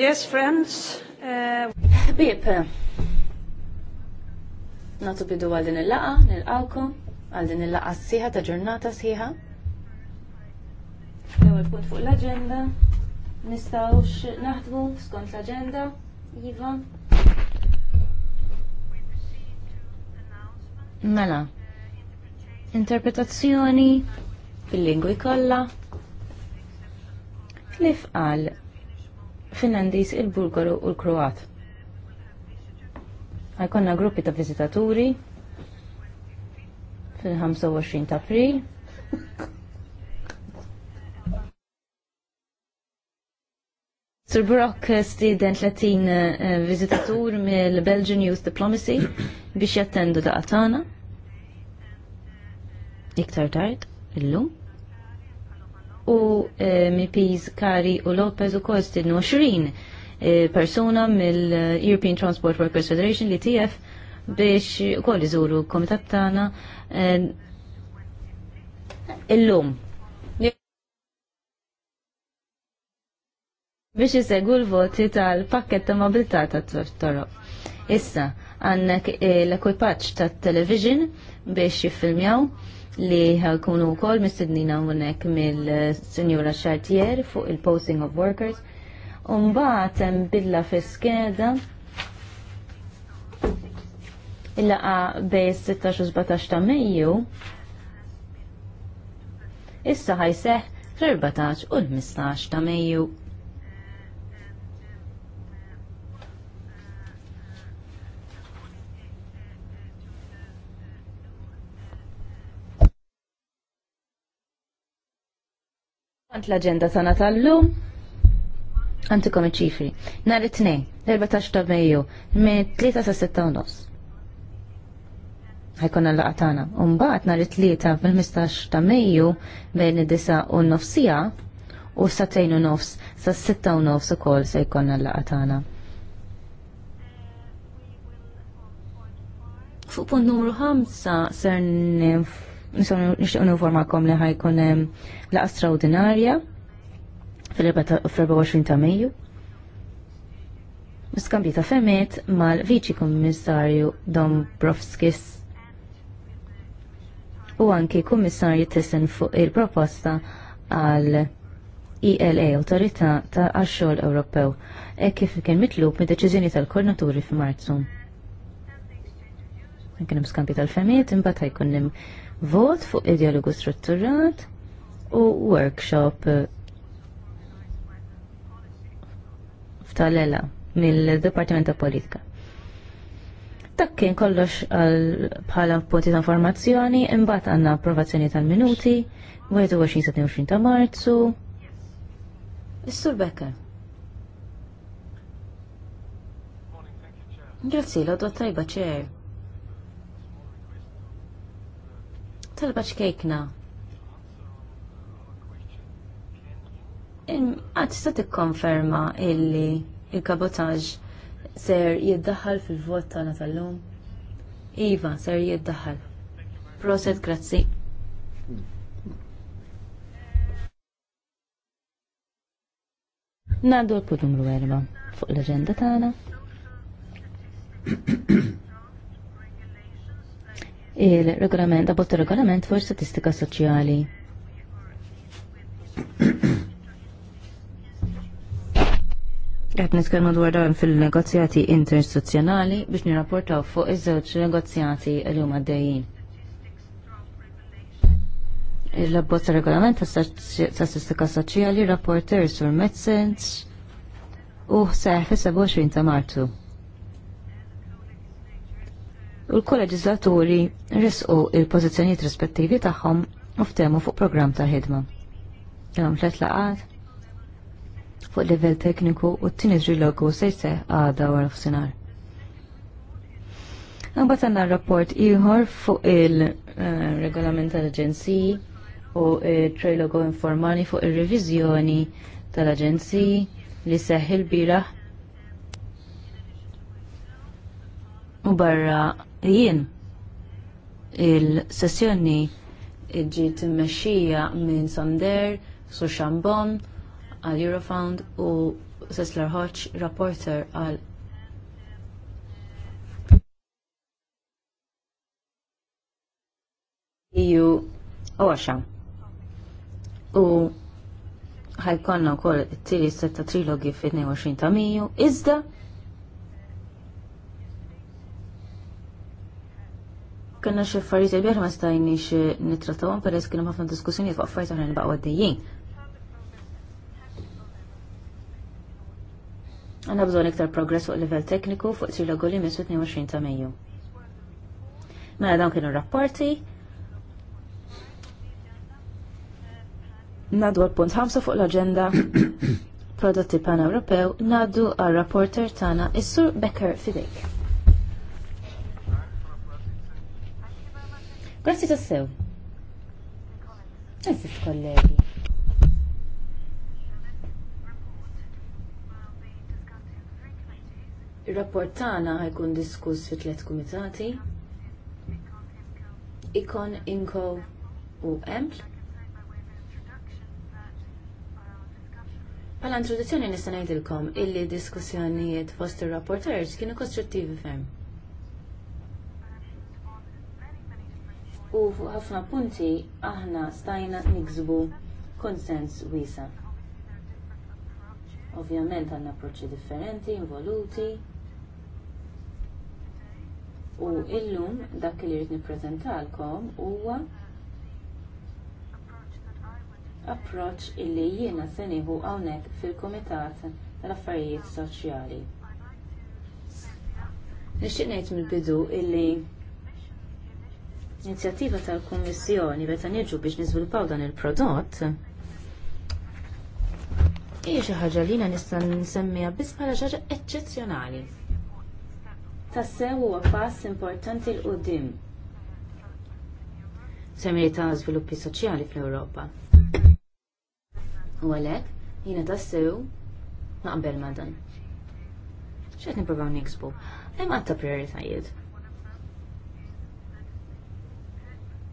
Yes, friends. Uh, Bib, natu bidu għal din il-laqa, nil qalko għal din il-laqa s-siħa ta' ġurnata s-siħa. L-ewel punt fuq l-agenda, nistawx naħdmu skont l-agenda, Iva. Mela, interpretazzjoni fil-lingwi kollha. Tlif qal Finlandis, il-Bulgaru u l-Kroat. Għajkonna gruppi ta' vizitaturi fil-25 ta' april. Sir Brock stiden 30 eh, vizitatur mill-Belgian Youth Diplomacy biex jattendu daqatana. Iktar tard, illum u eh, MPs Kari u Lopez u Kostidnu 20 eh, persuna mill-European Transport Workers Federation li TF biex kol iżuru komitat tagħna eh, illum. biex jisegu l-voti tal-pakket ta' mobilità ta' toroq. Issa, għannek l-ekwipaċ ta' television biex jiffilmjaw li ħakunu kol sidnina unnek mill-Senjura Chartier fuq il-Posting of Workers. Umbaħt billa fi skeda il-laqa bej 16-17 ta' Mejju issa ħajseħ fl-14 u l-15 ta' Mejju. Għant l-agenda tana tal-lum, għantikom iċifri. Nar it l 14 ta' Mejju, minn 3 sa' 6 u nofs. Ħajkonna l-laqatana. Umbaħt nar it-tlieta fil-15 ta' Mejju bejn id-9 u nofsija u sa' 2 u nofs sa' 6 u nofs u kol se jkonna l-laqatana. Fuq punt numru 5 ser nixtieq informalkom li ħajkun laqa straordinarja fil-24 ta' Mejju. Skambju ta' femiet mal-Viċi Kommissarju Dombrovskis u anki Kummissarju Tissen fuq il-proposta għal ila e Autorità ta' għax-xogħol Ewropew e kif kien mitlub mid deċiżjoni tal-Kornaturi f'Marzu. Kien hemm skambju tal-femiet imbagħad ħajkun vot fuq id-dialogu strutturat u workshop eh, f'talela mill-Departiment ta' Politika. Dak kien kollox bħala punti ta' informazzjoni, imbagħad għandna approvazzjoni tal-minuti, 21-27 ta' Marzu. Is-Sur Becker. Grazzi, l-għodwa tajba ċer. talba kejkna. Għad tista' tikkonferma illi il-kabotaġ ser jiddaħħal fil-vot tagħna tal-lum? Iva, ser jiddaħħal. Proset, grazzi. Nadu l-putum l werba fuq l-agenda tagħna il-regolament, abbott regolament fuq statistika soċjali. Għet nitkellmu dwar dawn fil-negozjati interstituzzjonali biex nirrapportaw fuq iż-żewġ negozjati li huma għaddejjin. Il-abbozza regolament ta' statistika soċjali rapporter sur Medicines u seħ fis-27 ta' Martu u l kolleġizzaturi risqu il pożizzjonijiet rispettivi tagħhom u ftehmu fuq programm ta' ħidma. Hemm tliet laqat fuq livell tekniku u t-tieni trilogu se jseħ għada wara f'sinar. Imbagħad għandna rapport ieħor fuq il-regolament tal-aġenziji u trilogu informali fuq ir revizjoni tal-aġenziji li seħħi il bira u barra jien il-sessjoni ġiet immexxija minn Sander, Sushambon, għal Eurofound u Sessler Hodge, rapporter għal Iju e Oaxa. U ħajkonna u koll t-tiri setta trilogi fi 22 ta' miju, iżda Kellna xi affarijiet bieħ ma stajni stajniex nittrattawhom peress kienu ħafna diskussjoni fuq għan il-baqwa d-dijin. Għanna bżon iktar progress fuq level tekniku fuq trilogu li mis 22 ta' meju. Mela dawn kienu rapporti. Nadu għal punt 5 fuq l-agenda prodotti pan-Ewropew, naddu għal rapporter tana Issur Becker Fidek. Grazzi tassew. Eżis kollegi. Il-rapport tagħna ħajkun diskuss fi tliet komitati. Ikon, Inko u Empl. Pala introduzzjoni nista' ngħidilkom illi diskussjonijiet fost ir-rapporters kienu kostruttivi ferm. u fuq ħafna punti aħna stajna niksbu konsens wiesa. Ovvjament għandna approċċi differenti, involuti. U illum dak li rrid nippreżentalkom huwa approċċ illi jiena se nieħu hawnhekk fil-Kumitat tal-Affarijiet Soċjali. Nixtieq ngħid mill-bidu illi Inizjattiva tal-Kummissjoni meta niġu biex niżviluppaw dan il-prodott hija xi ħaġa li jiena nista' nsemmiha biss bħala xi ħaġa eċċezzjonali. Tassew huwa pass importanti l qudiem Semmi ta' żviluppi soċjali fl-Ewropa. U għalhekk jiena tassew naqbel ma' dan. X'qed nippruvaw niksbu? Hemm għadta prioritajiet.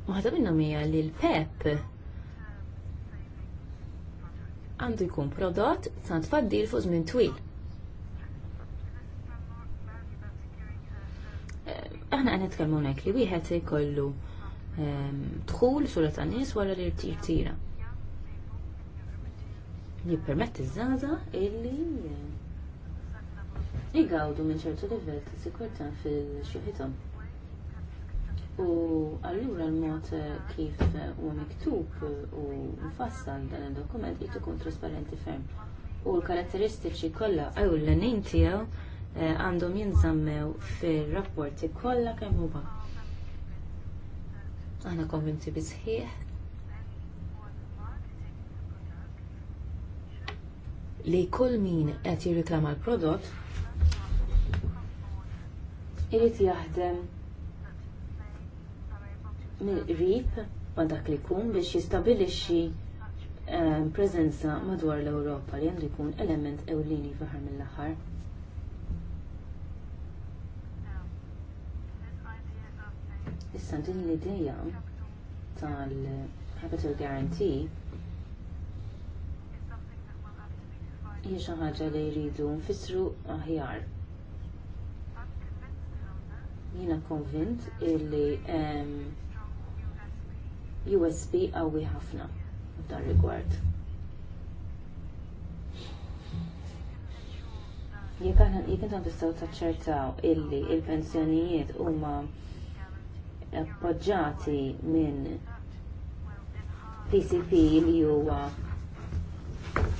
Waħda minnhom hija li l-PEP għandu jkun prodott ta' tfaddil fuq żmien twil. Eh, aħna qed nitkellmu hekk li wieħed ikollu ehm, dħul sura ta' nies wara li rtir tira. Jippermetti iż-żaza illi eh, jgawdu minn ċertu livell ta' sikurtà fil-xuħitom. U allura l-mod eh, kif eh, u miktub eh, u mfassal dan il-dokument jittu kun trasparenti ferm. U l-karatteristiċi kollha għaw l-lenin tiegħu għandhom jinżammew fir-rapporti kollha kemm huma. Aħna konvinti bisħiħ. li kull min qed jirriklama l-prodott irid jaħdem mill ma' dak li kun biex jistabilixi eh, prezenza madwar l europa li għandu jkun element ewlini faħar mill-aħħar. Issa din l ideja tal-Capital Guarantee hija xi ħaġa li jridu nfissru aħjar. Jiena konvint illi USB qawwi ħafna dan rigward. Jekk aħna jekk intom tistgħu taċċertaw illi il-pensjonijiet huma appoġġjati minn PCP li huwa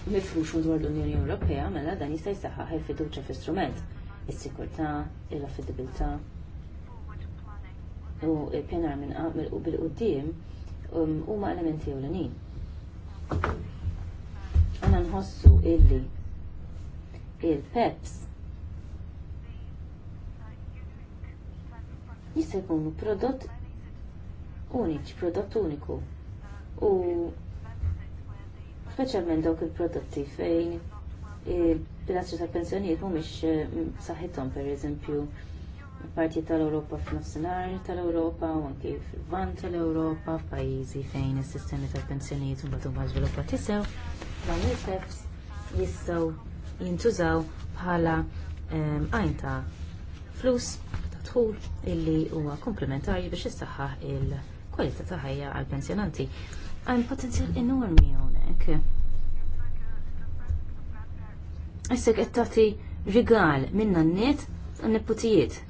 mifrux dwar l-Unjoni Ewropea, mela dan jista' jsaħħaħ il-fiduċja fl-istrument, is-sikurtà, il-affidabilità u il-pjanar minn bil-qudiem Um, huma elementi ewlenin. Għana nħossu illi il-PEPs jista' jkunu prodott uniċ, prodott uniku. U speċjalment dawk il-prodotti fejn il-pilastri tal-pensjonijiet mhumiex eh, saħħithom pereżempju parti tal-Europa f'nofsinhar tal-Europa u anke fil-vant tal-Europa f'pajjiżi fejn is-sistemi tal-pensjonijiet u huma żviluppati sew dawn il-PEPs jistgħu jintużaw bħala ehm, għajn ta' flus ta' tħul illi huwa komplementari biex jistaħħaħ il-kwalità ta' ħajja għall-pensjonanti. Għajn potenzjal enormi hawnhekk. Issek qed tagħti rigal minna n-net n-nipputijiet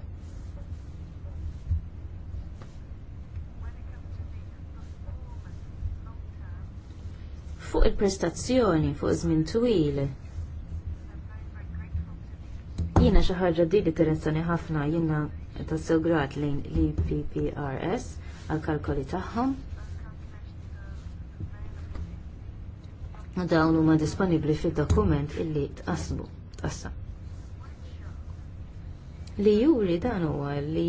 fuq il-prestazzjoni fuq żmien twil. Jiena xi ħaġa di li ħafna jiena tassew grat lejn l-PPRS għal-kalkoli tagħhom. dawn huma disponibbli fid-dokument illi tqasbu tqassam. Li juri dan huwa li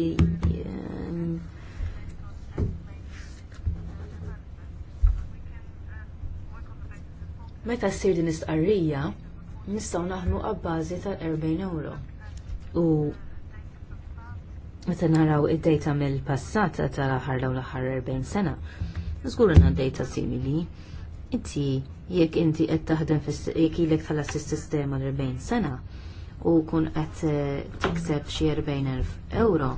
Meta s-sir din istqarrija, nistgħu naħnu għabbażi tal-40 euro. U meta naraw id-dejta mill-passat tal-aħħar l aħħar 40 sena, żgur għandna dejta simili. Inti jekk inti qed taħdem jekk ilek tal-assist sistema l-40 sena u kun qed tikseb xi 40 euro,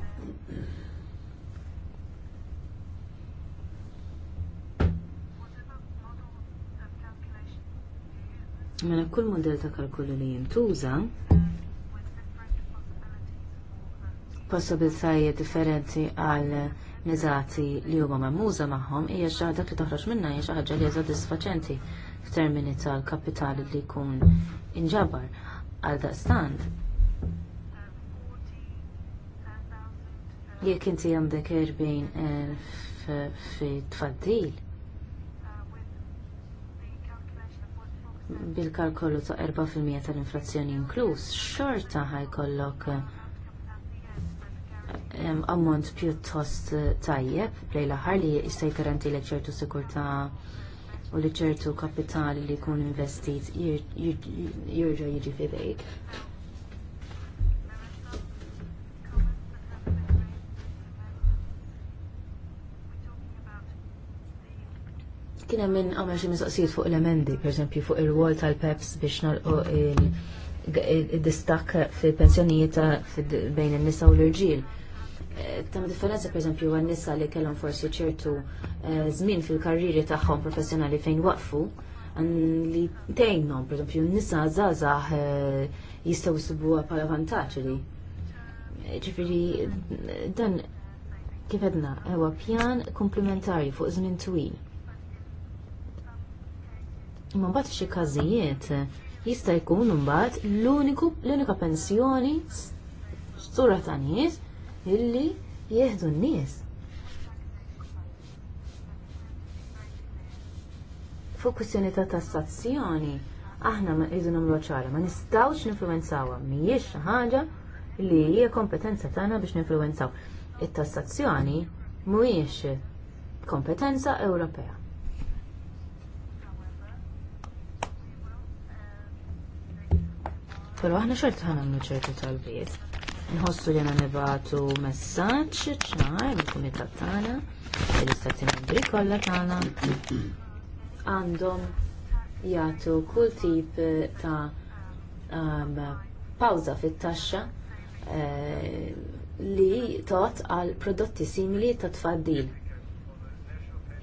Mela kull modell ta' kalkulu li jintuża possibilitajiet differenti għal nizati li huma magħmuża magħhom hija xi ħaġa li toħroġ minnha hija xi ħaġa li hija sodisfaċenti f'termini tal-kapitali li jkun inġabar għal daqstant. Jekk inti għandek 40 eh, fi tfaddil, bil-kalkolu ta' 4% tal-inflazzjoni inkluż, xorta ħajkollok ammont pjuttost tajjeb lejn l-aħħar li jista' jgaranti lek ċertu sikurtà u li ċertu kapitali li jkun investit jirġa' jiġi fidejk. Kien hemm min għamel xi mistoqsijiet fuq l-emendi, pereżempju fuq ir-wol tal-PEPS biex nalqu il-distak fil-pensjonijiet bejn in-nisa u l-irġiel. Eh, Tam differenza pereżempju għan-nisa li kellhom forsi ċertu eh, żmien fil-karriri tagħhom professjonali fejn waqfu li tgħinhom, pereżempju n-nisa żgħażagħ eh, jistgħu jsibuha bħala vantaġġ li. Ġifieri dan kif edna, huwa pjan komplementari fuq żmien twil Imma mbagħad xi każijiet jista' jkun mbagħad l-uniku l-unika pensjoni sura ta' nies illi jieħdu n-nies. Fuq kwistjoni ta' tassazzjoni, aħna ma rridu nagħmlu ċara, ma nistgħux ninfluwenzawha, mhijiex xi ħaġa li hija kompetenza tagħna biex ninfluwenzaw. It-tassazzjoni mhuwiex kompetenza Ewropea. Pero aħna xorta ħanamlu ċertu tal-biet. Nħossu li għana nibatu messaċ ċar mill-kumitat tagħna, l-istati membri kollha tagħna għandhom jagħtu kull tip ta' um, pawza fit-taxxa eh, li tot għal prodotti simili ta' tfaddil.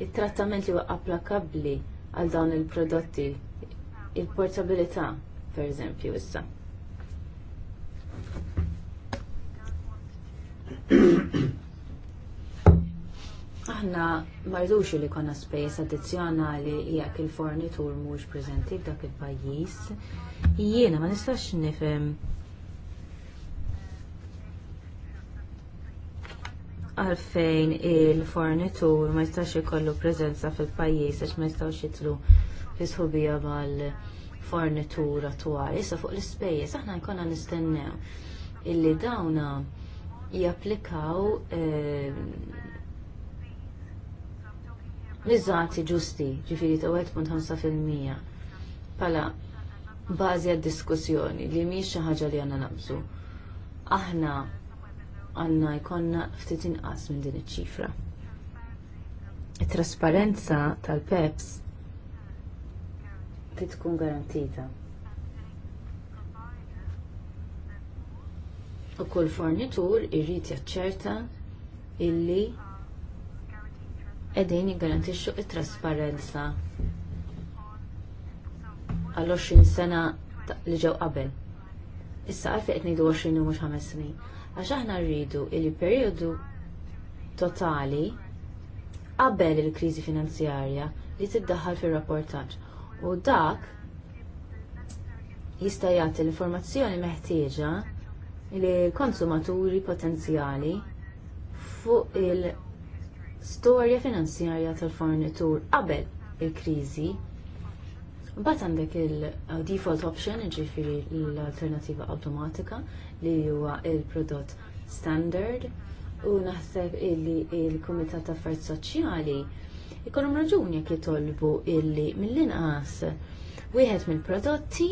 Il-trattament li huwa applikabbli għal dawn il-prodotti il-portabilità, per eżempju, issa Aħna marduċ li konna spejjeż addizzjonali jekk il-fornitur mhux preżenti f'dak il-pajjiż. Jiena ma nistax nifhem għalfejn il-fornitur ma jistax ikollu preżenza fil-pajjiż għax ma jistax jitlu fisħubija mal-fornitur attuali. Issa fuq l-ispejjeż aħna jkollna nistennew illi dawna japplikaw ehm, rizzati ġusti, ġifiri ta' 1.5% pala bazi għad diskussjoni li mi ħaġa li għanna nabżu. Aħna għanna jkonna ftit inqas minn din iċ-ċifra. It-trasparenza tal-PEPS titkun garantita. U kull fornitur irrid jaċċerta illi qegħdin jiggarantixxu t trasparenza għal 20 sena li ġew qabel. Issa għalfi qed ngħidu 20 u mhux ħames snin. Għax aħna rridu li perjodu totali qabel il-kriżi finanzjarja li tiddaħħal fir-rapportaġġ. U dak jista' jagħti l-informazzjoni meħtieġa il-konsumaturi potenzjali fuq il-storja finanzjarja tal-fornitur qabel il-kriżi. Bat għandek il-default option, ġifiri l-alternativa automatika li huwa il-prodott standard u naħseb illi il-Kumitat ta' Affarijiet Soċjali ikollhom raġuni jekk jitolbu illi mill-inqas wieħed mill-prodotti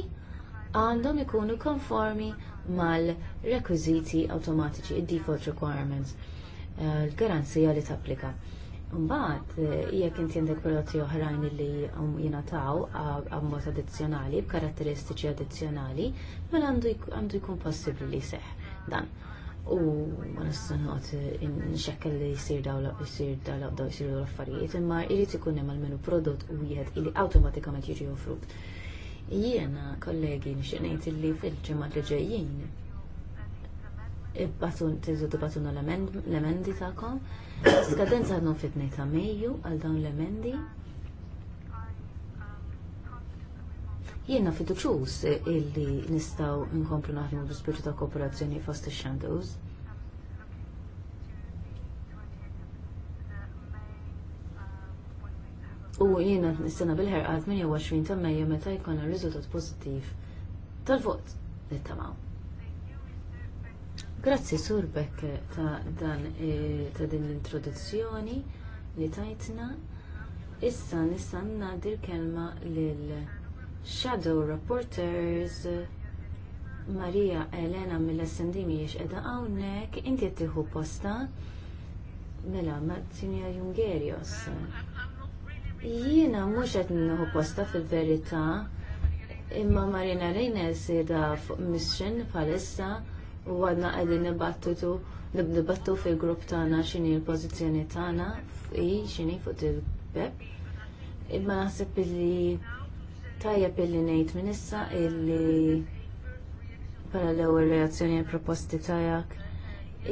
għandhom ikunu konformi mal-rekwiziti awtomatiċi, id-default requirements, l-garanzija li tapplika. Mbagħad jekk inti għandek prodotti oħrajn li jingħataw ammont addizzjonali b'karatteristiċi addizzjonali, mela għandu jkun possibbli li seħ dan. U ma nistanot nxekkel li jsir dawla jsir dawla daw jsiru l-affarijiet, imma jrid ikun hemm almenu prodott u wieħed li awtomatikament jiġi offrut. Jiena, kollegi, nxenajt li fil-ġemat li ġejjin. Ibbatun, tiżudu batun l-emendi ta'kom. Skadenza għadnu fitni ta' meju għal dawn l-emendi. Jiena fiduċus illi nistaw nkomplu naħdmu bi spiritu ta' kooperazzjoni fost il U jiena nistenna bil-ħerqa 28 ta' Mejja meta jkun ir-riżultat pożittiv tal-vot nittamaw. Grazzi Sur Becker ta' dan e, ta' din l-introduzzjoni li tajtna. Issa nista' ngħaddi l-kelma lil Shadow Reporters Maria Elena mill-SND jiex edha hawnhekk inti tieħu posta mela Mazzinja Jungerios. Jiena mhux qed nieħu posta fil-verità, imma Marina Rejnes da fuq mission bħalissa u għadna qegħdin nibattutu nibattu fil-grupp tagħna x'inhi l-pożizzjoni tagħna i x'inhi fuq il-beb. Imma naħseb li tajjeb illi ngħid minn issa illi bħala l-ewwel reazzjoni għall proposti tajak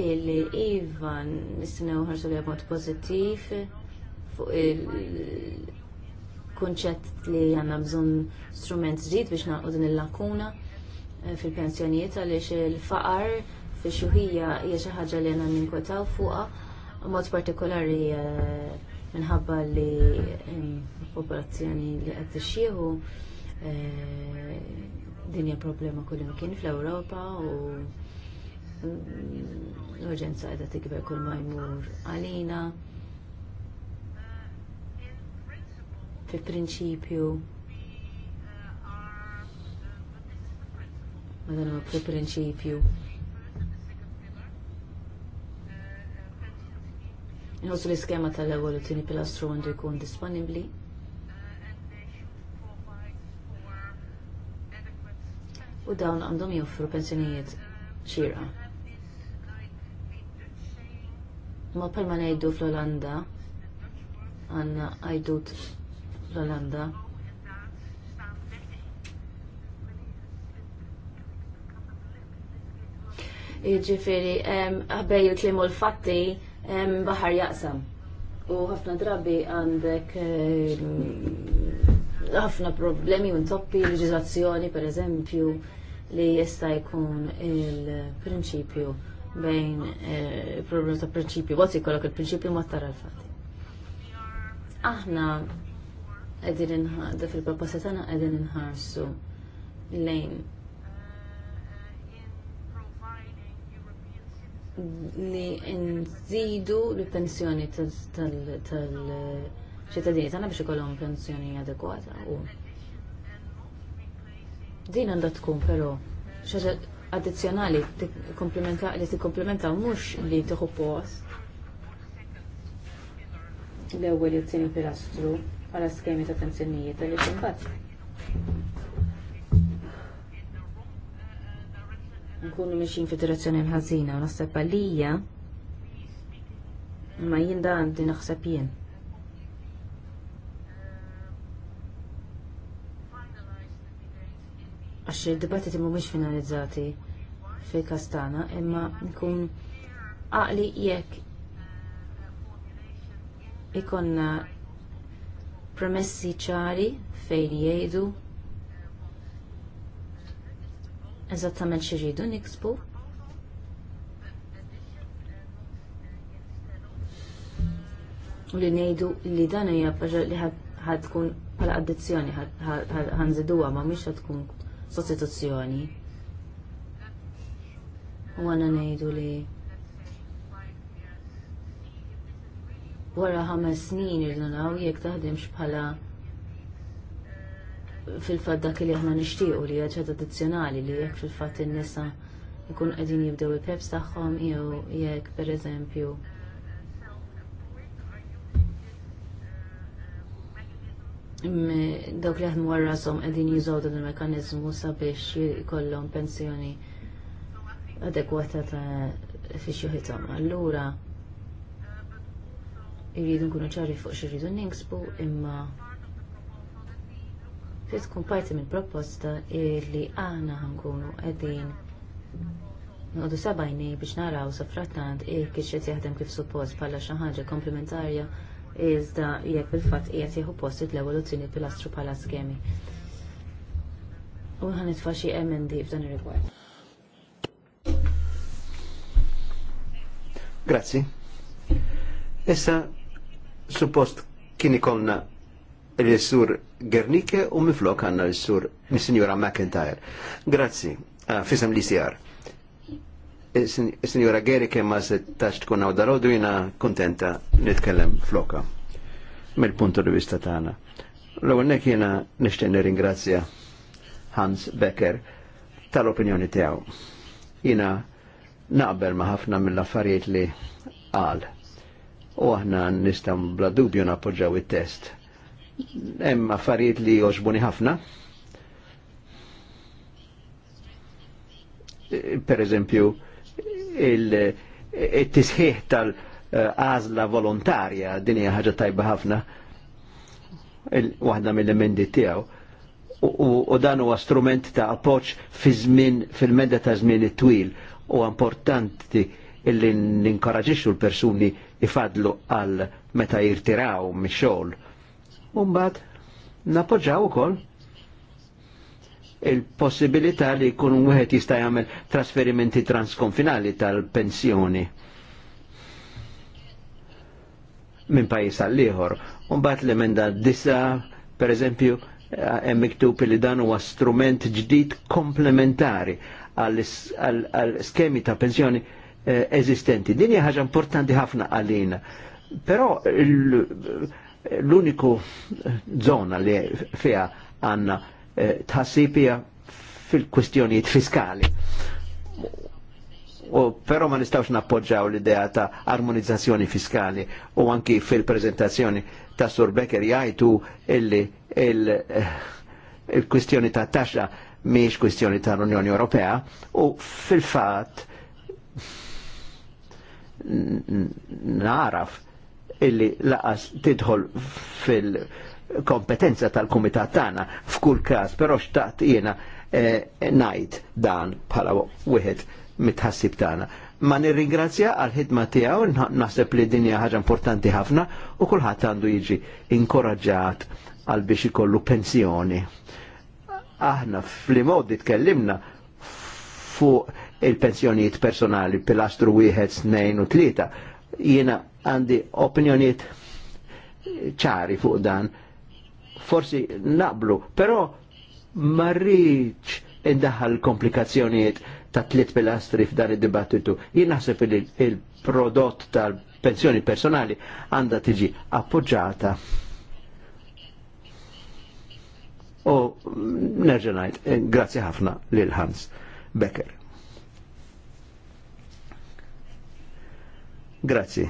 illi Ivan nistennew ħarsu li mod pożittiv fuq il-kunċett li għanna bżon strument ġdid biex naqgħu din il-lakuna eh, fil-pensjonijiet għaliex il-faqar fi xuħija hija xi ħaġa li għandna ninkwetaw fuqha mod partikolari eh, minħabba li eh, popolazzjoni li qed tixxieħu dinja problema kullim kien fl ewropa u mm, l-urġenza qiegħda tikber kull ma jmur għalina fil-prinċipju Madonna fil-prinċipju Nħossu l-iskema tal ewel u tini pilastru għandu jkun disponibli. U dawn għandhom joffru pensjonijiet xira. Ma palma ngħidu fl-Olanda għandna għajdu l-Olanda. Jiġifieri ħabej jitlimu l-fatti baħar jaqsam. U ħafna drabi għandek ħafna problemi l-ġizazzjoni, per pereżempju li jista' jkun il-prinċipju bejn eh, il-problema ta' prinċipju, għazzi kollok il-prinċipju ma tara l-fatti. Aħna għedin qegħdin inħaqda fil-proposta tagħna qegħdin inħarsu lejn li nżidu l-pensjoni tal-ċittadini tagħna biex ikollhom pensjoni adekwata u din għandha tkun però xaġa addizzjonali li tikkomplementa mhux li tieħu post l-ewwel u t pilastru bħala skemi ta' pensjonijiet tal ximbat. Nkunu mixin fi direzzjoni l u naħseb għalija ma jien da għandi naħseb jien. Għax il-dibattiti mhumiex finalizzati fil kastana imma nkun għaqli jekk ikonna Promessi ċari fejn jgħidu eżattament xi xiridu niksbu. U li ngħidu li dan hija paġa li ħad tkun bħala addizzjoni ħanżiduha ma mhix ħad tkun sostituzzjoni. U għana ngħidu li wara ħames snin irdu naw jekk taħdimx bħala fil-fatt dak li aħna nixtiequ li hija tradizzjonali li jekk fil-fatt in-nisa jkun qegħdin jibdew il-peps tagħhom jew jekk pereżempju mm, dawk li għadmu għarrasom għedin dan il mekanizmu sabiex jikollom pensjoni adekwata ta' fi Allura, Irridu nkunu ċari fuq xirridu ninksbu imma se tkun parti mill proposta li aħna nkunu qegħdin noqdu sabajni biex naraw sa il kif qed jaħdem kif suppost bħala xi ħaġa komplementarja iżda jekk fil-fatt qiegħed jieħu postit l-ewwel tini pilastru bħala skemi. U ħan nitfa' xi emendi f'dan ir-rigward. Grazzi. Issa suppost kien ikolna l-sur Gernike u miflok għanna l-sur mis McIntyre. Grazzi, ah, fisem li sijar. Signora Gerike ma se taċ tkun għaw dalodu jina kontenta nitkellem floka mill-punto di vista tagħna. L-ewwel nek jiena nixtieq Hans Becker tal-opinjoni tiegħu. Jina naqbel ma ħafna mill-affarijiet li qal u aħna nistam bla dubju napoġġaw it-test. Hemm affarijiet li jogħġbuni ħafna. Per eżempju, il-tisħiħ tal għażla volontarja din hija ħaġa tajba ħafna waħda mill-emendi tiegħu. U dan huwa strument ta' appoġġ fi żmien fil-medda ta' żmien it-twil u importanti illi ninkoraġixxu l-persuni ifadlu għal meta jirtiraw mix-xogħol. Mbagħad napoġġaw ukoll il-possibilità li jkun wieħed jista' jagħmel trasferimenti transkonfinali tal-pensjoni minn pajjiż għal ieħor. Umbagħad l-emenda disa, per eżempju, hemm miktub li dan huwa strument ġdid komplementari għall skemi ta' pensjoni Eh, eżistenti. Din hija ħaġa importanti ħafna għalina. Però l-uniku zona li fija għanna eh, tħassibija fil-kwestjonijiet fiskali. U però ma nistawx nappoġġaw l-idea ta' armonizzazzjoni fiskali u anki fil-prezentazzjoni ta' Sur Becker jajtu illi eh, il-kwistjoni ta' taxxa miex kwistjoni ta' l-Unjoni Ewropea u fil-fat naraf illi laqas tidħol fil-kompetenza tal-kumitat tagħna f'kull każ, però xtaqt jiena eh, ngħid dan bħala wieħed mitħassib tagħna. Ma nirringrazzja għal ħidma tiegħu naħseb li dinja ħaġa importanti ħafna u kulħadd għandu jiġi inkoraġġat għal biex ikollu pensjoni. Aħna fl-modi tkellimna fuq il-pensjonijiet personali, pilastru wieħed, snejn u tlieta. Jiena għandi opinjoniet ċari fuq dan, forsi naqblu, però marriċ indaħal komplikazzjonijiet ta' tliet pilastri f'dan id-dibattitu. Jien naħseb il-prodott il tal-pensjoni personali għandha tiġi appoġġata U nerġa' ngħid, eh, grazzi ħafna lil Hans Becker. Grazzi.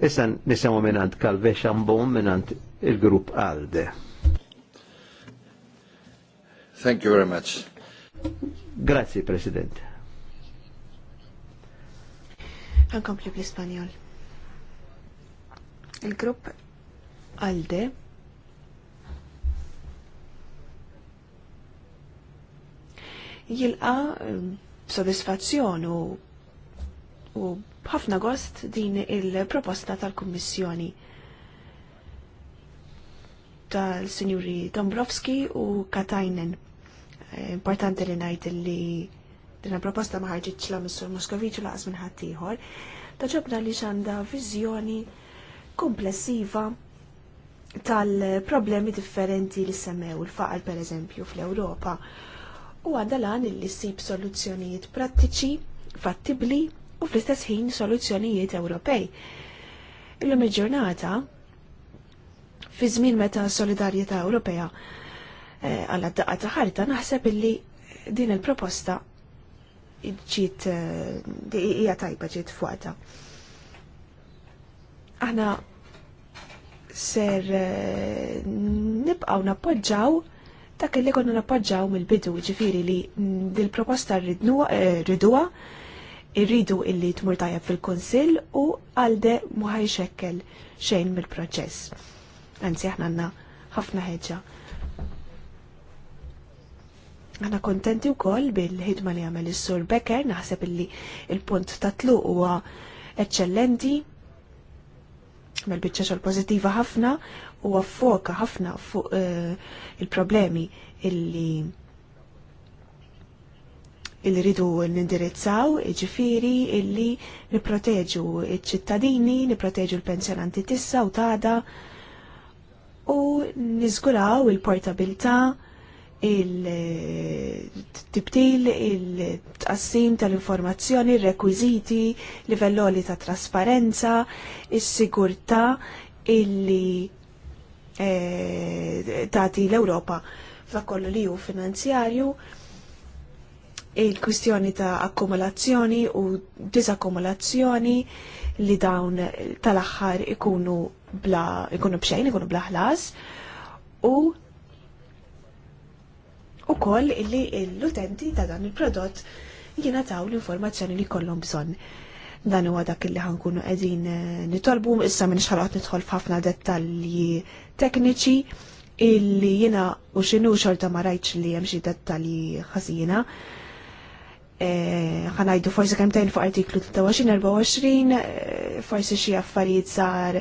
Issa nisimu minant Kalve Xambon minant il-grupp ALDE. Thank you very much. Grazzi, President. Nkompli bl-Ispanjol. Il-grupp ALDE jilqa ehm, sodisfazzjon u u b'ħafna gost din il-proposta tal-Kummissjoni tal-Sinjuri Dombrovski u Katajnen. Eh, importanti li najt li din proposta ma ħarġitx la Missur Moskoviċu laqas minn ħaddieħor. Taġobna li xanda viżjoni komplessiva tal-problemi differenti li semmew il-faqal per eżempju fl-Ewropa u il li sib soluzzjonijiet prattiċi, fattibli u fl-istess ħin soluzzjonijiet Ewropej. Illum il-ġurnata, fi żmien meta solidarjetà Ewropea eh, għal daqqa ta' ħarta naħseb illi din il-proposta ġiet eh, hija tajba ġiet fuqta. Aħna ser eh, nibqgħu nappoġġaw dak li konna nappoġġaw mill-bidu ġifiri li dil-proposta rriduha irridu illi tmur tajab fil-konsil u għalde muħaj xekkel xejn mill-proċess. Anzi, aħna għanna ħafna ħeġa. Għana kontenti u koll bil-ħidma li għamel il-sur Becker, naħseb illi il-punt tatlu huwa eccellenti, mel bicċa xol pozitiva ħafna u għaffoka ħafna fuq eh, il-problemi illi il ridu nindirizzaw, ġifiri illi niproteġu iċ-ċittadini, niproteġu l-pensjonanti tissa u tada u nizgulaw il-portabilità il-tibtil, il-tqassim tal-informazzjoni, il-rekwiziti, livelloli ta' trasparenza, il-sigurta illi eh, tati l-Europa f'dak kollu li ju finanzjarju il-kwistjoni ta' akkumulazzjoni u disakkumulazzjoni li dawn tal-axħar ikunu bla ikunu bxejn, ikunu bla ħlas u u koll illi l-utenti ta' dan il-prodott jina taw l-informazzjoni li kollom bżonn. Dan huwa dak illi ħankunu qegħdin eh, nitolbu issa minn xalqat nidħol f'ħafna dettalji tekniċi illi jina u xinu xorta ma rajtx li hemm xi dettalji ħażina Eh, ħanajdu forsi kemm tajn fuq artiklu 23-24 eh, forsi xi affarijiet sar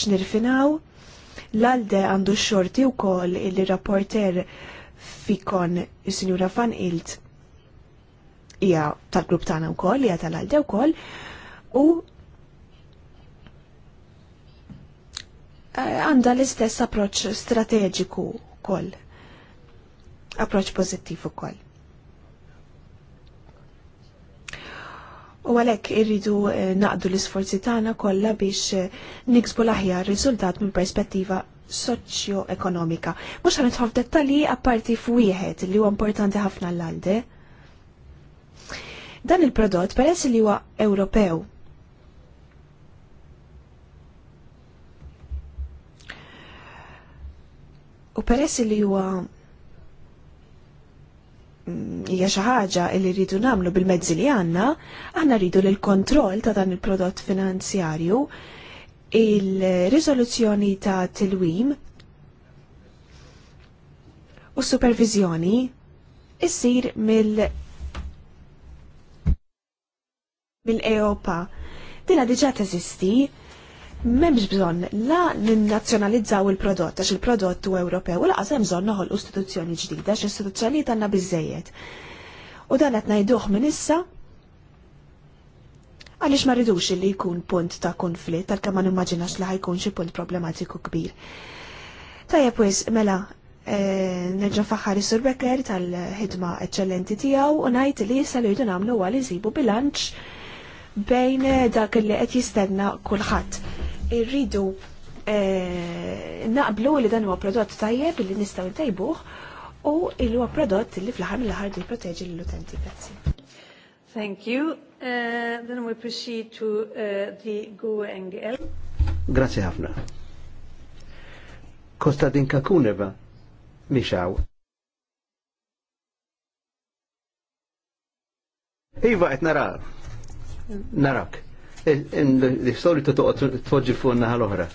x'nirfinaw. L-alde għandu xorti u kol il-rapporter fikon il-Sinjura Fan Ilt ija tal-grupp tagħna wkoll, hija tal-alde wkoll u eh, għandha l-istess approċċ strateġiku wkoll. Approċċ pożittiv ukoll. U għalhekk irridu eh, naqdu l-isforzi tagħna kollha biex eh, niksbu l-aħjar riżultat minn perspettiva soċjo-ekonomika. Mhux ħanidħol dettalji apparti f'wieħed li huwa importanti ħafna l-għalde. Dan il-prodott peress li huwa Ewropew U peress li huwa hija xi ħaġa li rridu nagħmlu bil-mezzi li għandna, aħna rridu l kontroll ta' dan il-prodott finanzjarju, il-riżoluzzjoni ta' tilwim u s supervizjoni issir mill- mill-EOPA. Dina diġa teżisti, Memx bżon la n-nazjonalizzaw il-prodott, għax il-prodott u Ewropew, u laqas hemm bżonn l istituzzjoni ġdida, għax istituzzjonijiet għandna bizzejiet. U dan qed ngħiduh minn issa għaliex ma rridux li jkun punt ta' konflitt, tal ma nimmaġinax li ħajkun xi punt problematiku kbir. Tajja pwis, mela, eh, nerġa' faħħar is tal-ħidma eċċellenti tiegħu u ngħid li issa li nagħmlu għal jizibu bilanċ bejn eh, dak li qed jistenna kulħadd. Irridu eh, naqblu li dan huwa prodott tajjeb li nistgħu ntajbuh u il huwa prodott li fl-aħħar mill-aħħar jipproteġi lill-utenti. Grazzi. Thank you. Uh, then we proceed to uh, the GUE NGL. Grazie ħafna. Kostadin Kakuneva, mishaw. Iva, etnara narak. Eh, Il-solitu toqgħod tfoġġi fuq naħa l-oħra.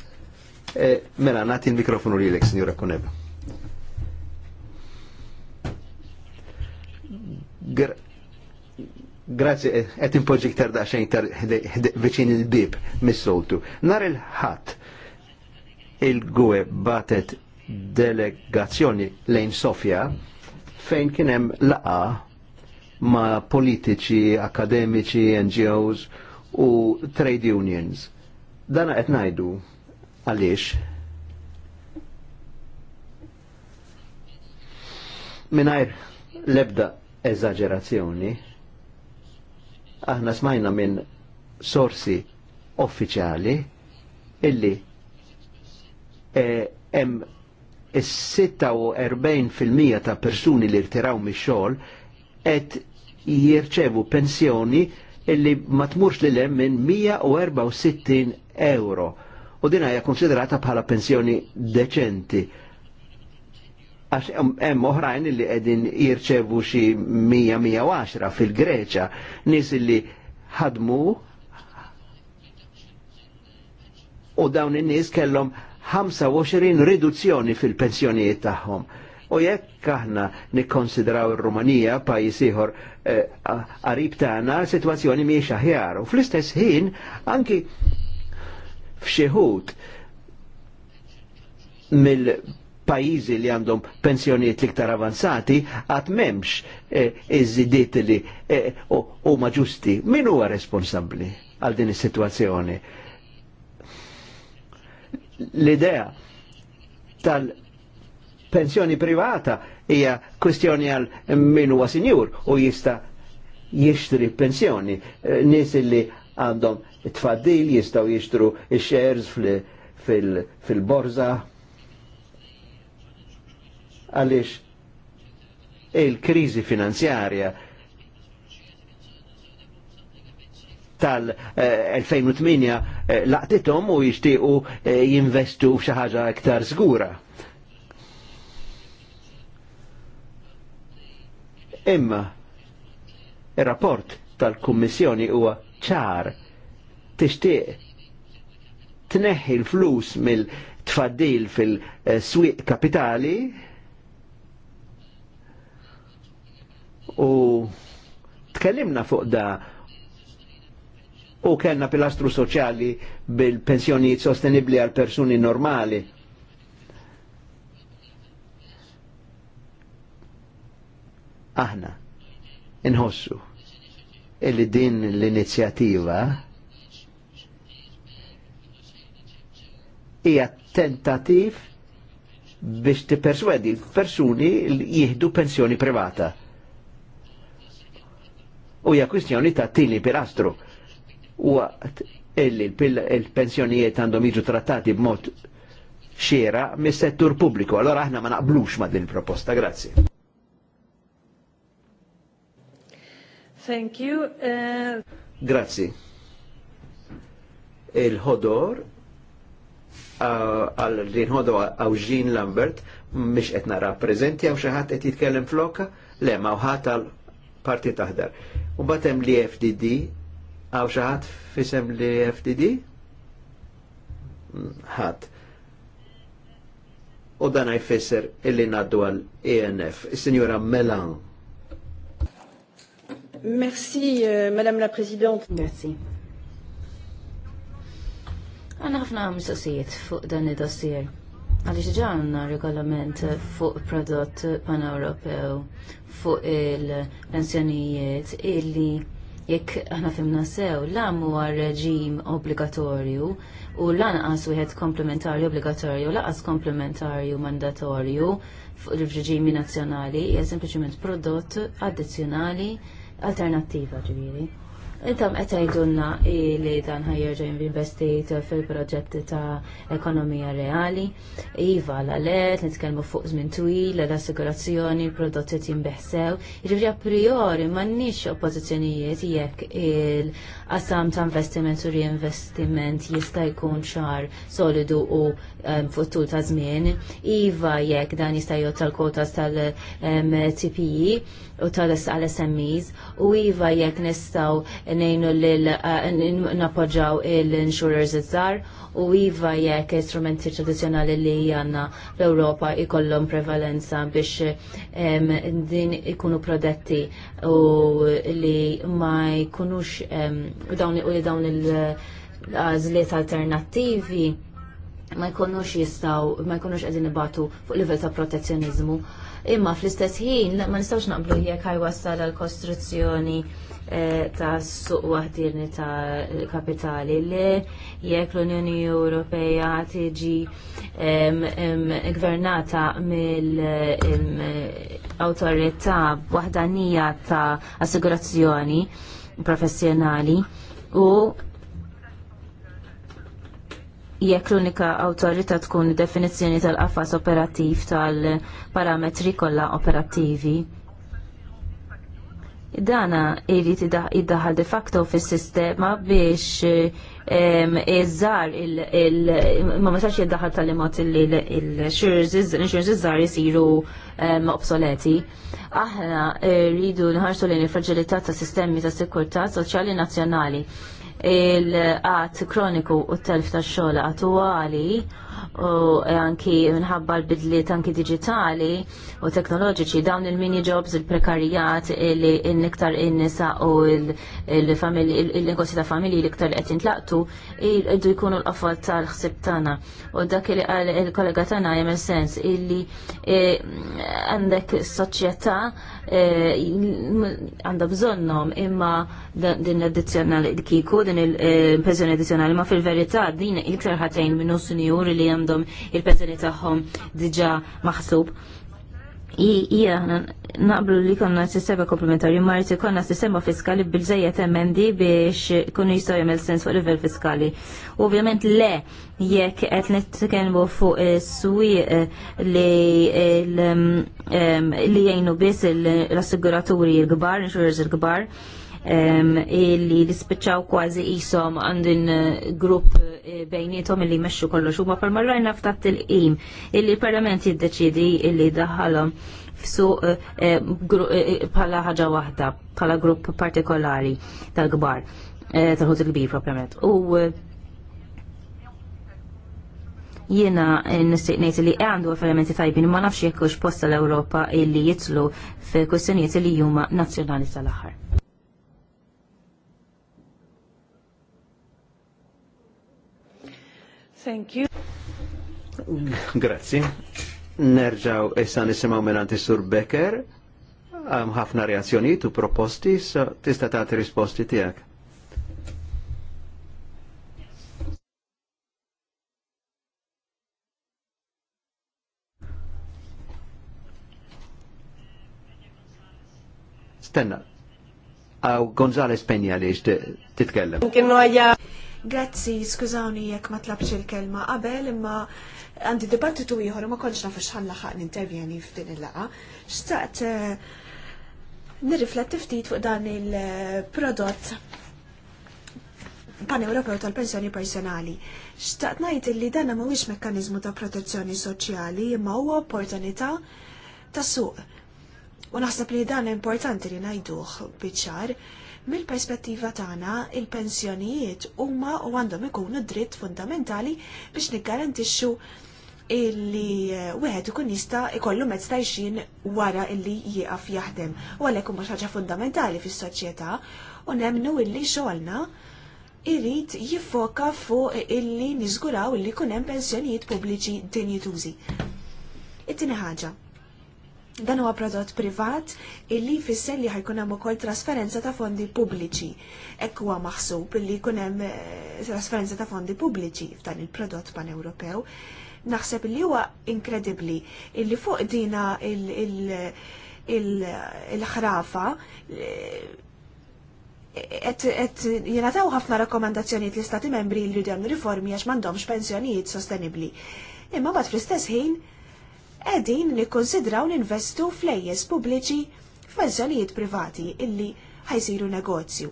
Eh, mela, nati l-mikrofonu lilek, Sinjura Kuneba. Grazie, eh, qed impoġġi iktar daqsxejn tar viċin il-bib mis-soltu. Nar il-ħadd il-gwe batet delegazzjoni lejn Sofia. fejn kien laqa ma' politiċi, akademiċi, NGOs u trade unions. Dana qed ngħidu għaliex minajr lebda eżagġerazzjoni aħna smajna minn sorsi uffiċjali illi hemm is-46% ta' persuni li rtiraw mix-xogħol qed jirċevu pensjoni illi ma tmurx li lem minn 164 euro. U dina hija konsiderata bħala pensjoni deċenti. Għax hemm oħrajn li qegħdin jirċevu xi 110 fil-Greċa, nies li ħadmu u dawn in-nies kellhom 25 riduzzjoni fil-pensjonijiet tagħhom. U jekk kaħna aħna nikkonsidraw ir-Rumanija pajjiż ieħor eh, qarib tagħna sitwazzjoni mhijiex aħjar u fl-istess ħin anki f'xeħut mill pajizi li għandhom pensjoniet liktar avanzati għat memx eh, li eh, u ġusti. Min huwa responsabli għal din is-sitwazzjoni? L-idea tal- pensjoni privata hija kwestjoni għal min huwa sinjur u jista' jixtri pensjoni. Eh, nies li għandhom tfaddil jistgħu jixtru shares fil-borza. Għaliex il kriżi finanzjarja tal-2008 eh, eh, laqtitom u jishtiqu jinvestu f'xi ħaġa iktar żgura. Imma il rapport tal-Kummissjoni huwa ċar tixtieq tneħħi l-flus mill-tfaddil fil-swieq kapitali u tkellimna fuq da u kellna pilastru soċjali bil-pensjonijiet sostenibli għal persuni normali aħna inħossu illi din l-inizjativa hija tentativ biex tipperswedi l-persuni li jihdu pensjoni privata. U hija kwistjoni ta' tini pilastru. Waqt illi l-pensjonijiet għandhom jiġu trattati b'mod xiera mis-settur pubbliku. Allora aħna ma naqblux ma' din proposta. Grazzi. Thank you. Uh... Grazzi. Il-ħodor uh, għal rinħodu għaw Jean Lambert, mish qed nara prezenti għaw xaħat qed jitkellem flokka, le ma ħat għal parti taħdar. U batem li FDD, għaw xaħat fisem li FDD? ħat. U dan għajfisser illi naddu għal ENF, il-Sinjora Melan. Merci, euh, Madame la Présidente. Merci. Għanna ħafna mistoqsijiet fuq dan id-dossier. Għalix ġa għanna regolament fuq prodott pan-Ewropew fuq il-pensjonijiet illi jekk aħna fimna sew lam huwa reġim obbligatorju u lanqas wieħed komplementarju obbligatorju, lanqas komplementarju mandatorju fuq il-reġimi nazzjonali, hija sempliċiment prodott addizzjonali alternattiva ġiviri. Intom qed li dan ħajjerġa' jinvestit fil-proġetti ta' ekonomija reali, iva l-għalet, nitkellmu fuq żmien twil, l-assigurazzjoni, l-prodotti jimbeħsew, Jiġifieri a priori m'għandniex oppożizzjonijiet jekk il-qasam ta' investiment u reinvestiment jista' jkun ċar solidu u ehm, futtur ta' żmien. Iva jekk dan jista' jgħod tal-kotas tal-TPI, ehm, e, u tal-is għal-SMEs u iva jekk nistaw nejnu l-napoġaw eh, l-insurers iż-żar u iva jekk istrumenti tradizjonali li janna l-Europa ikollom prevalenza biex din ikunu prodetti u li ma jkunux u dawn il-għazliet alternattivi ma jkunux jistaw, ma jkunux għedin ibatu fuq livell ta' protezzjonizmu imma fl-istess ħin ma nistgħux naqblu jekk ħajwassal għal kostruzzjoni eh, ta' suq waħdirni ta' kapitali li jekk l-Unjoni Ewropea tiġi gvernata mill-awtorità wahdanija ta' assigurazzjoni professjonali u jekk l-unika awtorità tkun definizzjoni tal-qafas operattiv tal-parametri kollha operattivi. Dana irrid iddaħħal de facto fis-sistema biex iżżar ma mistax jiddaħħal tal-imot l-insurance iżżar jisiru obsoleti. Aħna rridu nħarsu lejn il-fragilità ta' sistemi ta' sikurtà soċjali nazzjonali il-qat kroniku u t-telf tax-xogħol attuali u anki minħabba l-bidliet anki digitali u teknoloġiċi dawn il-mini jobs, il-prekarijat, il-niktar in-nisa u il-negozji ta' familji l-iktar qed intlaqtu jiddu jkunu l-qafat tal-ħsib tagħna. U dak li qal il-kollega tagħna jagħmel sens illi e, għandek soċjetà e, għandha bżonnhom imma din l-addizzjonali kiku din il-pensjoni e, addizzjonali ma fil-verità din iktar ħatejn minn sinjur li għandhom il-pensjoni tagħhom diġà maħsub. Ija, naqblu li konna sistema komplementarju marti konna sistema fiskali bil żajja temendi biex kunu jistaw jagħmel sens fuq livell fiskali. Ovvjament le jekk qed nitkellmu fuq is-swi eh, li jgħinu biss l-assiguraturi l-kbar, insurers l-kbar, l assiguraturi l kbar insurers l kbar illi dispiċċaw kważi isom għandin eh, grupp eh, bejnietom illi meċu kollox. U ma parmarrajna ftat il-qim illi l-parlament jiddeċidi illi daħalom f'suq eh, bħala ħaġa waħda, bħala grupp partikolari tal-gbar, tal-ħut il-kbir propjament. U jiena nistiqnejt li e għandu referimenti tajbin ma nafx jekk posta l-Ewropa illi jitlu f'kwistjonijiet li huma nazzjonali tal-aħħar. Thank you. Grazzi. Nerġaw issa nisimaw minnanti Sur Becker. Għam ħafna reazzjonijiet u proposti, so tista tagħti risposti tijak. Stenna, għaw Gonzales Penja li titkellem. Grazzi, skużawni jekk ma tlabx il-kelma qabel, imma għandi dibattitu ieħor ma kontx nafux xħan laħaq nintervjeni f'din il-laqa. Xtaqt eh, nirrifletti ftit fuq dan il-prodott pan-Ewropew tal-pensjoni personali. Xtaqt ngħid li dan mhuwiex mekkaniżmu ta' protezzjoni soċjali imma huwa opportunità ta' suq. U naħseb li dan importanti li ngħiduh biċ-ċar Mill-perspettiva tagħna, il-pensjonijiet huma u għandhom ikunu dritt fundamentali biex niggarantixxu illi eh, wieħed ikun jista' ikollu mezz ta' xin wara illi jieqaf jaħdem. U għalhekk huma ħaġa fundamentali fis-soċjetà u nemnu illi xogħolna irrid jiffoka fuq illi niżguraw illi jkun hemm pensjonijiet pubbliċi dinjitużi. It-tieni ħaġa, Dan huwa prodott privat illi jfisser li ħajkun hemm ukoll trasferenza ta' fondi pubbliċi. Hekk huwa maħsub illi jkun hemm eh, trasferenza ta' fondi pubbliċi f'dan il-prodott pan-Ewropew. Naħseb li huwa inkredibbli illi fuq dina il-ħrafa eh, et jenataw ħafna rakkomandazzjonijiet l-istati membri li jridem riformi għax mandomx pensjonijiet sostenibli. Imma bat fl-istess ħin edin l ninvestu flejjes pubbliċi f'mazzonijiet privati illi ħajsiru negozju.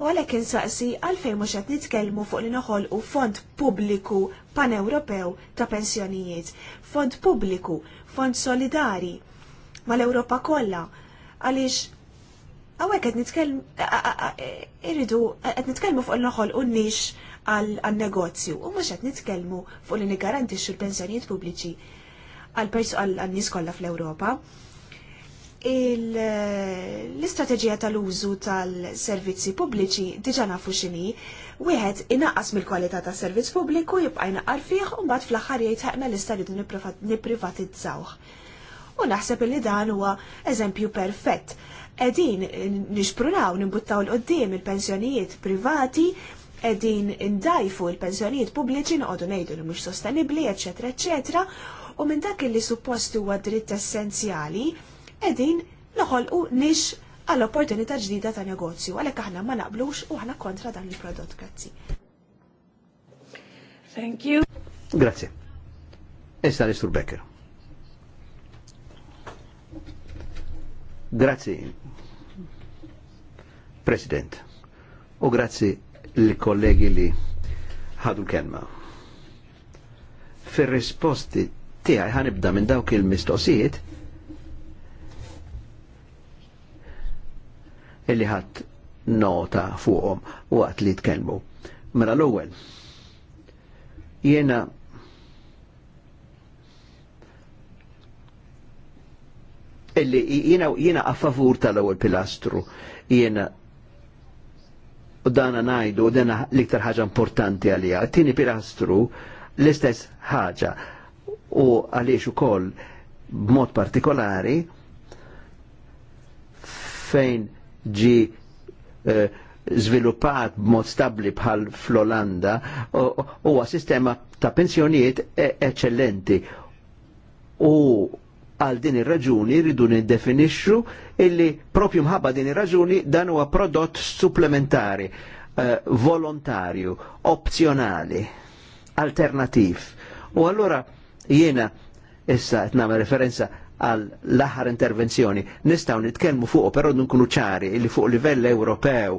U għalhekk insaqsi għalfejn mhux qed nitkellmu fuq li u fond pubbliku pan-Ewropew ta' pensjonijiet, fond pubbliku, fond solidari mal-Ewropa kollha għaliex għawek għed nitkellmu, irridu, għed nitkelmu fuq li noħol nix għal-negozju, u mux għed nitkellmu fuq li nigarantix l pensjonijiet pubbliċi għal-nies kollha fl-Ewropa. L-istrateġija tal-użu tal-servizzi pubbliċi diġa nafu x'inhi, wieħed inaqqas mill-kwalità tas servizz pubbliku jibqa' jnaqar fih u mbagħad fl-aħħar jgħid ħaqna l-ista rridu nipprivatizzawh. U naħseb li dan huwa eżempju perfett edin nixprunaw, nimbuttaw l-qoddim il-pensjonijiet privati, edin indajfu il-pensjonijiet pubbliċi, noqogħdu ngħidu li mhux sostenibbli, eċetera, eċetera u minn dak li suppost huwa dritt essenzjali qegħdin noħolqu nix għall opportunità ġdida ta' negozju għalhekk aħna ma naqblux u aħna kontra dan il-prodott. Grazzi. Thank you. Grazie. Issa l-Istur Becker. Grazzi, President, u grazzi l-kollegi li ħadu kelma Fir risposti tiegħi ħanibda minn dawk il-mistoqsijiet illi ħadd nota fuqhom waqt li tkellmu. Mela l-ewwel jiena illi jiena jiena a favur tal-ewwel pilastru jiena u dana najdu u dana l-iktar ħaġa importanti għalija. Tini pilastru l-istess ħaġa u għaliex ukoll b'mod partikolari fejn ġi eh, sviluppat b'mod stabli bħal fl-Olanda huwa sistema ta' pensjonijiet e eccellenti. U għal din ir-raġuni rridu niddefinixxu illi propju mħabba din ir-raġuni dan huwa prodott supplementari, eh, volontarju, opzjonali, alternativ. U allora Jiena issa qed nagħmel referenza għal l-aħħar intervenzjoni. Nistgħu nitkellmu fuq, però nkunu ċari li fuq livell Ewropew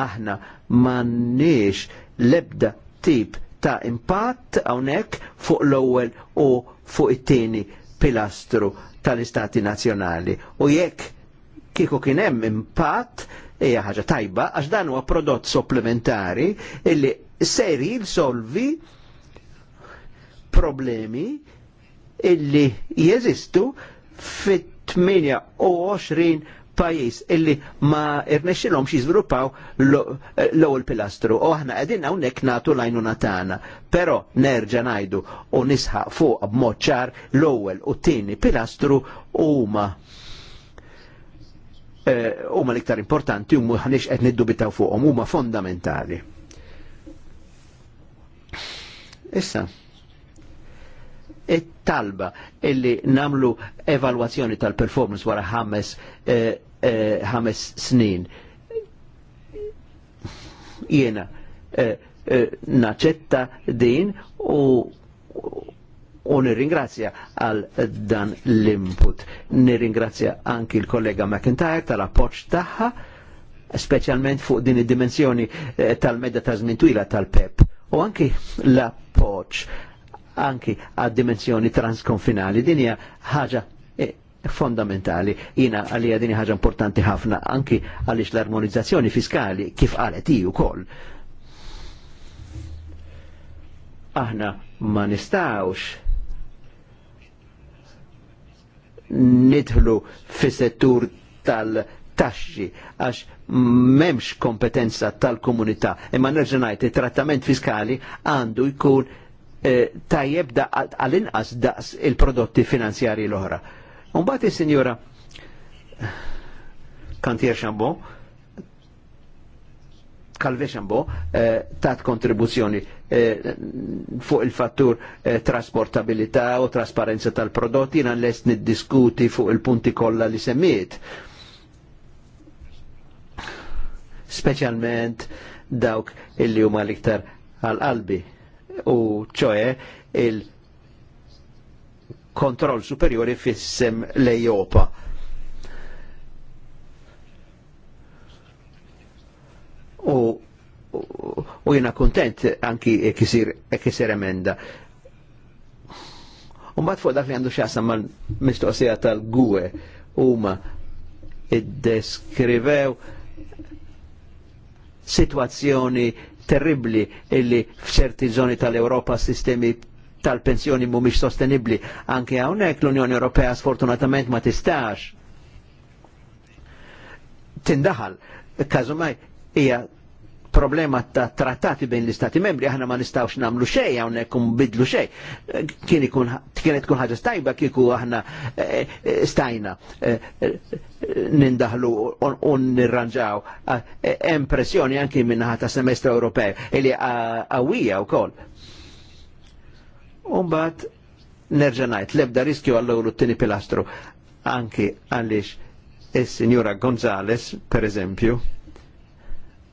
aħna m'għandniex l-ebda tip ta' impatt hawnhekk fuq l-ewwel u fuq it-tieni pilastru tal-istati nazzjonali. U jekk kieku kien hemm impatt hija ħaġa tajba għax dan huwa prodott supplementari illi se jilsolvi solvi problemi illi jeżistu fit-28 pajis illi ma irnexxilhom xi l-ewwel pilastru. U aħna qegħdin hawnhekk nagħtu l-għajnuna tagħna. Però nerġa' ngħidu u nisħaq fuq b'mod ċar l-ewwel u t-tieni pilastru huma eh, huma l-iktar importanti u mhux qed niddubitaw fuqhom huma fondamentali. Issa, it talba illi namlu evalwazzjoni tal-performance wara ħames eh, eh snin. Jena eh, eh, naċetta din u u nirringrazzja għal dan l-input. Nirringrazzja anki l-kollega McIntyre tal-appoċ taħħa, specialment fuq din id-dimensjoni tal-medda ta' żmien tal-PEP. U anki l-appoċ anki għad dimensjoni transkonfinali. Din hija ħaġa eh, fondamentali. Jina għalija din ħaġa importanti ħafna anki għaliex l-armonizzazzjoni fiskali kif qalet hi wkoll. Aħna ma nistawx nidħlu fis-settur tal-taxxi għax memx kompetenza tal-komunità imma nerġa' ngħid it-trattament fiskali għandu jkun Eh, tajjeb għal-inqas daqs il-prodotti finanzjari l-oħra. Umbat il-Sinjora Kantier Xambo, Kalve Xambo, eh, tat kontribuzzjoni eh, fuq il-fattur trasportabilità u trasparenza tal-prodotti, jina l-est niddiskuti fuq il-punti kolla li semmiet. Specialment dawk illi huma l-iktar għal-qalbi u ċoe il-kontroll superiori fissem l-Ejopa. U, u, u jena kontent anki e e kisir emenda. Un bat fuq dak li għandu xasam mal-mistoqsija tal-gwe huma id-deskrivew situazzjoni terribli illi f'ċerti zoni tal-Europa sistemi tal-pensjoni mhumiex sostenibbli. Anke hawnhekk l-Unjoni Ewropea sfortunatament ma tistax tindaħal. każumaj hija problema ta' trattati bejn l-istati membri, aħna ma nistawx namlu xej, għawnek kun bidlu xej. Kienet kun ħagġa stajba kieku aħna eh, eh, stajna. Eh, nindahlu un nirranġaw. Impressjoni e, anki minnaħa ta' semestru Ewropew, illi għawija u koll. Umbat, nerġanajt, lebda riskju għallu t-tini pilastru, anki għallix il-Signora Gonzales, per eżempju,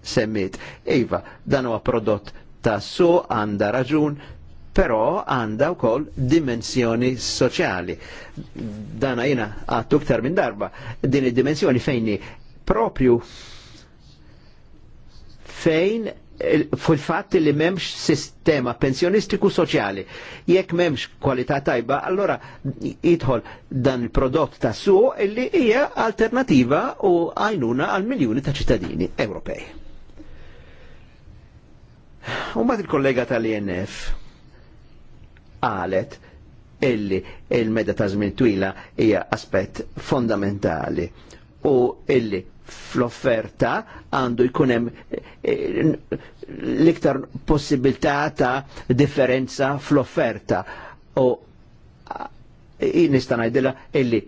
semmit, Iva, danu huwa prodott ta' su għanda raġun, però għanda wkoll dimensjoni soċjali. Dana jina għattu ktar minn darba, din id-dimensjoni fejni propju fejn eh, fil fatt li memx sistema pensjonistiku soċjali. Jekk memx kwalità tajba, allora jidħol dan il-prodott ta' su illi hija alternativa u għajnuna għal miljuni ta' ċittadini Ewropej. Umbat il-kollega tal-INF għalet illi il-meda ta' zmin twila hija aspett fondamentali u illi fl-offerta għandu jkunem eh, l-iktar possibilità ta' differenza fl-offerta u eh, nista' ngħidilha illi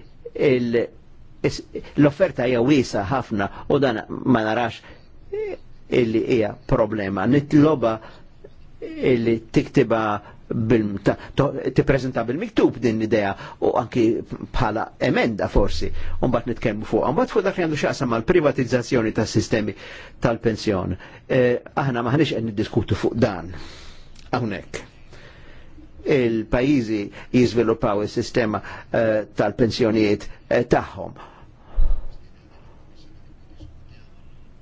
l-offerta hija wiesa ħafna u dan ma narax eh, illi hija problema. Nitloba illi tiktiba tippreżenta bil-miktub din l-idea u anki bħala emenda forsi, bat nitkemmu fuq. bat fuq dak li għandu xaqsam mal privatizzazzjoni tas sistemi tal-pensjon. E, aħna maħniex qed niddiskutu fuq dan. Hawnhekk il-pajizi jizvilupaw il-sistema e, tal-pensjonijiet e, tagħhom.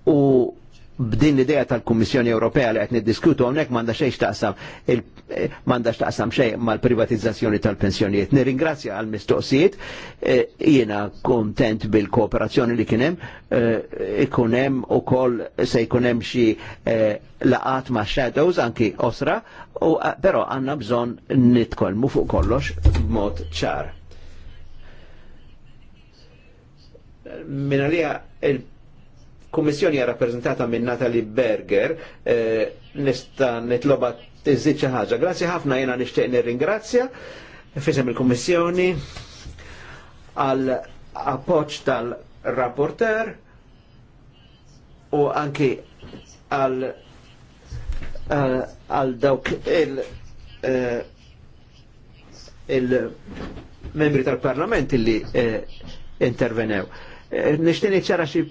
U b'din l-idea tal-Kummissjoni Ewropea li qed niddiskutu hawnhekk m'għandha xejn x'taqsam eh, m'għandax taqsam xejn mal-privatizzazzjoni tal-pensjonijiet. Nirringrazzja għal mistoqsijiet eh, jiena kontent bil-kooperazzjoni li kien hemm eh, ikun hemm ukoll se jkun hemm xi laqat ma' shadows anki osra, u però għandna bżonn nitkolmu fuq kollox b'mod ċar. Minalija il kummissjoni hija minn Natalie Berger, eh, nista' nitloba t xi ħagġa. Grazie ħafna nishtiq nir nirringrazzja fisem il-Kummissjoni għal appoġġ tal-rapporter u anki għal eh, għal dawk il- eh, il-membri tal-parlament illi eh, intervenew. Eh, Nishtini ċara xi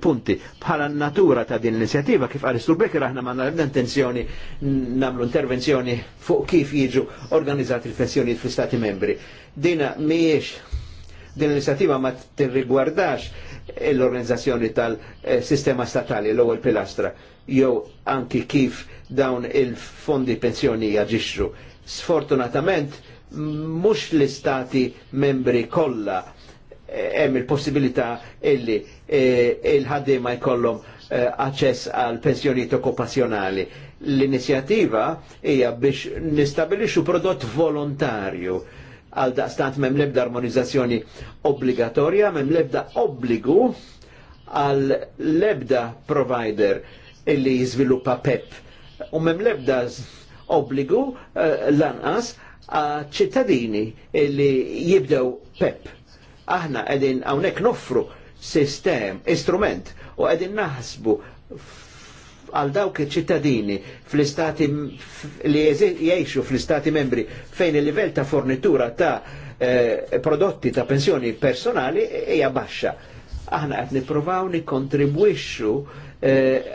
punti bħala natura ta' din l-inizjativa kif għaristu bekir aħna ma nabda intenzjoni namlu intervenzjoni fuq kif jiġu organizzati l-pensjonijiet fl-Stati membri. Dina miex din l-inizjattiva ma tirrigwardax l-organizzazzjoni tal-sistema statali l-ewwel pilastra jew anki kif dawn il-fondi pensjoni jaġixxu. Sfortunatament mhux l-istati membri kollha hemm il-possibilità illi eh, il ma jkollhom eh, aċċess għal pensjonijiet okkupazzjonali. L-inizjattiva hija biex nistabilixxu prodott volontarju għal daqstant mem lebda armonizzazzjoni obbligatorja, mem lebda obbligu għal lebda provider illi jizviluppa PEP u mem lebda obbligu uh, lanqas għal ċittadini illi jibdew PEP e Aħna qegħdin hawnhekk noffru sistem, istrument u qegħdin naħsbu għal dawk ċittadini fl-istati li jgħixu fl-istati membri fejn il-livell ta' fornitura ta' eh, prodotti ta' pensjoni personali hija baxxa. Aħna qed nippruvaw nikkontribwixxu eh,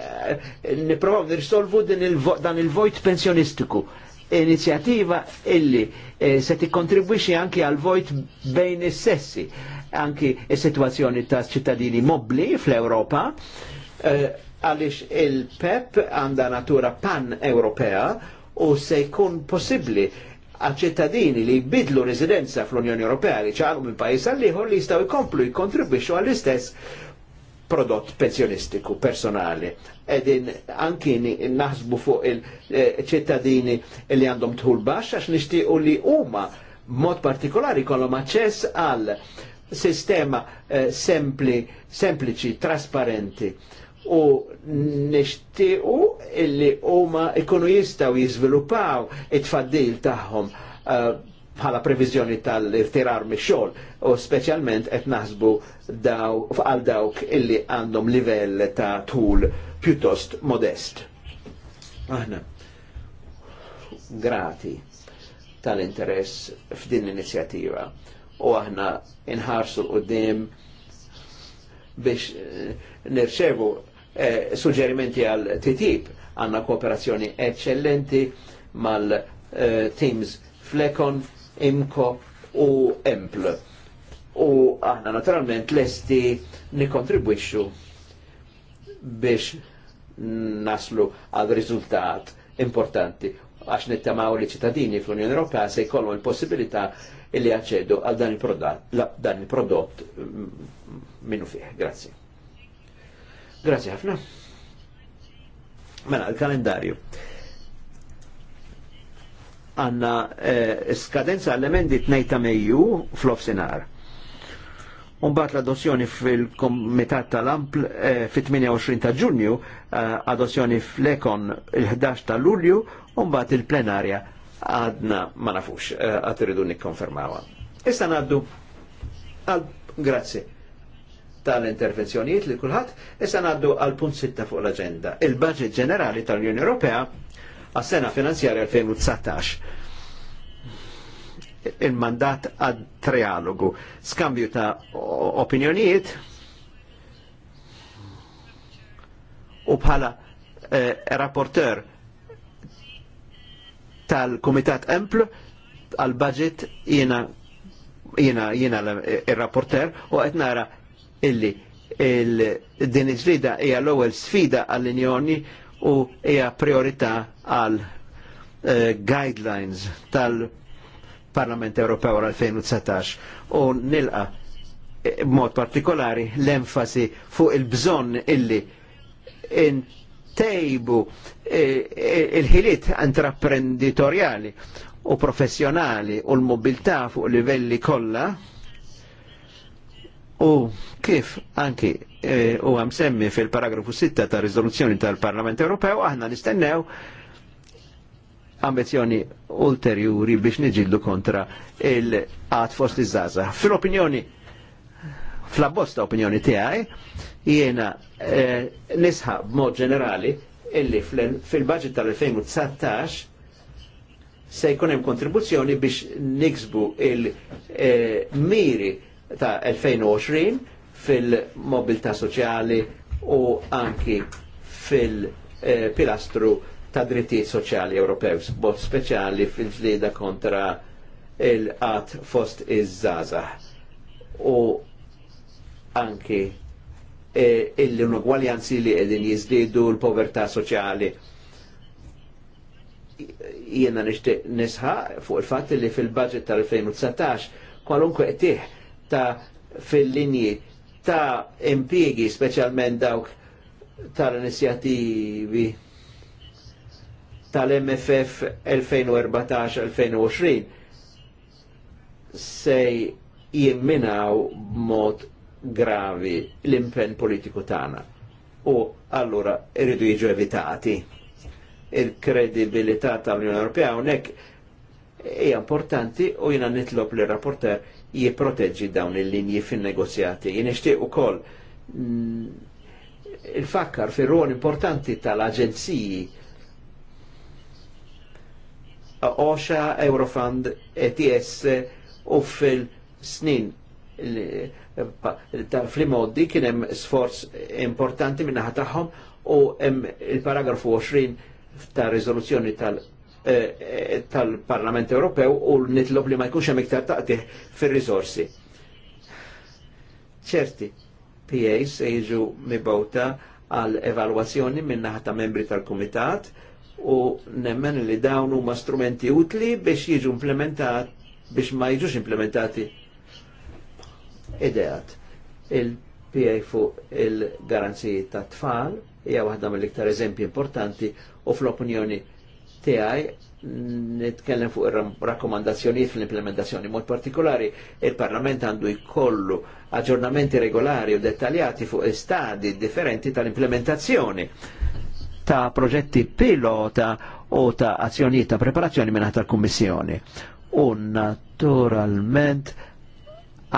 nippruvaw nirsolvu dan il-vojt pensjonistiku inizjattiva illi eh, se tikkontribwixxi anki għal vojt bejn is-sessi, anki s situazzjoni ta' ċittadini mobbli fl-Ewropa, eh, għaliex il-PEP għanda natura pan-Ewropea u se jkun possibbli għal ċittadini li jbidlu residenza fl-Unjoni Ewropea li ċaru minn pajis għalliħor li jistaw jkomplu jikkontribwixxu għall-istess prodott pensjonistiku personali. Edin anki naħsbu fuq il-ċittadini eh, li għandhom tħul baxx għax nixtiequ li huma mod partikolari kollhom aċċess għal sistema eh, sempli, sempliċi, trasparenti u nixtiequ li huma ikunu jistgħu jiżviluppaw it-tfaddil tagħhom eh, bħala previżjoni tal-irtirar mix-xogħol u speċjalment qed naħsbu daw, għal dawk illi għandhom livell ta' tul pjuttost modest. Aħna, grati tal-interess f'din l-inizjattiva u aħna inħarsu l-qoddim biex eh, nirċevu eh, suġġerimenti għal titib għanna kooperazzjoni eccellenti mal-teams eh, Flekon, Imko u Empl u aħna naturalment lesti nikontribwixxu biex naslu għal riżultat importanti għax nittamaw li ċittadini fl-Unjoni Ewropea se jkollhom il-possibilità illi jaċċedu għal dan il-prodott dan il-prodott mm, minnu fih. Grazzi. Grazzi ħafna. Mela, l kalendarju Għanna eh, skadenza għall-emendi 2 ta' Mejju fl-ofsinar Umbat l-adozzjoni fil-Komitat tal-Ampl eh, fit-28 ta' ġunju, eh, adozzjoni fl-Ekon il-11 ta' Lulju, umbat il-plenarja għadna ma nafux, eh, għad eh, irridu nikkonfermawa. Issa għaddu għal grazzi tal-intervenzjonijiet li kulħadd, issa għaddu għal punt sitta fuq l-agenda, il-budget ġenerali tal-Unjoni Ewropea għas-sena finanzjarja 2019 il-mandat għad trialogu. Skambju ta' opinjonijiet u bħala eh, rapporter tal-Komitat Empl għal-budget jena jena jena eh, il-rapporter u għet nara illi il-din iġrida hija l-ewwel sfida għall-Unjoni u hija priorità għal eh, guidelines tal- Parlament Ewropew għal 2019 u nilqa b'mod partikolari l-enfasi fuq il-bżonn illi intejbu eh, eh, il-ħiliet intraprenditoriali u professjonali u l-mobilità fuq livelli kollha u kif anki eh, u għamsemmi fil-paragrafu 6 ta' rizoluzzjoni tal-Parlament Ewropew aħna nistennew ambizjoni ulterjuri biex niġildu kontra il għad fost iż-żaza. Fil-opinjoni, fl-abbosta opinjoni tiegħi, jiena eh, nisħa b'mod ġenerali illi fil-budget tal-2019 se jkun hemm kontribuzzjoni biex niksbu il-miri eh, ta' 2020 fil-mobilità soċjali u anki fil-pilastru eh, ta' drittijiet soċjali Ewropew, bot speċjali fil-ġlieda kontra il-qat fost iż żaza U anki e, l-inugwaljanzi li qegħdin jizdidu l-povertà soċjali. Jiena nishtiq nisħa fuq il fatt li fil-budget tal-2019 kwalunkwe qtiħ ta' fil-linji ta' impiegi specialment dawk tal-inizjativi tal-MFF 2014-2020 se jimminaw mod gravi l-impen politiku tagħna. U allura irridu jiġu evitati. Il-kredibilità tal-Unjoni Ewropea hawnhekk hija importanti u jiena nitlob li rapporter jipproteġġi dawn il-linji fin-negozjati. Jien nixtieq ukoll mm, il-fakkar fir rwol importanti tal-aġenziji OSHA, Eurofund, ETS u fil-snin fl-modi kien hemm sforz importanti minn naħa tagħhom u hemm il-paragrafu 20 ta' riżoluzzjoni tal- eh, eh, parlament Ewropew u nitlob li ma jkunx hemm iktar taqtih fir-riżorsi. Ċerti, PAs se jiġu mibgħuta għal evalwazzjoni minn naħa ta' membri tal-Kumitat, u nemmen li dawn huma strumenti utli biex jiġu implementati biex ma jiġux implementati ideat. Il-PA fuq il-garanziji ta' tfal hija waħda mill-iktar eżempji importanti u fl-opinjoni tiegħi nitkellem fuq ir-rakkomandazzjonijiet fl-implementazzjoni. Mod partikolari, il-Parlament għandu jkollu aġġornamenti regolari u dettaljati fuq stadi differenti tal-implementazzjoni ta' proġetti pilota u ta' azzjonijiet ta' preparazzjoni minn tal-Kummissjoni. U naturalment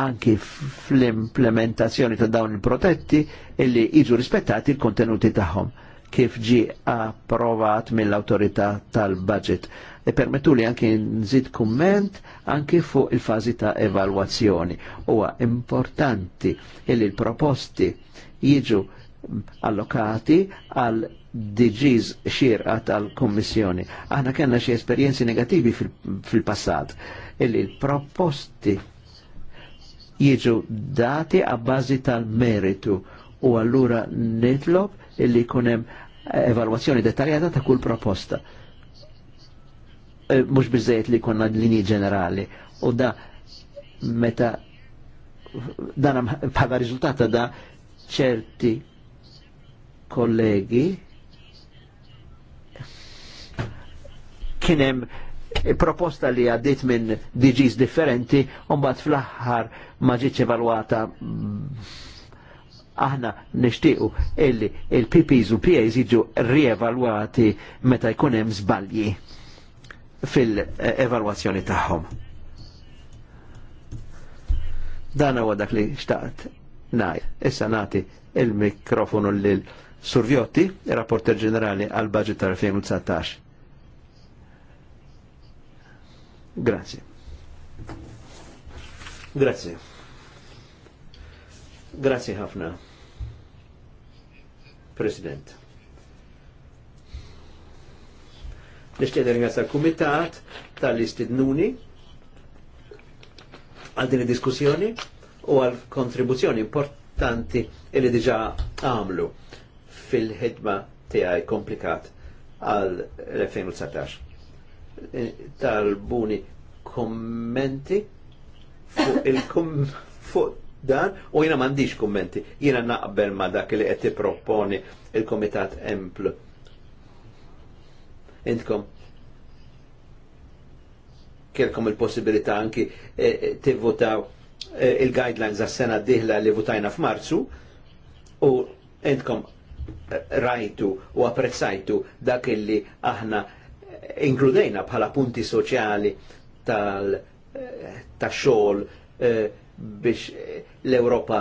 anki fl-implementazzjoni ta' dawn il-protetti illi iġu rispettati il-kontenuti tagħhom kif ġi approvat mill-autorità tal-budget. E permettu li anki nżid kumment anki fuq il-fazi ta' evalwazzjoni. Huwa importanti illi l-proposti jiġu allokati għal diġiż xirqa tal-Kommissjoni. Aħna kellna xi esperjenzi negativi fil-passat fil illi l-proposti jiġu dati għabbażi tal-meritu u allura nitlob illi kunem evalwazzjoni dettaljata ta' kull proposta. E, mhux Mux bizzejt li konna linji ġenerali u da meta dan bħala riżultat da ċerti kollegi kienem proposta li għaddit minn DGs differenti, unbat fl-axħar ma ġietx evalwata aħna nishtiqu illi il-PPs u PAs jiġu rievalwati meta jkun hemm żbalji fil-evalwazzjoni tagħhom. Dan huwa dak li xtaqt ngħid. Issa nagħti il-mikrofonu lil Survjotti, il rapporter ġenerali għal budget tal-2019. Grazie. Grazie. Grazie ħafna. President. Nishtiet ringrazja l-Kumitat tal-istidnuni għal din diskussjoni u għal kontribuzzjoni importanti li diġa għamlu fil-ħidma tiegħi komplikat għal 2019 tal-buni kommenti fuq il-kum fuq dan u jina mandiċ kommenti jina naqbel ma dak li għetti proponi il-komitat empl intkom kelkom il-possibilità anki eh, eh, tivvotaw eh, il-guidelines għas sena diħla li votajna f'Marzu u intkom rajtu u apprezzajtu dak li aħna inkludejna bħala punti soċjali tal xol eh, xogħol eh, biex eh, l europa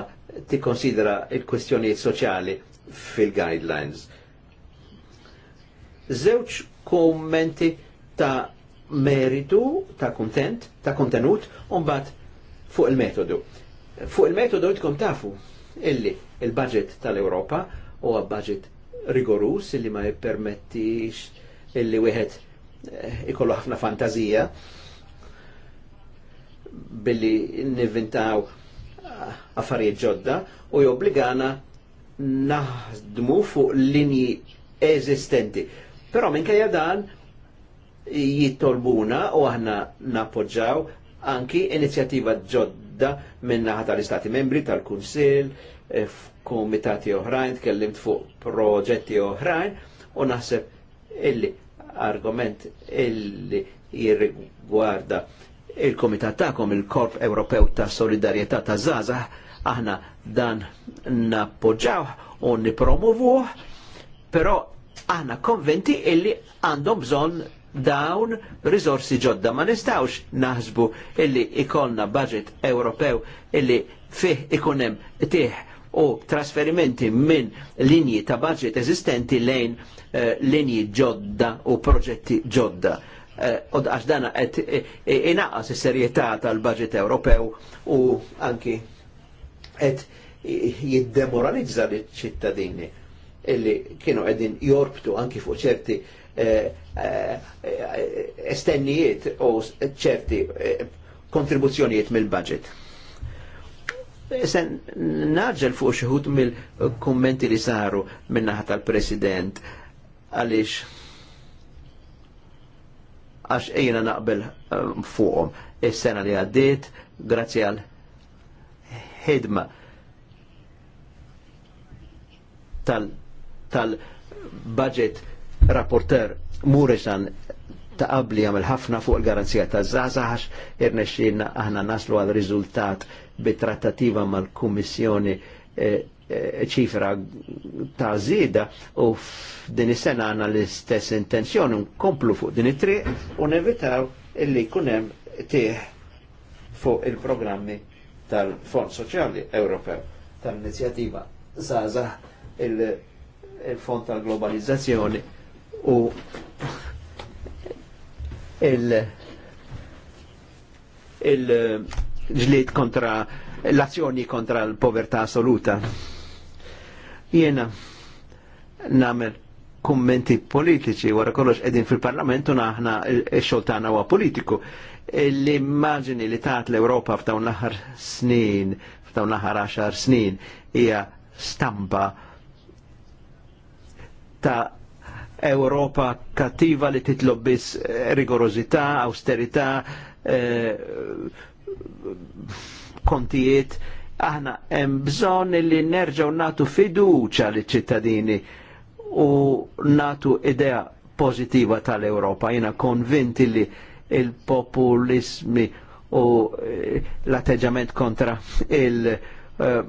tikkonsidra il-kwestjonijiet soċjali fil-guidelines. Żewġ kommenti ta' meritu, ta' kontent, ta' kontenut, unbat fuq il-metodu. Fuq il-metodu jitkom tafu illi il-budget tal-Europa u budget rigorus illi ma jippermettix illi wieħed ikollu ħafna fantazija billi nivvintaw ah, affarijiet ġodda u jobbligana naħdmu fuq linji eżistenti. Però minkejja dan jittolbuna u aħna nappoġġaw anki inizjattiva ġodda minn naħa tal-Istati Membri, tal-Kunsil, eh, f'komitati oħrajn, tkellimt fuq proġetti oħrajn u naħseb illi argument illi jirrigwarda il-komitat ta'kom, il-Korp Ewropew ta' Solidarietà ta' Zaza, aħna dan nappoġġaw u nipromovuh, però aħna konventi illi għandhom bżonn dawn risorsi ġodda. Ma nistawx naħsbu illi ikolna budget Ewropew illi fih ikunem tih u trasferimenti minn linji ta' budget eżistenti lejn eh, linji ġodda u proġetti ġodda. U eh, għax dana qed inaqas is-serjetà tal-budget Ewropew u anki qed jiddemoralizza l-ċittadini illi kienu qegħdin jorbtu anki fuq ċerti eh, estennijiet u ċerti kontribuzzjonijiet mill-budget. Sen naġġel fuq xieħut mill-kommenti li saru minnaħat tal-President għalix għax ejna naqbel eh, fuqom il sena li għaddit grazzi għal ħidma tal-budget rapporter Murisan ta' qabli għamil ħafna fuq il-garanzija ta' zazax, irnexxin aħna naslu għal riżultat bitrattativa mal-Kummissjoni e, e, ċifra ta' zida u f'din is-sena għandna l-istess intenzjoni nkomplu fuq din it-triq u nevitaw illi kunem tih fuq il-programmi tal-Fond Soċjali Ewropew tal-inizjattiva Zaza il-Fond tal-Globalizzazzjoni u il- il- ġlid kontra l-azzjoni kontra l-povertà assoluta. Jena namel kummenti politiċi wara kollox edin fil-parlamentu naħna xoltana huwa politiku. l immagini li taħt l-Europa f'ta' un laħar snin, f'ta' un laħar għaxar snin, hija stampa ta' Europa kattiva li titlob biss rigorozità, austerità, eh, kontijiet aħna hemm bżonn li nerġgħu natu fiduċa li ċittadini u natu idea pożittiva tal-Ewropa. Jiena konvinti li il-populismi u eh, l-atteġġament kontra il- eh,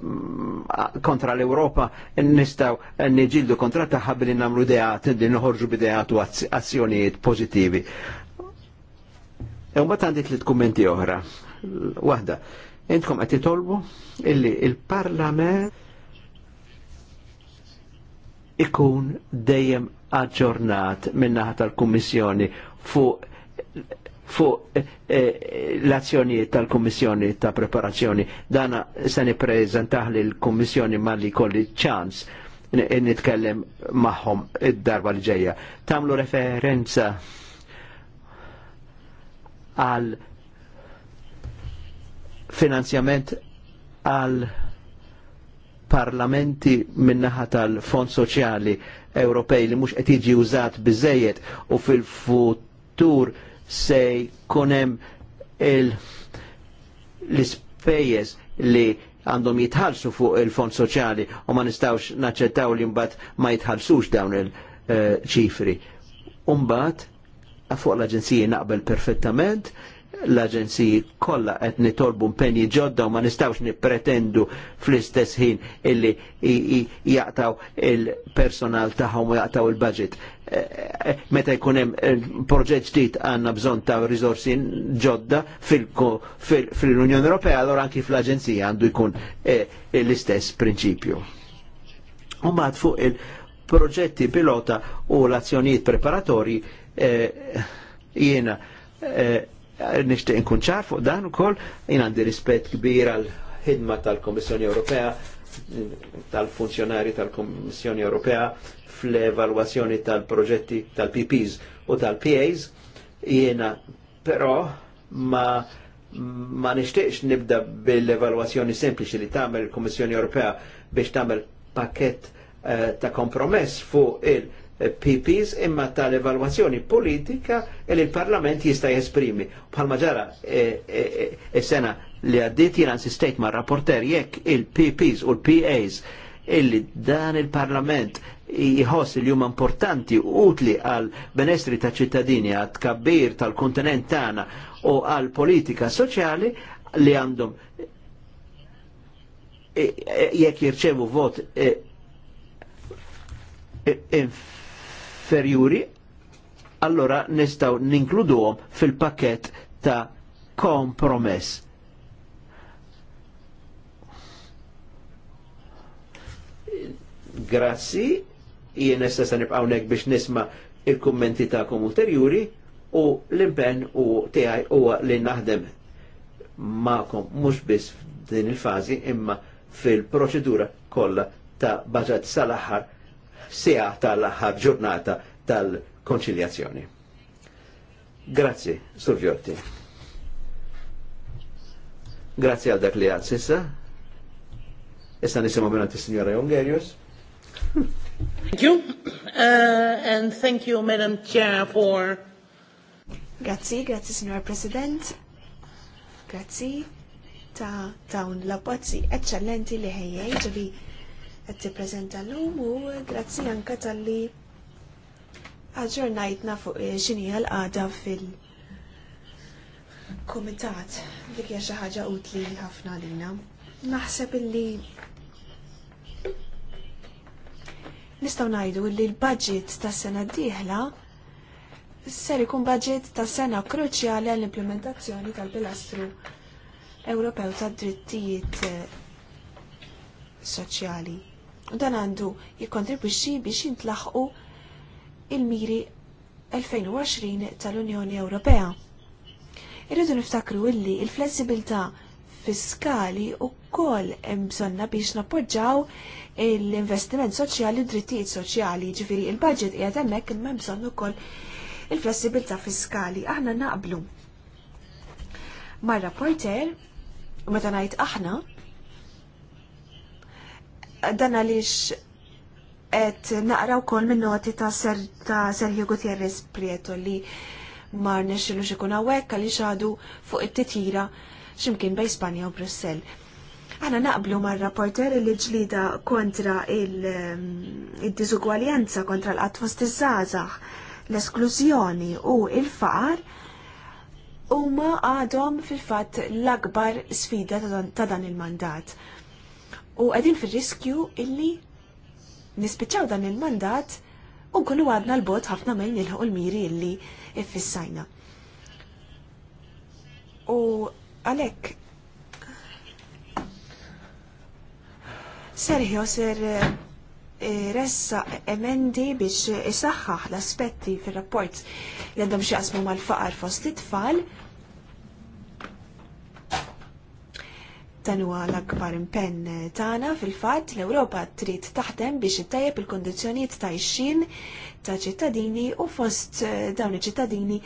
kontra l-Europa nistaw niġildu kontra taħħa li namlu ideat, li noħorġu bideat u azzjonijiet pozitivi. E un li tkummenti oħra waħda. Intkom qed tolbu illi il-Parlament ikun dejjem aġġornat minnaħa tal-Kummissjoni fuq fu eh, eh, l-azzjonijiet tal-Kummissjoni ta' preparazzjoni. Dana se nippreżentaħ l kummissjoni ma li kolli ċans nitkellem magħhom id-darba li ġejja. Tamlu referenza għal finanzjament għal parlamenti minnaħa tal-Fond Soċjali Ewropej li mhux qed jiġi użat biżejjed u fil-futur se jkun hemm l-ispejjeż li għandhom jitħallsu fuq il-Fond Soċjali u ma nistgħux naċċettaw li mbagħad ma jitħallsux dawn il-ċifri. Eh, Umbagħad fuq l-Aġenziji naqbel perfettament l-aġenziji kollha qed nitolbu mpenji ġodda u ma nistgħux nippretendu fl-istess ħin illi jaqtaw il-personal tagħhom u jaqtaw il-budget. Eh, eh, meta jkun hemm eh, proġett ġdid għandna bżonn ta' riżorsi ġodda fil-Unjoni Ewropea, allora anki fl-aġenzija għandu jkun l-istess prinċipju. U mbagħad fuq il-proġetti pilota u l-azzjonijiet preparatorji jiena eh, Eh, nishtiq nkun ċar fuq dan ukoll jien għandi rispett kbir għal ħidma tal-Kommissjoni Ewropea tal-funzjonari tal-Kommissjoni Ewropea fl-evalwazzjoni tal-proġetti tal-PPs u tal-PAs jiena però ma ma nixtieqx nibda bil-evalwazzjoni sempliċi li tagħmel il-Kummissjoni Ewropea biex tagħmel pakett eh, ta' kompromess fuq il- Eh, PPs imma tal-evalwazzjoni politika li il parlament jista' jesprimi. Bħalma ġara is-sena eh, eh, li għaddiet jiena insistejt ma' rapporter jekk il-PPs u l-PAs illi dan il-Parlament jħoss li huma importanti utli għal benestri ta' ċittadini għad tkabbir tal-kontinent tagħna u għal politika soċjali li għandhom jekk jirċevu vot inferjuri, allora nistaw ninkluduhom fil-pakket ta' kompromess. Grazzi, jien issa nibqgħu hawnhekk biex nisma' il-kummenti tagħkom ulterjuri u l-impenn u tiegħi huwa li naħdem ma'kom mhux biss din il-fażi imma fil-proċedura kollha ta' baġat sal-aħħar sija tal-ħar ġurnata tal-konċiljazzjoni. Grazzi, Survjotti. Grazzi għal dak li għad sissa. Issa nisimu minnant il-Signora Jongerius. Thank you, uh, and thank you, Madam Chair, for... Grazzi, grazzi, Signor President. Grazzi ta' ta' un abbozzi eccellenti li ħejjej ġivi t-prezenta tippreżenta l-lum u grazzi Anka tal-li aġġornajtna fuq eh, xini l għada fil- Komitat dik hija xi ħaġa utli ħafna lina. Naħseb illi nistgħu ngħidu li l-budget tas-sena d-dieħla ser ikun budget ta' sena kruċjali għall-implementazzjoni tal-pilastru Ewropew tad drittijiet eh, soċjali u dan għandu jikkontribwixxi biex jintlaħqu il-miri 2020 tal-Unjoni Ewropea. Irridu niftakru illi il-flessibilità fiskali u kol bżonna biex nappoġġaw l-investiment soċjali u drittijiet soċjali, ġifiri il-budget qiegħed hemmhekk imma bżonn ukoll il-flessibilità fiskali. Aħna naqblu. Mar rapporter, meta ngħid aħna, dan għaliex qed naqra wkoll min-noti ta' Sergio Gutierrez Prieto li mar nexxilu xikun għawek għaliex għadu fuq it-titjira x'imkien bej Spanja u Brussell. Għana naqblu mar rapporter li ġlida kontra il-diżugwaljanza ehm, kontra l-qatfos tiż-żgħażagħ, l-esklużjoni u il-faqar huma għadhom fil-fatt l-akbar sfida ta' dan il-mandat. il mandat u għedin fil-riskju illi nispiċaw dan il-mandat u kunu għadna l-bot ħafna minn nilħu l-miri illi fissajna. U għalek Sergio ser eh, ressa emendi biex isaħħaħ l-aspetti fil-rapport li għandhom xieqsmu mal-faqar fost it-tfal tanwa huwa l-akbar impenn tagħna fil-fatt l-Ewropa trid taħdem biex ittajjeb il-kondizzjonijiet ta' ixxin ta' ċittadini u fost eh, dawn iċ-ċittadini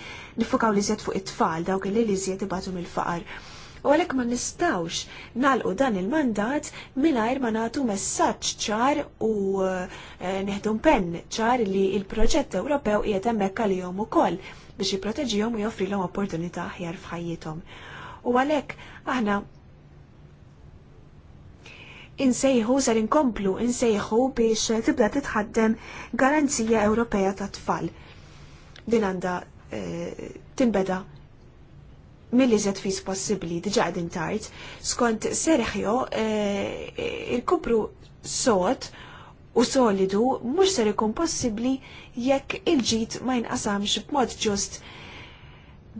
nifukaw li fuq it-tfal dawk li li żjed ibatu mill-faqar. U għalhekk ma nistawx nagħlqu dan il-mandat mingħajr ma nagħtu messaġġ ċar u eh, neħdu penn ċar li il-proġett Ewropew qiegħed hemmhekk għalihom ukoll biex jipproteġihom u joffrilhom opportunità aħjar f'ħajjithom. U għalhekk aħna insejħu ser inkomplu insejħu biex tibda titħaddem Garanzija Ewropea ta' tfal. Din għandha e, tinbeda mill-li zed fis possibli diġa għedin tajt, skont serħjo, e, eh, il kubru sot u solidu mux ser ikun possibli jekk il-ġit ma jinqasamx b'mod ġust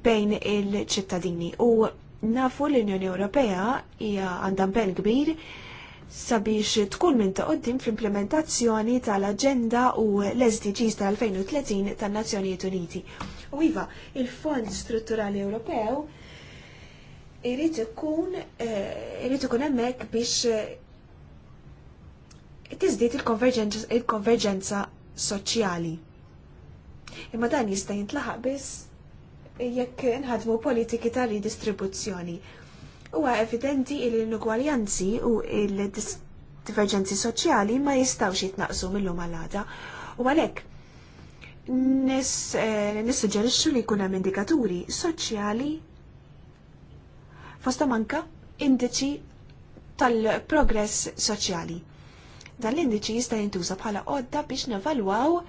bejn il-ċittadini. U nafu l-Unjoni Ewropea hija għandha ben kbir sabiex tkun minn ta' qoddim fl-implementazzjoni tal-Aġenda u l-SDGs tal-2030 tan-Nazzjonijiet Uniti. U iva, il-Fond Strutturali Ewropew irid ikun eh, irid ikun hemmhekk biex eh, tiżdied il-konverġenza soċjali. Imma dan jista' jintlaħaq biss jekk nħadmu politiki ta' ridistribuzzjoni. Huwa evidenti li l-inugwaljanzi u l-divergenzi soċjali ma jistawx jitnaqsu mill-lum għal-għada. U għalhekk eh, nissuġġerixxu li jkun hemm indikaturi soċjali fosta manka indiċi tal-progress soċjali. Dan l-indiċi jista' jintuża bħala qodda biex nevalwaw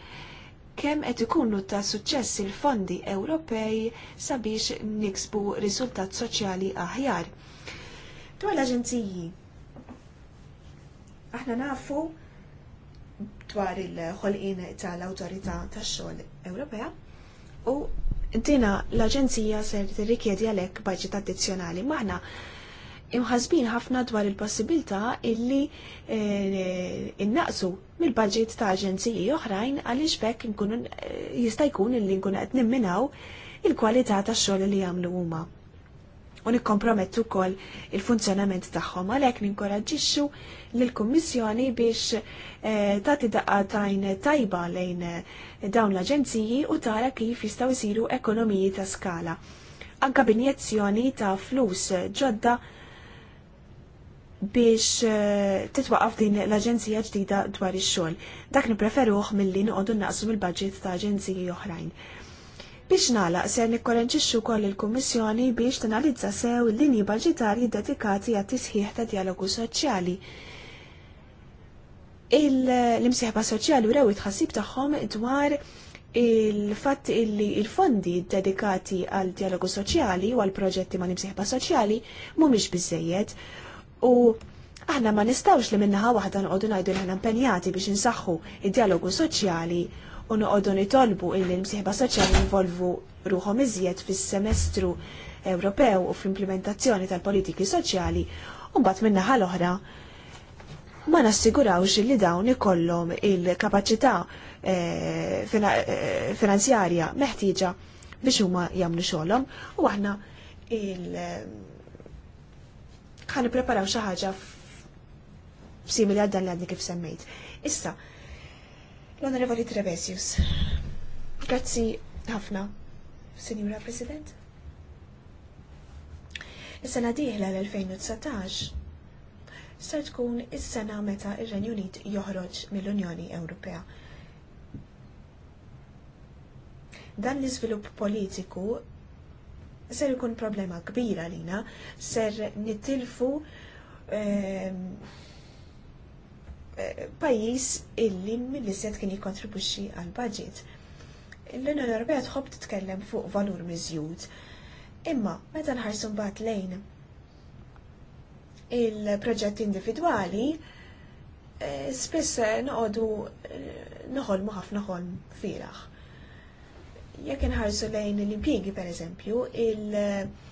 kemm qed ikunu ta' suċċess il-fondi Ewropej sabiex niksbu riżultat soċjali aħjar dwar l-aġenziji. Aħna nafu dwar il-ħolqien tal-Awtorità tax-xogħol Ewropea u dina l-Aġenzija ser tirrikjedi għalhekk budget addizzjonali. Maħna imħasbin ħafna dwar il-possibilità illi eh, innaqsu mill-budget ta' aġenziji oħrajn għaliex bekk eh, jista' jkun illi nkun qed nimminaw il-kwalità tax-xogħol li jagħmlu huma u nikkompromettu kol il-funzjonament tagħhom għalhekk ninkoraġġixxu lill-Kummissjoni biex eh, tagħti daqatajn tajba lejn eh, dawn l-aġenziji u tara kif jistgħu jsiru ekonomiji ta' skala. Anka b'injezzjoni ta' flus ġodda biex eh, titwaqaf din l-aġenzija ġdida dwar ix-xogħol. Dak nippreferuh milli noqogħdu naqsu mill-budget ta' aġenziji oħrajn. Biex nagħlaq ser nikkorenċixxu wkoll il-Kummissjoni biex tanalizza sew il-linji budġetarji dedikati għat tisħiħ ta' dialogu soċjali. Il-imsieħba soċjali rewit tħassib tagħhom dwar il-fatt illi il-fondi dedikati għal dialogu soċjali u għal proġetti ma' nimsieħba soċjali mhumiex biżejjed u aħna ma nistawx li minnaħa waħda nqogħdu ngħidu li aħna impenjati biex insaħħu id-dialogu soċjali u noqogħdu nitolbu illi l-imsieħba soċjali involvu ruħhom iżjed fis-semestru Ewropew u fl-implementazzjoni tal-politiki soċjali u mbagħad min-naħa l-oħra ma nassigurawx li dawn ikollhom il-kapaċità eh, eh, finanzjarja meħtieġa biex huma jagħmlu xogħolhom u aħna il eh, ħan preparaw xi ħaġa simili għal dan li għadni kif semmejt. Issa, L-Onorevoli Trevesius, Grazzi ħafna, Sinjura President. Is-sena diħla l-2019 ser tkun is-sena meta ir-Renju Unit joħroġ mill-Unjoni Ewropea. Dan l-iżvilupp politiku ser ikun problema kbira lina, ser nitilfu eh, pajjiż illi mill-iżjed kien jikkontribwixxi għal budget. L-Unjoni Ewropea tħobb titkellem fuq valur miżjud. Imma meta nħarsu mbagħad lejn il-proġett individwali, eh, spiss noqogħdu eh, noħolmu ħafna ħolm filaħ. Jekk inħarsu lejn l-impjiegi pereżempju, il-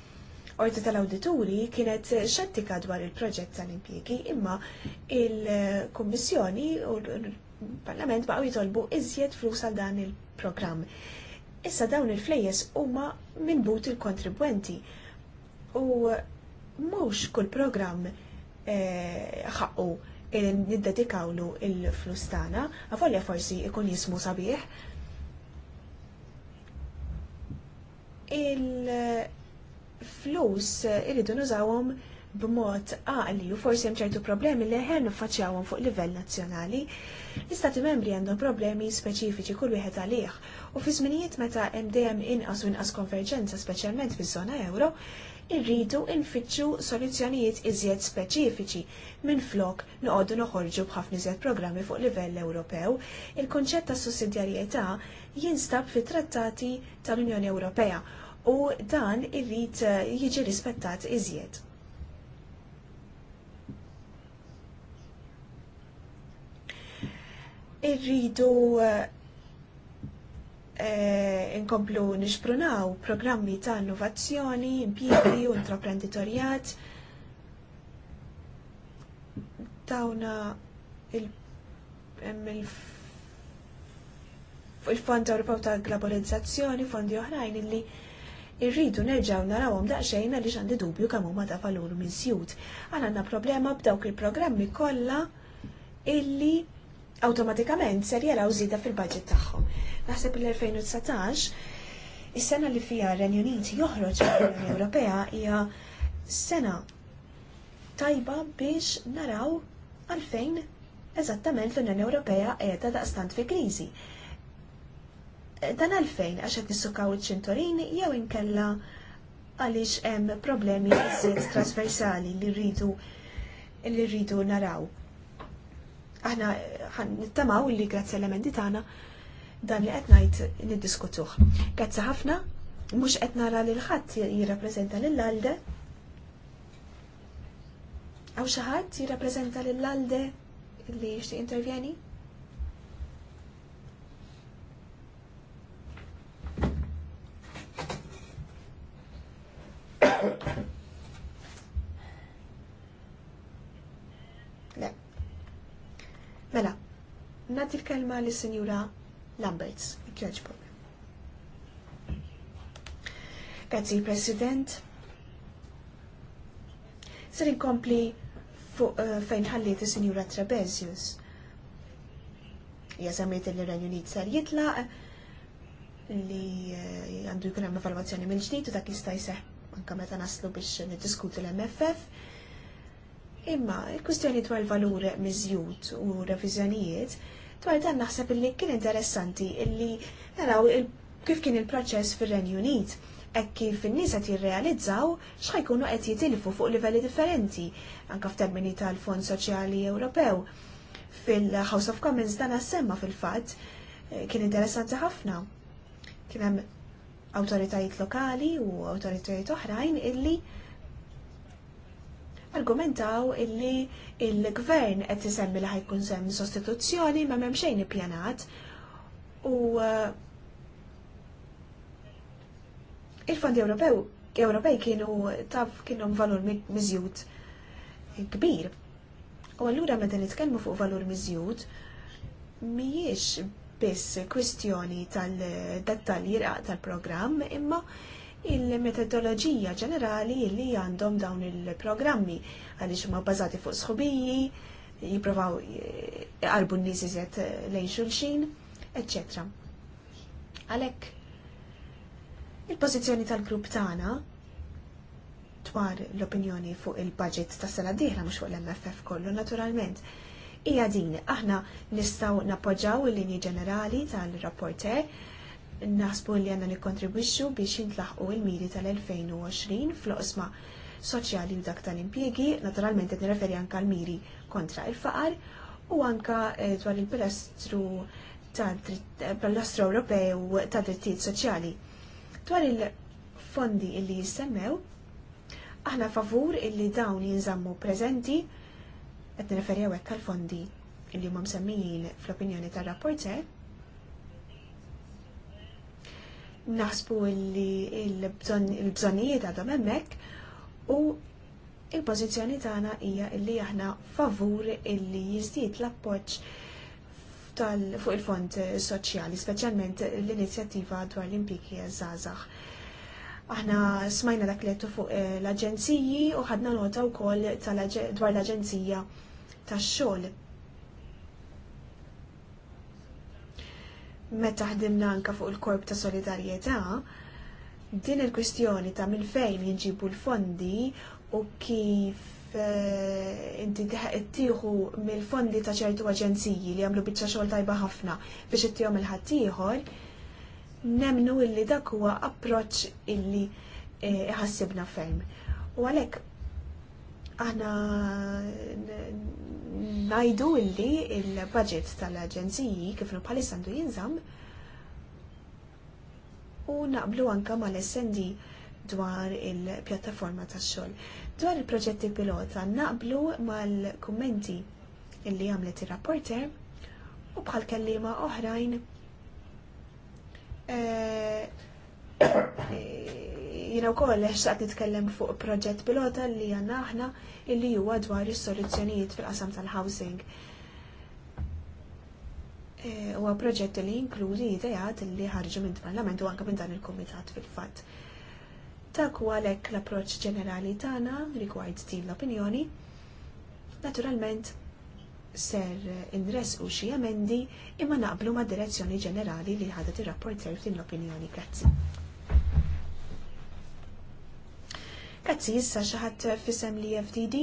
Orti tal-Awdituri kienet xattika dwar il-proġett tal-impjegi imma il-Kommissjoni u l-Parlament baqgħu jitolbu iżjed flus għal dan il-programm. Issa dawn il-flejjes huma minbut il-kontribwenti u mhux kull programm eh, ħaqqu niddedikawlu il-flus tagħna, għafolja forsi ikun jismu sabiħ, flus eh, irridu nużawhom b'mod għaqli u forsi hemm ċertu problemi li ħer niffaċċjawhom fuq livell nazzjonali. L-istati membri għandhom problemi speċifiċi kull wieħed għalih u fi żminijiet meta hemm dejjem inqas u inqas konverġenza speċjalment fiż-żona euro, irridu nfittxu soluzzjonijiet iżjed speċifiċi minn flok noqogħdu noħorġu b'ħafna iżjed programmi fuq livell Ewropew. Il-konċett ta' sussidjarjetà jinstab fit trattati tal-Unjoni Ewropea u dan irrit eh, jiġi rispettat iżjed. Irridu eh, eh, inkomplu nixprunaw programmi ta' innovazzjoni, impjiegi u intraprenditorjat. Tawna il-Fond Ewropew ta' Globalizzazzjoni, fondi oħrajn illi irridu nerġaw narawhom daqsxejn għaliex għandi dubju kemm huma ta' valur sjut. Għal għandna problema b'dawk il-programmi kollha illi awtomatikament ser jaraw żieda fil-budget tagħhom. Naħseb l-2019 is-sena li fija r-Renju Uniti joħroġ mill-Unjoni Ewropea hija sena tajba biex naraw għalfejn eżattament l-Unjoni Ewropea qiegħda daqstant fi kriżi. Dan għalfejn għax qed nissukaw iċ-ċinturini jew inkella għaliex hemm problemi iżjed trasversali li rridu li rridu naraw. Aħna nittamaw li grazzi elementi tagħna dan li qed ngħid niddiskutuh. Grazzi ħafna, mhux qed nara lil ħadd jirrappreżenta lil Lalde. Għaw xi ħadd jirrappreżenta lil Lalde li jixtieq intervjeni? Mela, nati l-kelma li senjura Lamberts, kjoġbog. Grazzi, President. Ser inkompli eh, fejn ħalliet il-Senjura Trabezius. Jazamiet li Renju Unit ser jitlaq li eh, għandu jkun hemm evalwazzjoni mill-ġdid u dak jista' jseħħ anka meta naslu biex niddiskuti l-MFF. Imma, il-kustjoni dwar valur miżjud u revizjonijiet, dwar dan naħseb illi kien interessanti illi naraw kif kien il-proċess fir-Renju Unit hekk kif in-nies qed jirrealizzaw x'ħajkunu qed jitilfu fuq livelli differenti, anke f'termini tal-Fond Soċjali Ewropew. Fil-House of Commons dan assemma fil-fatt eh, kien interessanti ħafna. Kien hemm awtoritajiet lokali u awtoritajiet oħrajn illi argumentaw illi il-gvern qed isemmi li ħajkun semmi sostituzzjoni ma m'hemm xejn ippjanat u uh, il-fondi Ewropew Ewropej kienu taf kienhom valur miżjud kbir. U allura meta nitkellmu fuq valur miżjud mhijiex biss kwistjoni tal-dettalji raq tal-programm imma il-metodoloġija ġenerali li għandhom dawn il-programmi għaliex huma bbażati fuq sħubiji, jipprovaw jqarbu eh, n-nies iżjed eh, lejn xulxin, etc. Għalhekk il-pożizzjoni tal-grupp tagħna dwar l-opinjoni fuq il-budget tas sena d-dieħla fuq l-MFF kollu naturalment hija din. Aħna nistgħu nappoġġaw il-linji ġenerali tal-rapporter naħsbu li għanna nikkontribwixxu biex jintlaħqu il-miri tal-2020 fl-oqsma soċjali u dak tal-impjiegi, naturalment qed nirreferi anke l-miri kontra il-faqar u anka eh, dwar il-pilastru tal-pilastru eh, Ewropew ta' drittijiet soċjali. Dwar il-fondi illi jissemmew, aħna favur illi dawn jinżammu preżenti qed nreferjaw għek għal fondi li huma msemmijin fl-opinjoni tar-rapporter. Naħsbu li l-bżonnijiet għadhom hemmhekk u il-pożizzjoni tagħna hija li aħna favur illi jiżdied l-appoġġ fuq il-fond soċjali, speċjalment l-inizjattiva dwar l-impiki żgħażagħ. Aħna smajna dak li fuq eh, l-aġenziji u ħadna nota wkoll dwar l-aġenzija tax-xogħol. Meta ħdimna anka fuq il-korp ta' solidarjetà, din il-kwistjoni ta' minn fejn jinġibu l-fondi u kif eh, inti tieħu mill-fondi ta' ċertu aġenziji li jagħmlu biċċa xogħol tajba ħafna biex ittihom il-ħaddieħor, nemnu illi dak huwa approċċ illi eh, iħassibna ferm. U għalhekk aħna najdu illi il-budget tal-aġenziji kif nupalis għandu jinżam u naqblu anka mal-SND dwar il-pjattaforma ta' xol. Dwar il-proġetti pilota naqblu mal-kummenti illi għamlet il-rapporter u bħal kellima oħrajn eh, Eh, jina koll xaqt nitkellem fuq proġett pilota li għanna aħna illi huwa dwar is-soluzzjonijiet fil-qasam tal-housing. Eh, huwa proġett li jinkludi idejat li ħarġu minn parlament u anke minn dan il-kumitat fil-fatt. Dak huwa l-approċċ ġenerali tagħna rigward din l-opinjoni. Naturalment, ser u xi emendi imma naqblu ma' direzzjoni ġenerali li ħadet il-rapport rapporter din l-opinjoni. Grazzi. Grazzi, jissa xaħat fissem li FDD.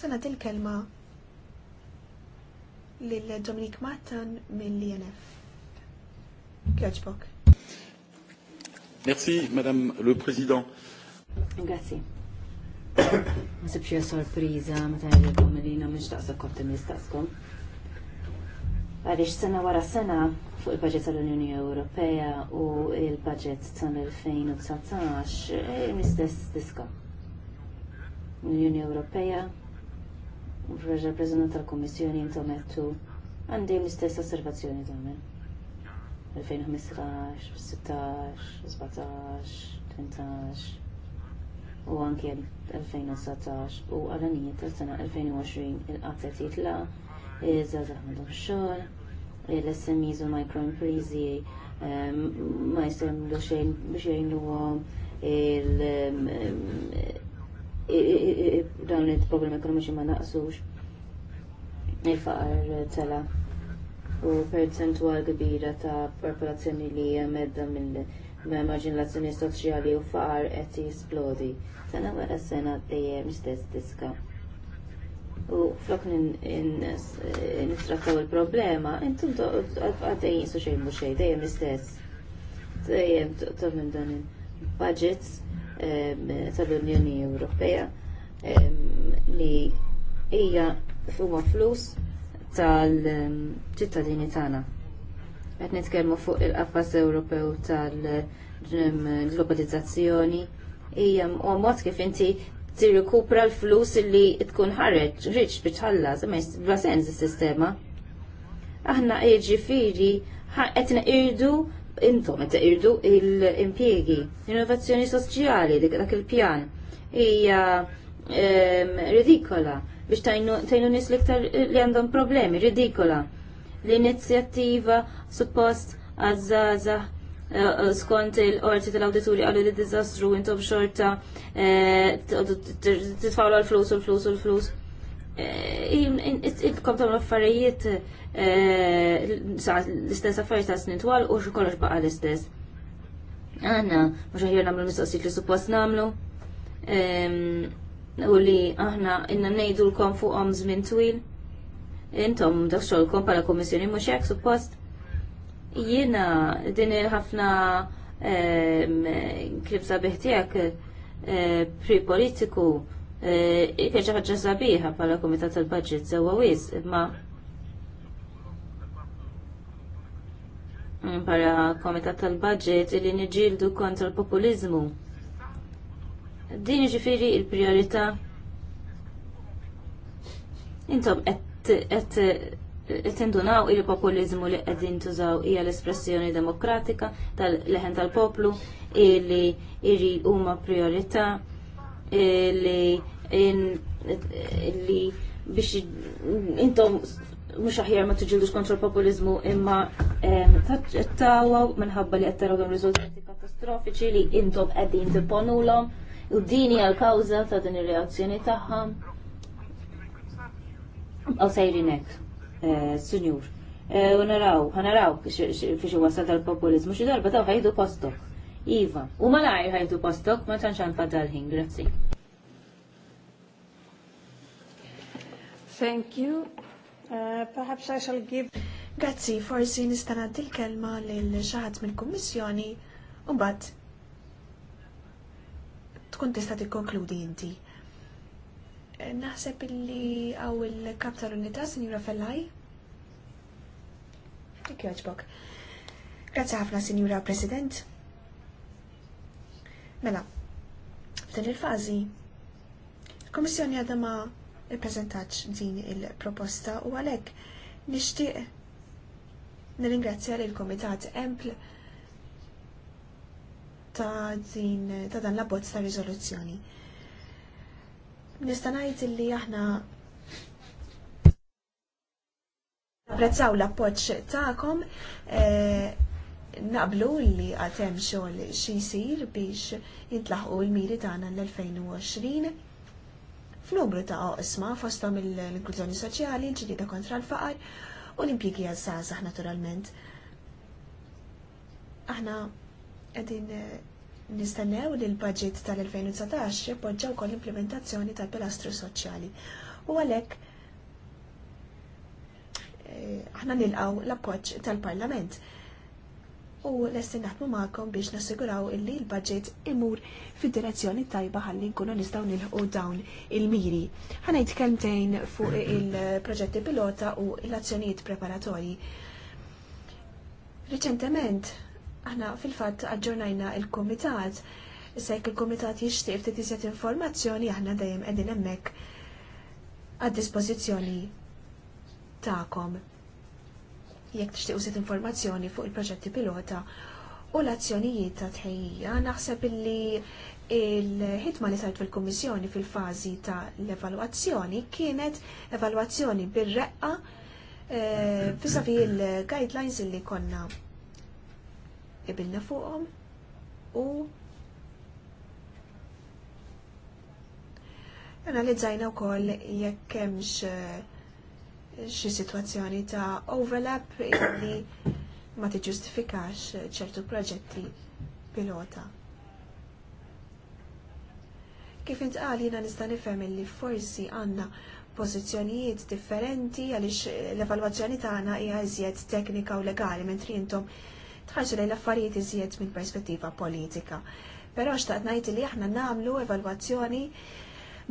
Sanat til kelma l-Dominik Mattan mill-INF. Kjoċbok. Merci, Madame le Président. Grazie. Nsibxie sorpriza, meta jgħidu millina mħiġ taqsa koptim jistaqskom għaliex sena wara sena fuq il-budget tal-Unjoni Ewropea u il-budget tal-2019 mistess eh, diska. L-Unjoni Ewropea u r-reprezentant tal komissjoni intomettu għandi mistess osservazzjoni tamen. 2015, 16, 17, 18 u anke 2017 u għal-anijiet tal-sena 2020 il-qatet jitla' iż-żazah għandhom l-SMEs u microimprezi um, ma jistgħu xejn biex um, dawn il-problemi ekonomiċi ma naqsux il-faqar tela u kbira ta' popolazzjoni li medda minn soċjali u faqar qed jisplodi. Sena wara sena dejjem stess diska u flok nistrattaw il-problema, intum għaddejjin su xejn mux dejjem istess. Dejjem tuqtaw minn dan il-budgets tal-Unjoni Ewropea li hija huma flus tal-ċittadini tagħna. Qed nitkellmu fuq il-qafas Ewropew tal-globalizzazzjoni hija mod kif inti tirrikupra l-flus li tkun ħareġ riċ bitħallas, ma jistibra sens is-sistema. Aħna firi, qed irdu intom etna irdu l-impjiegi, l-innovazzjoni soċjali dak il-pjan hija ridikola biex tajnu nis liktar li għandhom problemi, ridikola. L-inizjattiva suppost għazzazah Eh, eh, skont il-qorti tal-awdituri għallu li dizastru intom xorta eh, t-tfawlu għal-flus u l-flus u l-flus. Ibkom tam l-affarijiet l-istess affarijiet ta' snin twal u xikollox baqa l-istess. Għanna, mux ħajja namlu mistoqsit li suppost namlu. U li aħna inna nejdu l-kom fuqom zmin twil. Intom dak kom pala komissjoni mux jek suppost Jiena din ħafna kif sabiħ tiegħek eh, pre-politiku eh, kien ħagġa ħaġa sabiħa bħala komitat tal-budget sewwa wis imma bħala komitat tal-budget li nġildu kontra l-populiżmu. Din ġifiri il priorita intom qed tindunaw il-populizmu li qegħdin tużaw hija l-espressjoni demokratika tal-leħen tal-poplu li iri huma priorità li li biex intom mhux aħjar ma tiġildux kontra l-populizmu imma tattawaw minħabba li qed taraw rizultati riżultati katastrofiċi li intom qegħdin tipponulhom u dini għal-kawża ta' din ir-reazzjoni tagħhom. Għaw sejrinek. Eh, Sinjur. Eh, u naraw, ħanaraw fiex wasal tal-populizmu, xi darba taw ħajdu postok. Iva, u laj ħajdu postok, ma ċanċan għandfadal ħin, grazzi. Thank you. Eh, perhaps I shall give... Grazzi, forsi nista' nagħti kelma l xi ħadd mill-Kummissjoni bat, mbagħad tkun tista' tikkonkludi inti. Naħseb illi għaw il-kap tal-unità, Sinjura Fellaj. Dik joġbok. Grazzi ħafna, Sinjura President. Mela, f'din il-fazi, il-Komissjoni għadama il-prezentaċ din il-proposta u għalhekk nixtieq nirringrazzja il komitat Empl ta' din ta' dan l-abbozz ta' riżoluzzjoni. Nista' ngħid illi aħna apprezzaw l-appoġġ tagħkom eh, naqblu li għad hemm xogħol xi jsir biex jintlaħqu l-miri tagħna l-2020 f'numru ta' oqsma fosthom l-inklużjoni soċjali, ġdida kontra l-faqar u l-impjiegi għal naturalment. Aħna qegħdin eh, Nistennew li l-budget tal-2019 jippoġġa wkoll implementazzjoni tal-pilastru soċjali. U għalhekk eh, aħna nilqaw l-appoġġ tal-Parlament. U lesti naħdmu magħkom biex nassiguraw illi l-budget imur fid-direzzjoni tajba ħalli nkunu nistgħu nilħu dawn il-miri. Ħana kelmtejn fuq il-proġetti pilota u l-azzjonijiet preparatorji. Reċentement Aħna fil-fatt aġġornajna il-komitat. Sejk il-komitat jixtieq ftit iżjed informazzjoni aħna dejjem qegħdin hemmhekk għad-dispożizzjoni tagħkom. Jekk tixtieq użiet informazzjoni fuq il-proġetti pilota u l-azzjonijiet ta' tħejjija naħseb illi il-ħidma li sart fil-Kummissjoni fil-fażi ta' l-evalwazzjoni kienet evalwazzjoni bir-reqqa fi eh, il-guidelines illi konna ibilna fuqhom u analizzajna wkoll jekk hemmx eh, xi sitwazzjoni ta' overlap li ma tiġġustifikax ċertu proġetti pilota. Kif intqal jiena nista' nifhem li forsi għandna pożizzjonijiet differenti għaliex l-evalwazzjoni tagħna hija iżjed teknika u legali mentri intom tħarsu lejn l-affarijiet iżjed minn perspettiva politika. Però xtaqt ngħid li aħna nagħmlu evalwazzjoni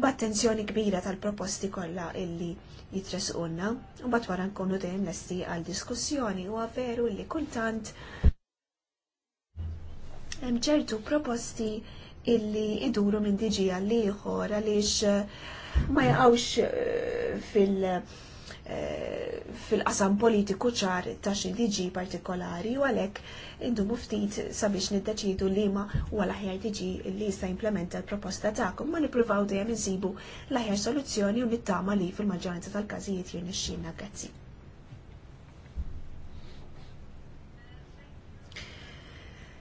b'attenzjoni kbira tal-proposti kollha illi jitresqunna u bat wara nkunu dejjem lesti għal diskussjoni huwa veru li kultant hemm ċertu proposti illi iduru minn diġi għal ieħor għaliex ma jaqgħux eh, fil- fil-qasam politiku ċar ta' xi liġi partikolari u għalhekk indumu ftit sabiex niddeċidu li ma huwa l-aħjar li jista' implementa l-proposta tagħkom ma nippruvaw dejjem insibu l-aħjar soluzzjoni u nittama li fil-maġġoranza tal-każijiet jien grazzi.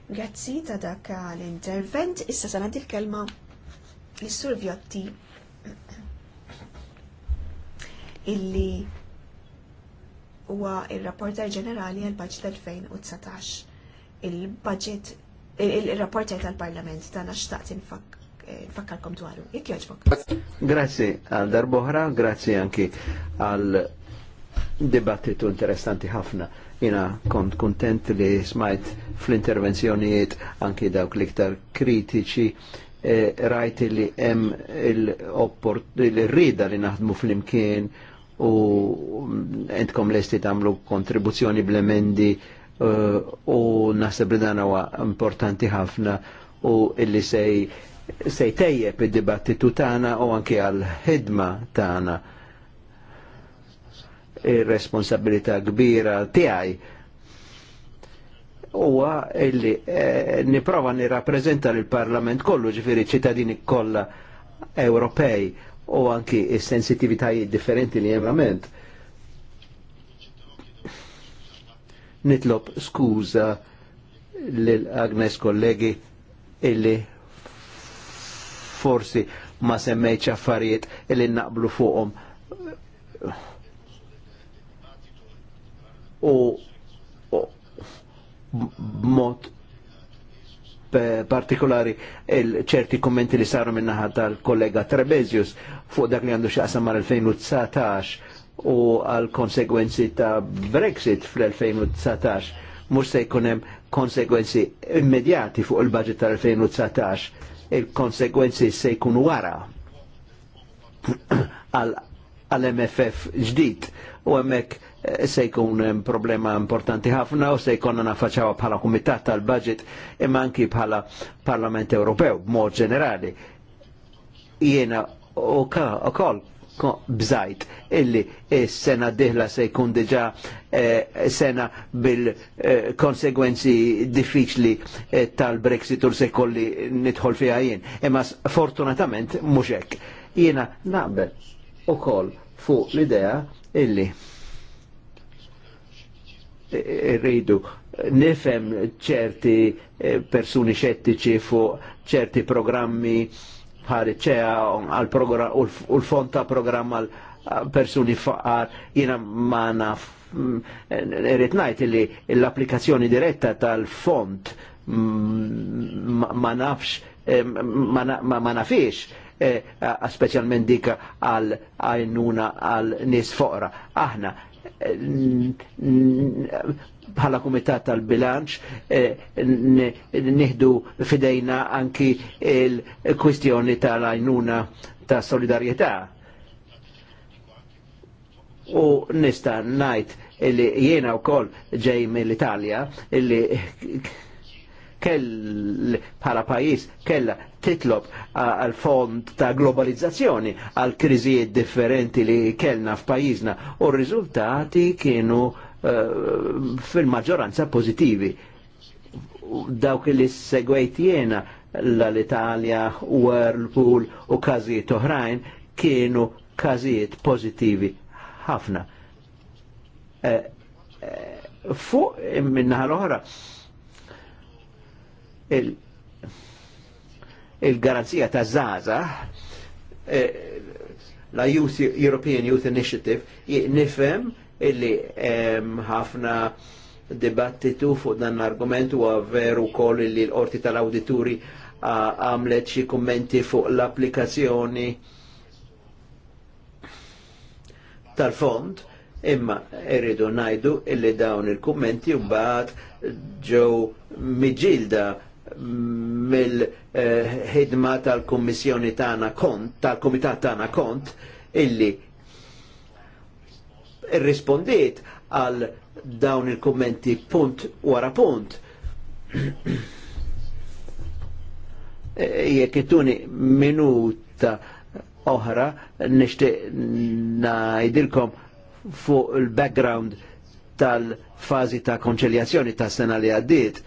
Grazzi ta' dak l-intervent, issa sanad il-kelma l-Sur Vjotti illi huwa il-rapporter ġenerali għal budget 2019. Il-budget il-rapporter tal-Parlament ta' xtaqt infakkarkom dwaru. Jekk jogħġbok. Grazzi għal darboħra, grazzi anki għal dibattitu interessanti ħafna. Jina kont kontent li smajt fl-intervenzjonijiet anki dawk liktar kritiċi eh, rajt li hemm il-rida li naħdmu fl-imkien u entkom lesti tamlu kontribuzzjoni blemendi eh, u naseb li dan wa importanti ħafna u illi sej sej tejjeb id-dibattitu tagħna u anke għal-ħidma tagħna ir-responsabilità kbira tiegħi huwa illi eh, niprova nirrappreżenta lill-Parlament kollu ġifieri ċittadini kollha Ewropej u anki sensitivitajiet differenti li jemament. Nitlob skuza l-Agnes kollegi illi forsi ma semmejċ affarijiet illi naqblu fuqhom. U b'mod partikolari ċerti kommenti li saru minnaħa tal-kollega Trebezius fuq dak li għandu xaqsam mar 2019 u għal konsegwenzi ta' Brexit fl-2019 mux se jkunem konsegwenzi immedjati fuq il-budget tal-2019 il-konsegwenzi se jkun wara għal-MFF ġdid u għemmek eh, se jkun problema importanti ħafna u se jkonna nafaċawa bħala kumitat tal-budget imma anki bħala Parlament Ewropew b'mod ġenerali. Jiena u kol bżajt illi s-sena diħla se jkun diġa eh, sena bil-konsegwenzi eh, diffiċli eh, tal-Brexit u se kolli nidħol fiha jien. Imma fortunatament mhux hekk. Jiena naqbel kol fuq l-idea illi rridu nifem ċerti persuni xettiċi fuq ċerti programmi bħal ċea u l-fond ta' programm għal persuni faqar jina ma naf irrit mm, najt li l-applikazzjoni diretta tal-font mm, ma nafx eh, ma nafix eh, specialment dik għal għajnuna għal nis foqra aħna eh, bħala kumitat tal-bilanċ nieħdu fidejna anki il-kwistjoni tal-għajnuna ta' solidarjetà. U nista' ngħid li jiena wkoll ġej mill-Italja li kell bħala pajis kella titlob għal fond ta' globalizzazzjoni għal kriżijiet differenti li kellna f'pajjiżna u r-riżultati kienu Eh, fil-maġġoranza pozitivi. Dawk li segwejt jena l-Italja, Whirlpool u każijiet oħrajn kienu każijiet pozitivi ħafna. Eh, eh, fuq minnaħa l-oħra, il-garanzija ta' Zaza, la Youth European Youth Initiative, nifem illi ħafna dibattitu fuq dan l-argument u veru kol illi l-orti tal-awdituri għamlet xi kommenti fuq l-applikazzjoni tal-fond imma irridu najdu illi dawn il-kummenti u mbagħad ġew miġilda mill-ħidma tal-Kummissjoni tagħna kont, tal-Kumitat Tana kont illi rispondiet għal dawn il-kommenti punt wara punt. E, jekk ituni minuta oħra nixtieq ngħidilkom fuq il-background tal-fażi ta' konċiljazzjoni ta' sena li għaddiet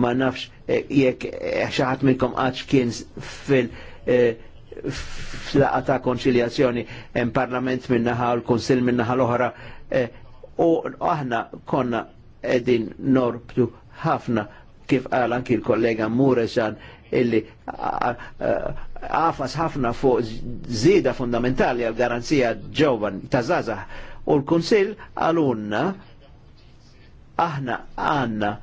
ma nafx e, jekk e, xaħat minnkom għax kien fil- eh, flaqa ta' konċiljazzjoni hemm parlament minnaħa u l-kunsill minnaħa l-oħra eh, u aħna konna edin norbtu ħafna kif qal anki l-kollega Muresan illi għafas ħafna fuq żieda fundamentali għal garanzija ġewwan ta' zazah u l-Kunsill għalunna aħna għanna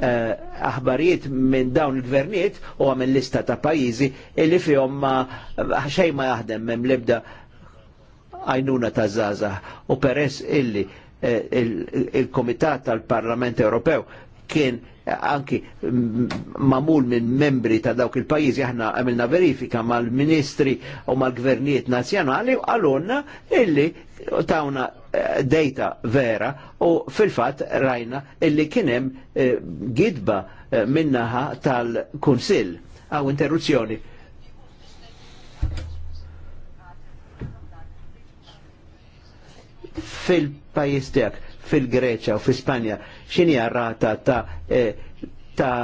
Eh, aħbarijiet minn dawn il-gvernijiet u għamil lista ta' pajizi illi fihom ma xej ma jaħdem minn libda għajnuna ta' zaza u peress illi eh, il-Komitat tal-Parlament Ewropew kien anki mamul minn membri ta' dawk il-pajizi aħna għamilna verifika mal-ministri u mal-gvernijiet nazjonali u illi tawna eh, data vera u fil-fat rajna illi kienem eh, gidba eh, minnaħa tal-Kunsil għaw interruzzjoni. Fil-pajis tijak, fil-Greċa u fil-Spanja, xini rata ta' ta'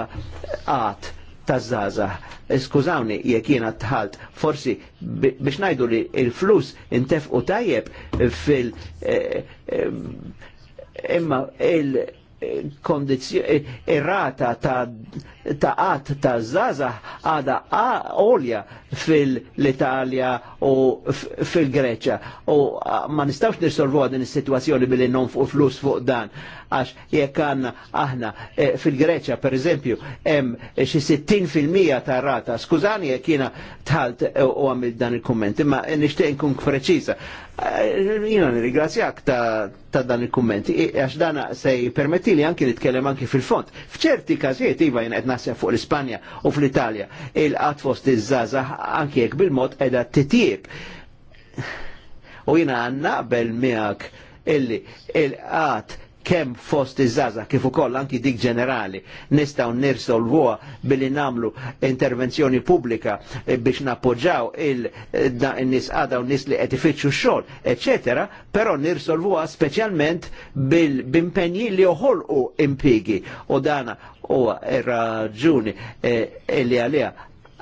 għat taż-żaza. Skużawni jekk jiena tħalt, forsi biex ngħidu li l-flus u tajjeb fil- eh, eh, imma il- irrata ta' ta' għat ta' zaza għada għolja fil-Italja u fil-Greċa u ma nistawx nirsolvu għadin is-situazzjoni billi non fuq flus fuq dan għax jekk għanna aħna e, fil-Greċja per eżempju hemm e, xi 60% ta' rata. Skużani jekk jiena tħalt e, u għamil dan il-kumment, imma nixtieq nkun preċiża. Jiena nirringrazzjak ta', dan il-kumment, għax dan se jipermettili anki nitkellem anki fil-font. F'ċerti każijiet iva jien qed naħseb fuq l-Ispanja u fl-Italja il-qatt fost iż-żgħażagħ anki jekk bil-mod qiegħda titjieb. U jiena bel miegħek illi il-qat kemm fost iż-żaza kif ukoll anki dik ġenerali nistgħu nirsolvuha billi namlu intervenzjoni pubblika eh, biex nappoġġaw il-nies eh, għada u nies li qed ifittxu x-xogħol, eċetera, però nirsolvuha speċjalment bil-impenji li joħolqu impigi u dana huwa ir-raġuni eh, li għalija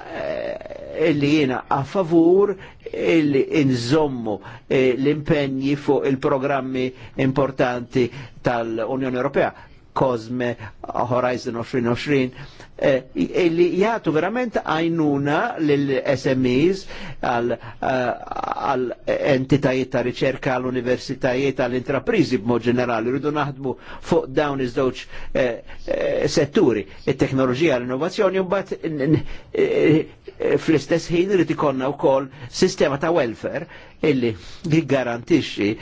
Eh, illi jiena a favur illi inżommu eh, l-impenji fuq il-programmi importanti tal-Unjoni Ewropea Cosme Horizon 2020 illi eh, jgħatu verament għajnuna lill-SMEs eh, għal entitajiet ta' riċerka għal universitajiet għal intraprizi b'mod ġenerali rridu naħdmu fuq dawn iż-żewġ eh, setturi it-teknoloġija l-innovazzjoni u mbagħad fl-istess ħin irid ikollna wkoll sistema ta' welfare illi jiggarantixxi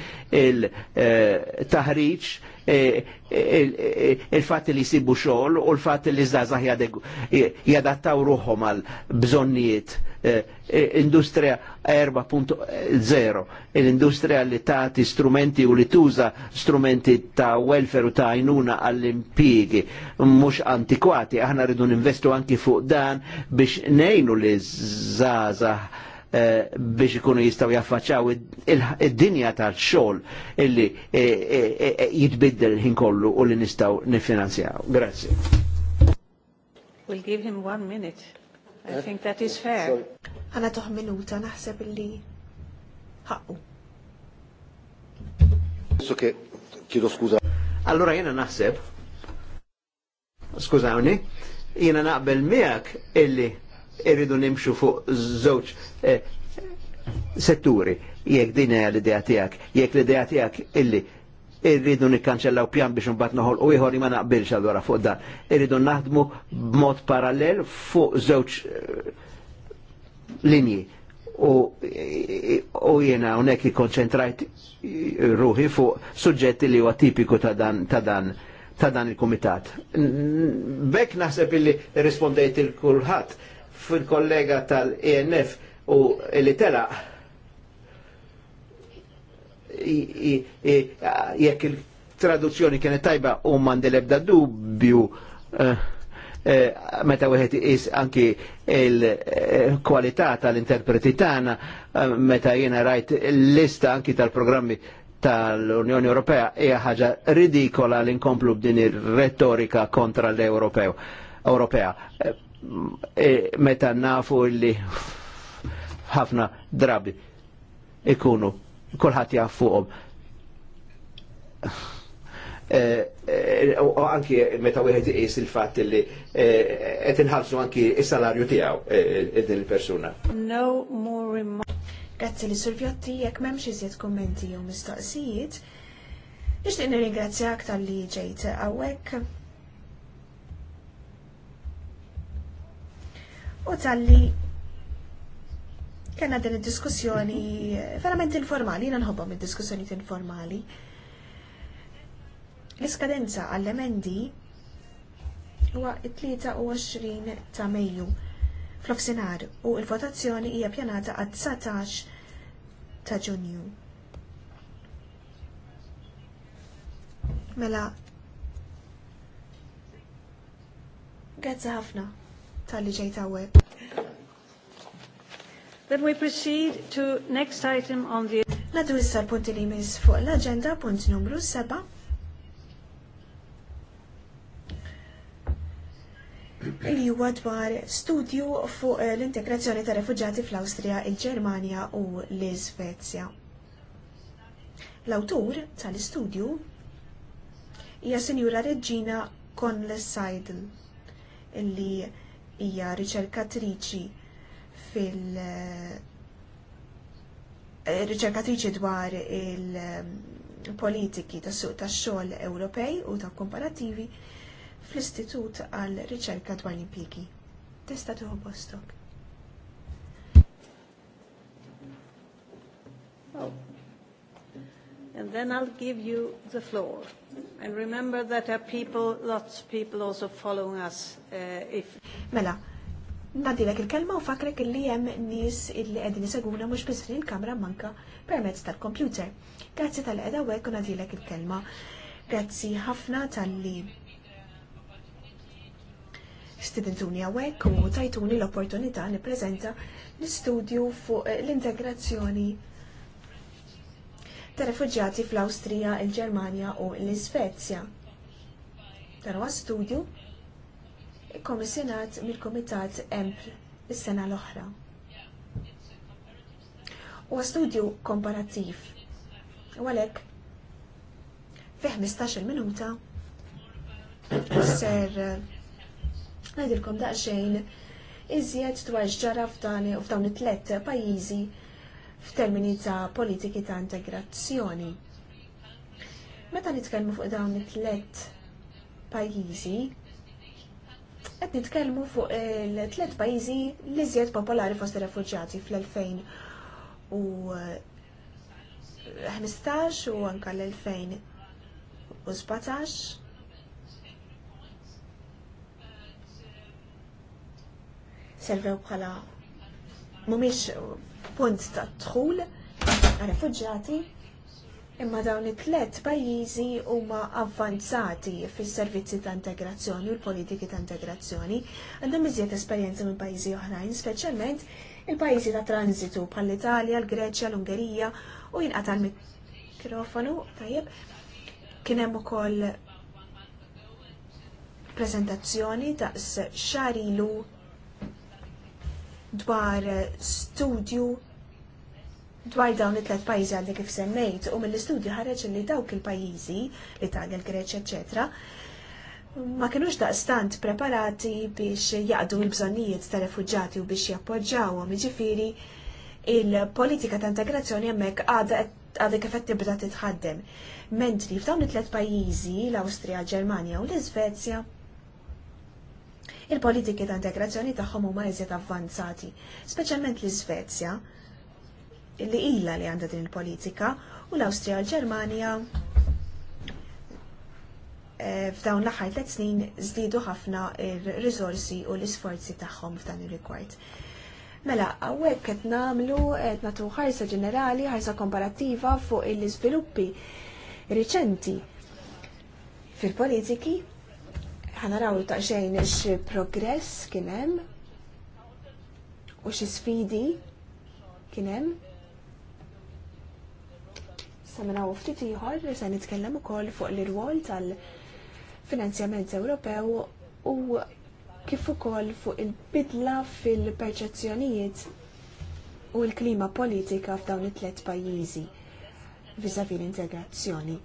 il-taħriġ eh, E, e, e, il-fat li jisibu xogħol u l-fat li żgħażagħ jadattaw ruħhom għal bżonnijiet industria 4.0, l industria li taħt strumenti u li tuża strumenti ta' welfare u ta' jnuna għall-impjiegi mhux antikwati, aħna rridu ninvestu anki fuq dan biex nejnu li żgħażagħ Eh, biex ikunu jistaw jaffaċċaw id-dinja tal-xogħol illi eh, eh, jitbiddel ħin kollu u li nistaw nifinanzjaw. Grazzi. We'll give him one minute. I think that is fair. Għana toħ minuta naħseb illi ħaqqu. Chiedo scusa. Allora jena naħseb, skużawni, jena naqbel miegħek illi irridu nimxu fuq żewġ eh, setturi jekk din hija l-idea tiegħek, jekk l-idea tiegħek illi irridu nikkanċellaw pjan biex mbagħad noħol u ieħor ma naqbilx allura fuq dan. Irridu naħdmu b'mod parallel fuq żewġ eh, linji u, u jena unek ikkonċentrajt ruħi fuq suġġetti li huwa tipiku ta' dan ta' dan ta' dan il-komitat. Bek naħseb illi rispondejt il-kulħadd fil-kollega tal-ENF u li tela jekk il-traduzzjoni kienet tajba u mandelebda dubju eh, eh, meta wieħed is anki il-kwalità tal-interpreti tagħna eh, meta jiena rajt lista anki tal-programmi tal-Unjoni Ewropea hija ħaġa ridikola l inkomplu b'din ir-retorika kontra l-Ewropew. Ewropea. E meta nafu li ħafna drabi ikunu kulħadd jaffuqom. E, e, u anki meta wieħed iqis il-fatt li qed inħallsu anki s-salarju tiegħu din il-persuna. No more remarks. Grazzi li Survjotti jekk m'hemmx iżjed kummenti jew mistoqsijiet. Nixtieq nirringrazzjak tal-li ġejt hawnhekk u tal-li kena din id-diskussjoni eh, verament informali, jina nħobbom id-diskussjoni informali. L-iskadenza għall-emendi huwa 23 ta' Mejju fl-ofsinar u il-votazzjoni hija pjanata għad 19 ta' Ġunju. Mela, grazzi ħafna. Then we proceed to next item on the... Nadu issa l-punti li mis fuq l-agenda, punt numru 7. Li huwa dwar studju fuq l-integrazzjoni ta' refuġjati fl-Awstrija, il-Ġermanja u l-Iżvezja. L-awtur tal-istudju hija Sinjura Reġina Conless Seidel, illi hija riċerkatriċi fil- eh, riċerkatriċi dwar il-politiki eh, ta' suq tax-xogħol Ewropej u ta' komparattivi fl-Istitut għal Riċerka dwar l-impjiegi. Tista' tieħu bostok and then I'll give you the floor. And remember that there are people, lots of people also following us. Uh, if Mela, nadilek il-kelma u fakrek li jem nis illi għedin seguna mux bisri il-kamra manka permezz tal-kompjuter. Grazzi tal-edha u għek nadilek il-kelma. Grazzi ħafna tal-li stidentuni għawek u tajtuni l-opportunità prezenta l-studju fuq l-integrazzjoni ta' refuġjati fl-Awstrija, il-Ġermanja u l-Isvezja. Dan huwa studju ikkomissinat mill-Kumitat EMP is-sena l-oħra. Huwa studju komparattiv. U għalek, fi 15-il minuta ser eh, ngħidilkom daqsxejn iżjed dwar x'ġara f'dan u f'dawn it-tlet pajjiżi f'termini ta' politiki ta' integrazzjoni. Meta nitkellmu fuq dawn it-tlet pajjiżi, qed nitkellmu fuq il-tlet pajjiżi li żjed popolari fost ir-refuġjati fl-2000 u 15 u anka l-2017 servew bħala mhumiex punt ta' dħul għal-refuġġati imma dawn it-tlet pajjiżi huma avvanzati fis-servizzi ta' integrazzjoni u l-politiki ta' integrazzjoni għandhom iżjed esperjenza minn pajjiżi oħrajn, speċjalment il-pajjiżi ta' transitu bħal italja l-Greċja, l-Ungerija u jinqata' l-mikrofonu tajjeb kien hemm ukoll prezentazzjoni ta' xarilu dwar studju dwar dawn it-tlet pajjiżi għandi kif semmejt u mill-istudju ħareġ li dawk il-pajjiżi l-Italja, l-Greċja, eċetera, ma kienux daqstant preparati biex jaqdu l-bżonnijiet tal-refuġġati u biex jappoġġawhom, jiġifieri il-politika ta' integrazzjoni hemmhekk għadha kif qed tibda titħaddem. Mentri f'dawn it tlet pajjiżi l-Awstrija, Ġermanja u l-Iżvezja il-politiki ta' integrazzjoni tagħhom huma iżjed avvanzati, speċjalment l-Iżvezja li ilha li għandha din il-politika u l-Awstrija u l ġermanija eh, f'dawn l-aħħar tliet snin żdiedu ħafna ir-riżorsi u l-isforzi tagħhom f'dan ir-rigward. Mela, għawek qed namlu qed nagħtu ħarsa ġenerali, ħarsa komparattiva fuq il-iżviluppi riċenti fil-politiki ħanaraw ta' xejn ix progress kienem u xie sfidi kienem. Samra u ftit ieħor se nitkellem ukoll fuq l-irwol tal-finanzjament Ewropew u kif ukoll fuq il-bidla fil-perċezzjonijiet u l-klima politika f'dawn it-tliet pajjiżi viżavi l-integrazzjoni.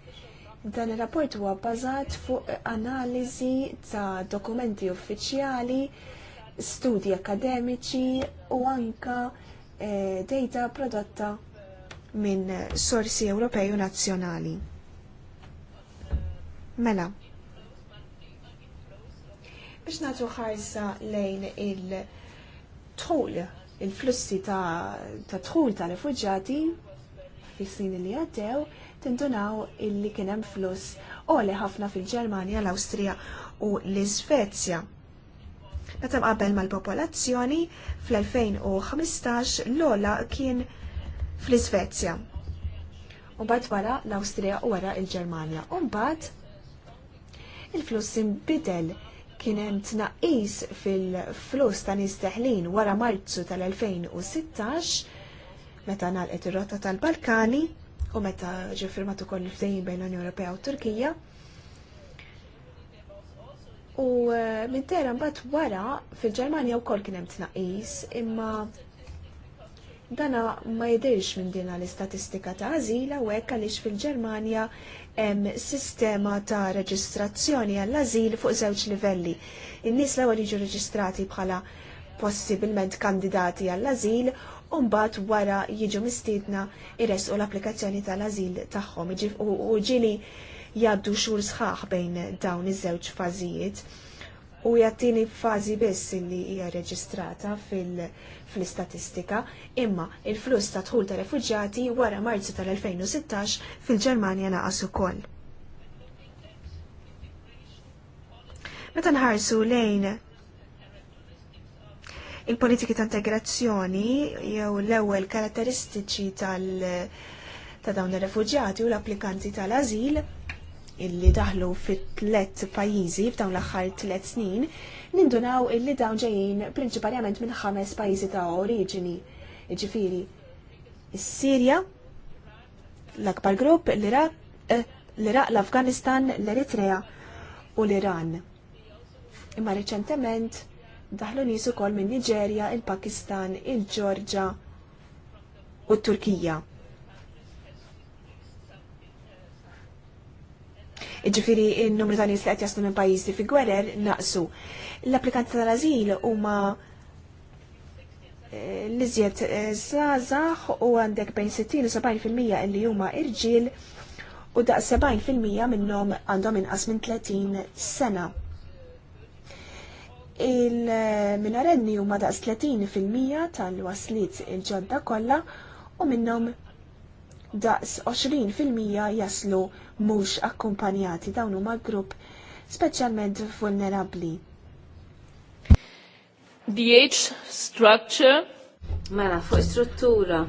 Dan ir-rapport huwa bbażat fuq analiżi ta' dokumenti uffiċjali, studji akademiċi u anka eh, data prodotta minn sorsi Ewropej u nazzjonali. Mela, biex nagħtu ħarsa lejn il-tħul, il-flussi ta' tħul ta' refuġġati fis-snin li għaddew, tindunaw illi kien hemm flus oli ħafna fil-Ġermanja, l-Awstrija u l-Iżvezja. Meta qabel mal-popolazzjoni fl-2015 l-ola kien fl-Iżvezja. Umbagħad wara l-Awstrija u wara l-Ġermanja. Umbagħad il-flus inbidel kien hemm tnaqqis fil-flus ta' nies wara Marzu tal-2016 meta nalqet ir-rotta tal-Balkani u meta ġi firmat ukoll il-ftehim bejn l-Unjoni Ewropea u Turkija. U eh, minn tera mbagħad wara fil-Ġermanja wkoll kien hemm tnaqqis, imma dana ma jidirx minn dina l-istatistika ta' għażila u hekk għaliex fil-Ġermanja hemm sistema ta' reġistrazzjoni għall-ażil fuq żewġ livelli. In-nies l-ewwel jiġu reġistrati bħala possibilment kandidati għall-azil u mbagħad wara jiġu mistiedna jresqu l-applikazzjoni tal-azil tagħhom u ġili jaddu xhur sħaħ bejn dawn iż-żewġ fażijiet. U jattini fażi biss li hija reġistrata fil-istatistika, imma il-fluss ta' tħul ta' refugġati wara Marzu tal-2016 fil-Ġermanja naqas ukoll. Meta nħarsu lejn il-politiki ta' integrazzjoni jew l-ewwel karatteristiċi tal- ta' dawn ir-refuġjati u l-applikanti tal-azil illi daħlu fit tlet pajjiżi f'dawn l-aħħar tlet snin, nindunaw illi dawn ġejjin prinċipalment minn ħames pajjiżi ta' oriġini. Ġifiri, is-Sirja, l-akbar grupp, eh, l-Iraq, l-Afganistan, l-Eritrea u l-Iran. Imma reċentement daħlu nies ukoll minn Niġerja, il-Pakistan, il-Ġorġa u t-Turkija. Iġifiri, il-numru ta' nies li qed jaslu minn pajjiżi fi gwerer naqsu. L-applikanti tal-azil huma eh, l-iżjed eh, zazax u għandek bejn 60 u 70% illi huma irġiel u daq 70% minnhom għandhom inqas minn 30 sena il minarenni huma daqs 30% tal-waslit il-ġodda kollha u minnhom daqs 20% jaslu mhux akkumpanjati dawn huma grupp speċjalment vulnerabbli. DH structure Mela, fuq struttura,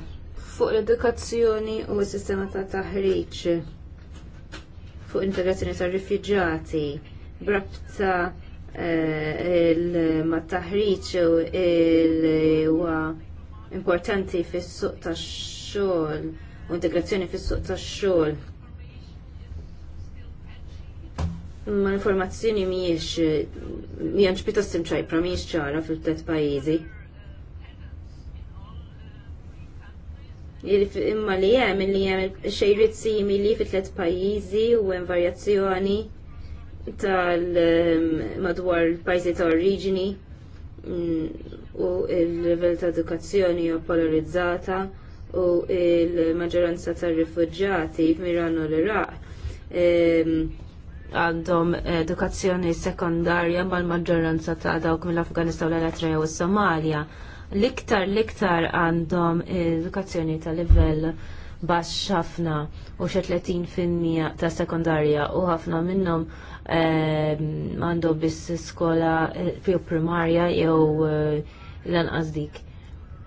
fuq l-edukazzjoni u s-sistema ta' taħriġ, fuq integrazzjoni ta' rifugjati, brabta Eh, il ma taħriċ huwa importanti fis-suq tax-xogħol u integrazzjoni fis-suq tax-xogħol. Ma l-informazzjoni mhijiex mhijiex pjuttost imċajpra mhijiex ċara fil-tliet pajjiżi. Imma li hemm li hemm xejriet simili fit-tliet pajjiżi u hemm varjazzjoni tal-madwar il-pajzi ta' oriġini mm, u il-level ta' edukazzjoni u polarizzata u il-maġġoranza ta' rifugġati f'Miran l-Iraq għandhom edukazzjoni sekondarja mal maġġoranza ta' dawk mill-Afganistan u l-Eritrea u s-Somalja. L-iktar l-iktar għandhom edukazzjoni ta' livell baxx ħafna u xi 30% ta' sekondarja u ħafna minnhom Ehm, għandu biss skola eh, fil primarja jew eh, lanqas dik.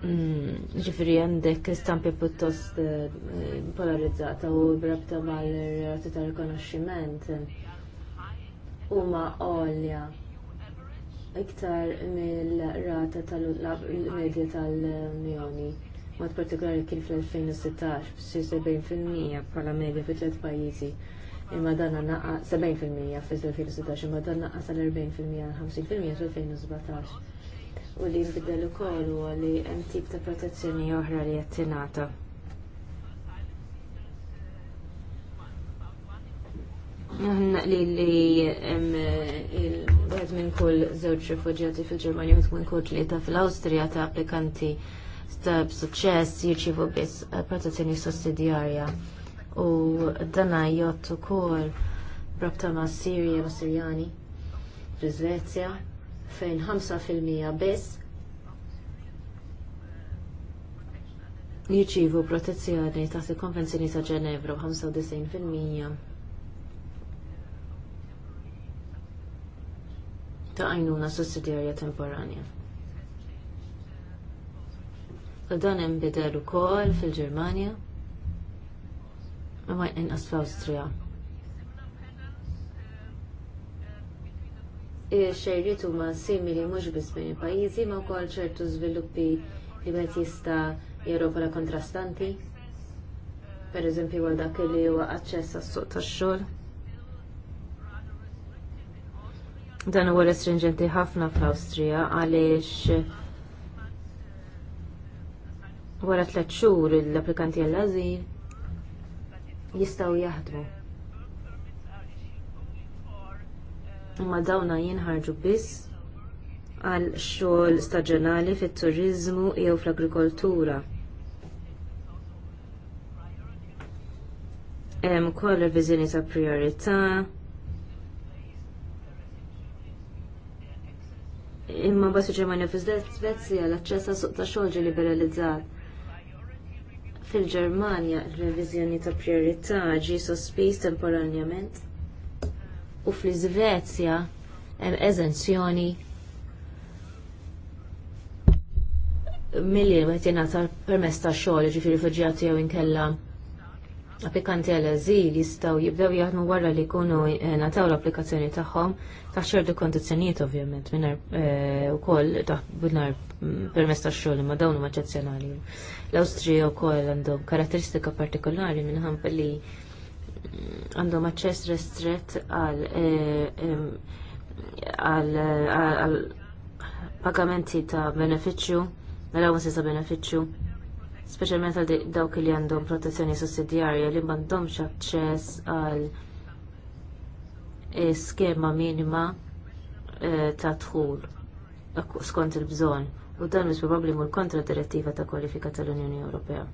Mm, Ġifri għandek stampi puttost eh, polarizzata u brabta mal-rati ta' rikonoxximent huma għolja iktar mill-rata tal-medja tal-Unjoni. Mod partikolari kien fl-2016 b'xi 70% bħala medja fi tliet pajjiżi imma dan naqa 70% fil-2016 imma dan naqa sal-40% 50% fil-2017. U li jibdel ukoll huwa li hemm tip ta' protezzjoni oħra li qed tingħata. li li eh, il-għed minn kull żewġ fil-Ġermanja u minn kull ta' fil-Awstrija ta' applikanti ta' b'suċċess jirċivu biss eh, protezzjoni sussidjarja u dana jott u kol rabta ma' Sirja ma' Sirjani fi Svezja fejn 5% biss jirċivu protezzjoni taħt se konvenzjoni ta' Ġenevra 95% ta' għajnuna sussidjarja temporanja. U dan hemm bidel ukoll fil-Ġermanja imma inqas Austria. awstrija Xejriet huma simili mhux biss bejn il-pajjiżi ma wkoll ċertu żviluppi li qed jista' jeropa kontrastanti. Per eżempju għal dak li huwa aċċess għas-suq tax xol. Dan huwa restringenti ħafna fl-Awstrija għaliex wara tliet xhur l-applikanti għall azil jistgħu jaħdmu. Imma dawna jinħarġu biss għal xogħol staġjonali fit-turiżmu jew fl-agrikoltura. Hemm ukoll reviżjoni ta' priorità. Imma basu ġemani fi Svezja l-aċċess għas suq ta' xogħol ġie liberalizzat. Fil-Ġermanja ir-reviżjoni ta' priorità ġie sospiż temporanjament u fl-Iżvezja hemm eżenzjoni milli qed jingħatar permess ta' xogħol ġifieri rifuġjati jew inkella applikanti għal eżil jistgħu jibdew jaħdmu wara li jkunu eh, nataw l-applikazzjoni tagħhom taħt ċertu kondizzjonijiet ovvjament mingħajr eh, ukoll taħt permess ta' xogħol ma dawn huma eċċezzjonali. L-Awstrija wkoll għandhom karatteristika partikolari minħabba li mm, għandhom aċċess restret eh, għal għal pagamenti ta' benefiċċju, l-awansi ta' benefiċċju, speċjalment għal dawk li għandhom protezzjoni sussidjarja li m'għandhomx aċċess għal eh, skema minima eh, ta' dħul skont il-bżonn u dan mhux probabbli mur kontra direttiva ta' kwalifika tal-Unjoni Ewropea.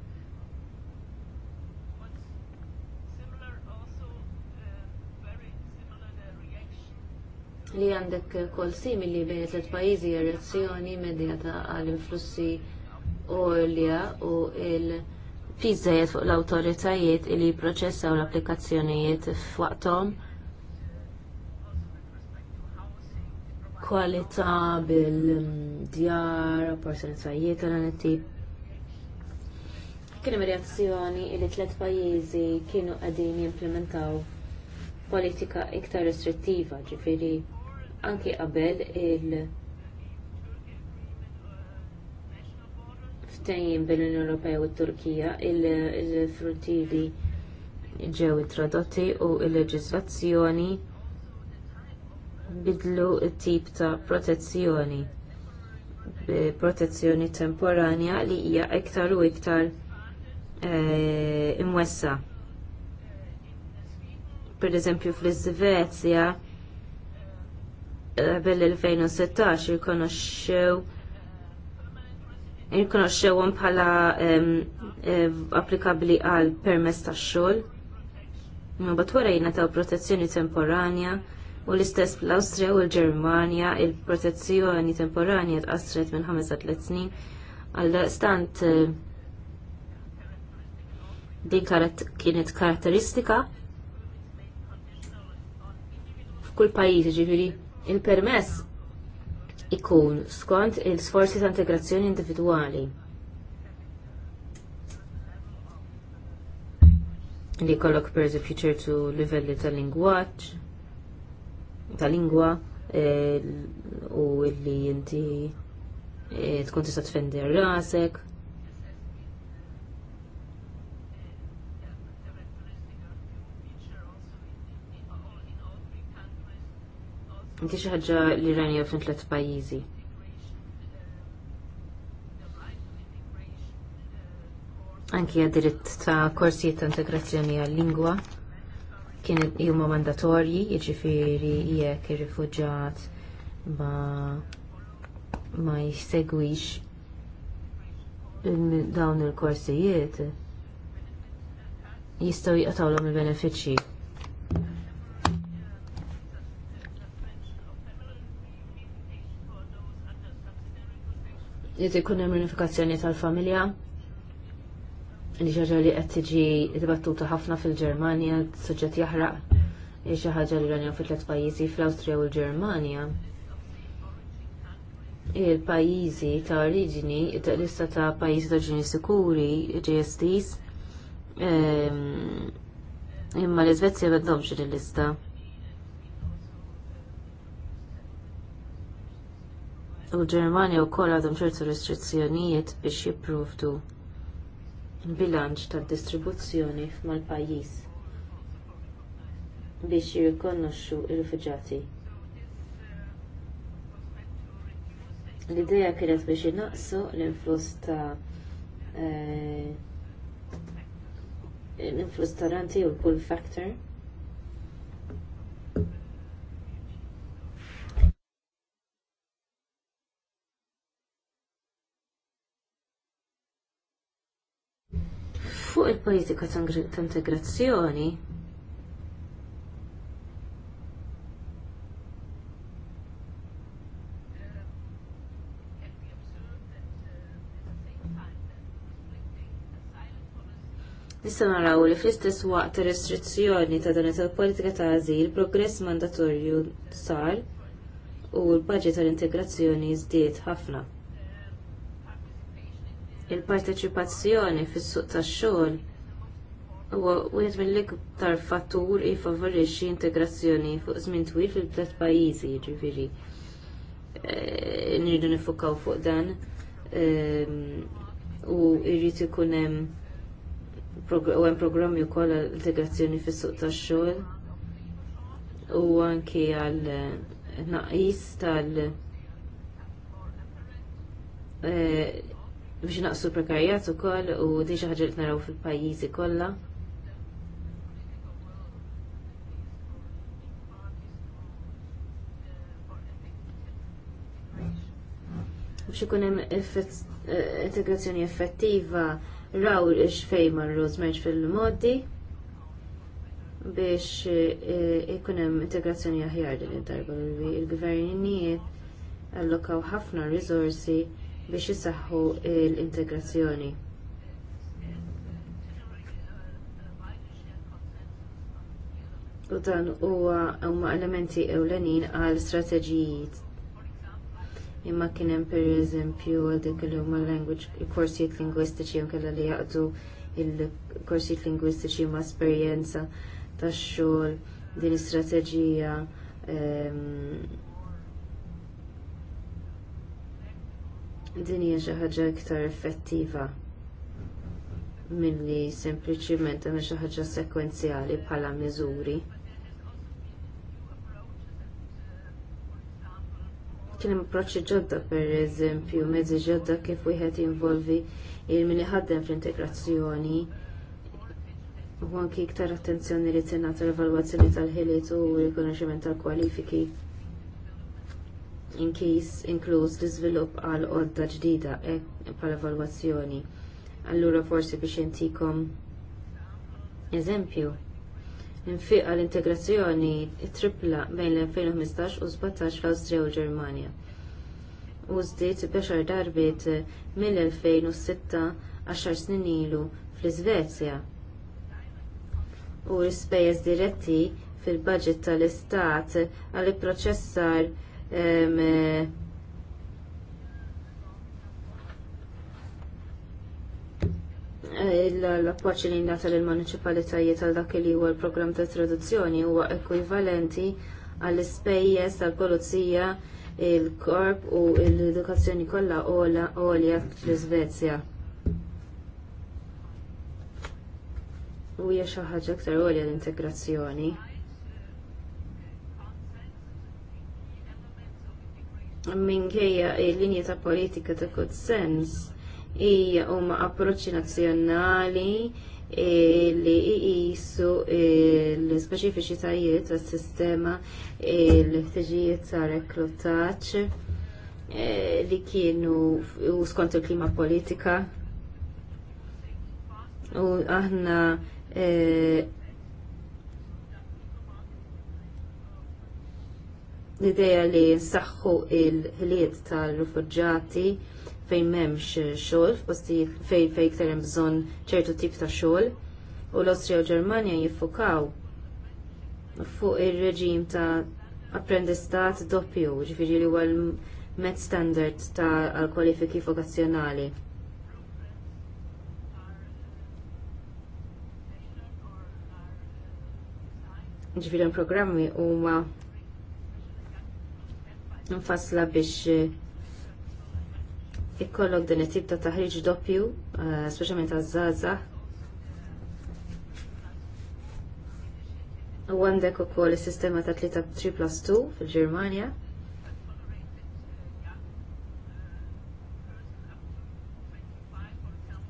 li għandek kol simili bejn tliet pajjiżi reazzjoni immedjata għall influssi olja u l pizzajiet fuq l-awtoritajiet li jipproċessaw l-applikazzjonijiet f'waqthom kwalità bil-djar, opportunitajiet għal-għanettib kien hemm reazzjoni li tliet pajjiżi kienu qegħdin jimplementaw politika iktar restrittiva, ġifiri anki qabel il ftejn bil-Unjoni Ewropea u t-Turkija il-frutieri ġew tradotti u l leġiżlazzjoni bidlu t-tip ta' protezzjoni protezzjoni temporanja li hija iktar u iktar e, imwessa. Per eżempju fl-Svezja e, bel-2016 irkonoxxew irkonoxxewhom bħala e, applikabbli għal permess tax-xogħol. Imma wara jingħataw protezzjoni temporanja u l-istess fl-Awstrija u l-Ġermanja il-protezzjoni temporanja tqassret minn 5 tliet snin għal stant eh, din kienet karatteristika f'kull pajjiż ġifiri il-permess ikun skont il-sforzi ta' integrazzjoni individwali. Li kollok per eżempju ċertu livelli tal-lingwaġġ, ta' lingwa eh, u illi inti eh, tkun tista' tfendi rasek. Inti xi ħaġa li jew fin tliet pajjiżi. Anki għad dritt ta' korsijiet ta' integrazzjoni għal-lingwa kien jumma mandatorji, jiġifieri jekk ir-rifugġat ma ma jissegwix dawn il-korsijiet jistgħu jqatawlhom il-benefiċċji. Jrid ikun hemm unifikazzjoni tal-familja li ħaġa li qed tiġi dibattuta ħafna fil-Ġermanja, suġġett jaħraq xi ħaġa li ranjaw fi tliet pajjiżi fl-Awstrija u l-Ġermanja. Il-pajjiżi ta' oriġini, lista ta' pajjiżi ta' oriġini sikuri, GSTs, ehm, imma l-Iżvezja m'għandhomx din lista. U l-Ġermanja wkoll għadhom ċertu restrizzjonijiet biex jipprovdu bilanċ tad-distribuzzjoni mal-pajjiż biex jirrikonnoxxu r-rifuġati. L-idea kienet biex inaqsu l-influss ta' eh, l-influss ta' ranti u l-pull factor fuq il-politika ta' integrazzjoni Nista' naraw li fl-istess waqt ir-restrizzjoni ta' dan il-politika ta' ażil progress mandatorju sar u l baġit tal-integrazzjoni żdied ħafna il-parteċipazzjoni fis-suq tax-xogħol huwa wieħed mill-iktar fattur li jfavorixxi integrazzjoni fuq żmien twil fil-tliet pajjiżi, jiġifieri. Eh, Nirdu nifukaw fuq dan ehm, u jrid ikun hemm u hemm programmi wkoll għall integrazzjoni fis-suq tax-xogħol u anki għal eh, naqis tal eh, biex naqsu prekarjat ukoll u diġa ħaġa li naraw fil-pajjiżi kollha. biex ikun hemm eh, integrazzjoni effettiva raw xfej marruż merġ fil-modi biex eh, ikun hemm integrazzjoni aħjar din id-darba il-gvernijiet allokaw ħafna risorsi biex jisaxħu l-integrazzjoni. U dan huwa huma elementi ewlenin għal strateġijiet. Imma kien hemm pereżempju għal dik li huma language korsijiet lingwistiċi nkella li jaqdu il-korsijiet lingwistiċi ma' esperjenza tax-xogħol din istrateġija um, ehm, din hija xi ħaġa iktar effettiva milli sempliċiment hemm xi ħaġa sekwenzjali bħala miżuri. Kien hemm approċċi ġodda pereżempju, mezzi ġodda kif wieħed jinvolvi il-min ħaddem fl-integrazzjoni u anki iktar attenzjoni li tingħata l-evalwazzjoni tal-ħiliet u l-rikonoxximent tal-kwalifiki. tal kwalifiki inkis inkluż l-iżvilupp għal għodda ġdida hekk bħala evalwazzjoni. Allura forsi biex intikom eżempju. Infiqa l-integrazzjoni tripla bejn l-2015 u 17 fl-Awstrija u Ġermanja. U żdiet bexar darbit mill-2006 10 snin ilu fl-Iżvezja. U l-ispejjeż diretti fil-budget tal-istat għall-proċessar Eh, eh, l-appoċ li ndata l-municipalitajiet għal dak li huwa l-programm ta' traduzzjoni huwa ekwivalenti għall ispejjeż tal-polizija il-korp u l-edukazzjoni kollha għolja fl-Iżvezja. U hija xi ħaġa aktar għolja l-integrazzjoni. minkejja il-linja ta' politika ta' kod sens hija huma approċċi nazzjonali eh, li jisu eh, l-speċifiċitajiet tas-sistema eh, l-ħtiġijiet ta' reklutaċ li kienu u skont il-klima politika u aħna l-ideja li nsaħħu il-ħiliet tal-rifugġati fejn memx xogħol f'postijiet fejn fejn iktar bżonn ċertu tip ta' xogħol u l-Ostrija u Ġermanja jiffukaw fuq ir-reġim ta' apprendistat doppju, ġifiri li huwa met standard ta' kwalifiki vokazzjonali. Ġifieri programmi huma nfassla biex eh, ikollok din it-tip ta' taħriġ doppju, eh, speċjalment għaż żaza U għandek ukoll is-sistema ta' 3 plus 2 fil-Ġermanja.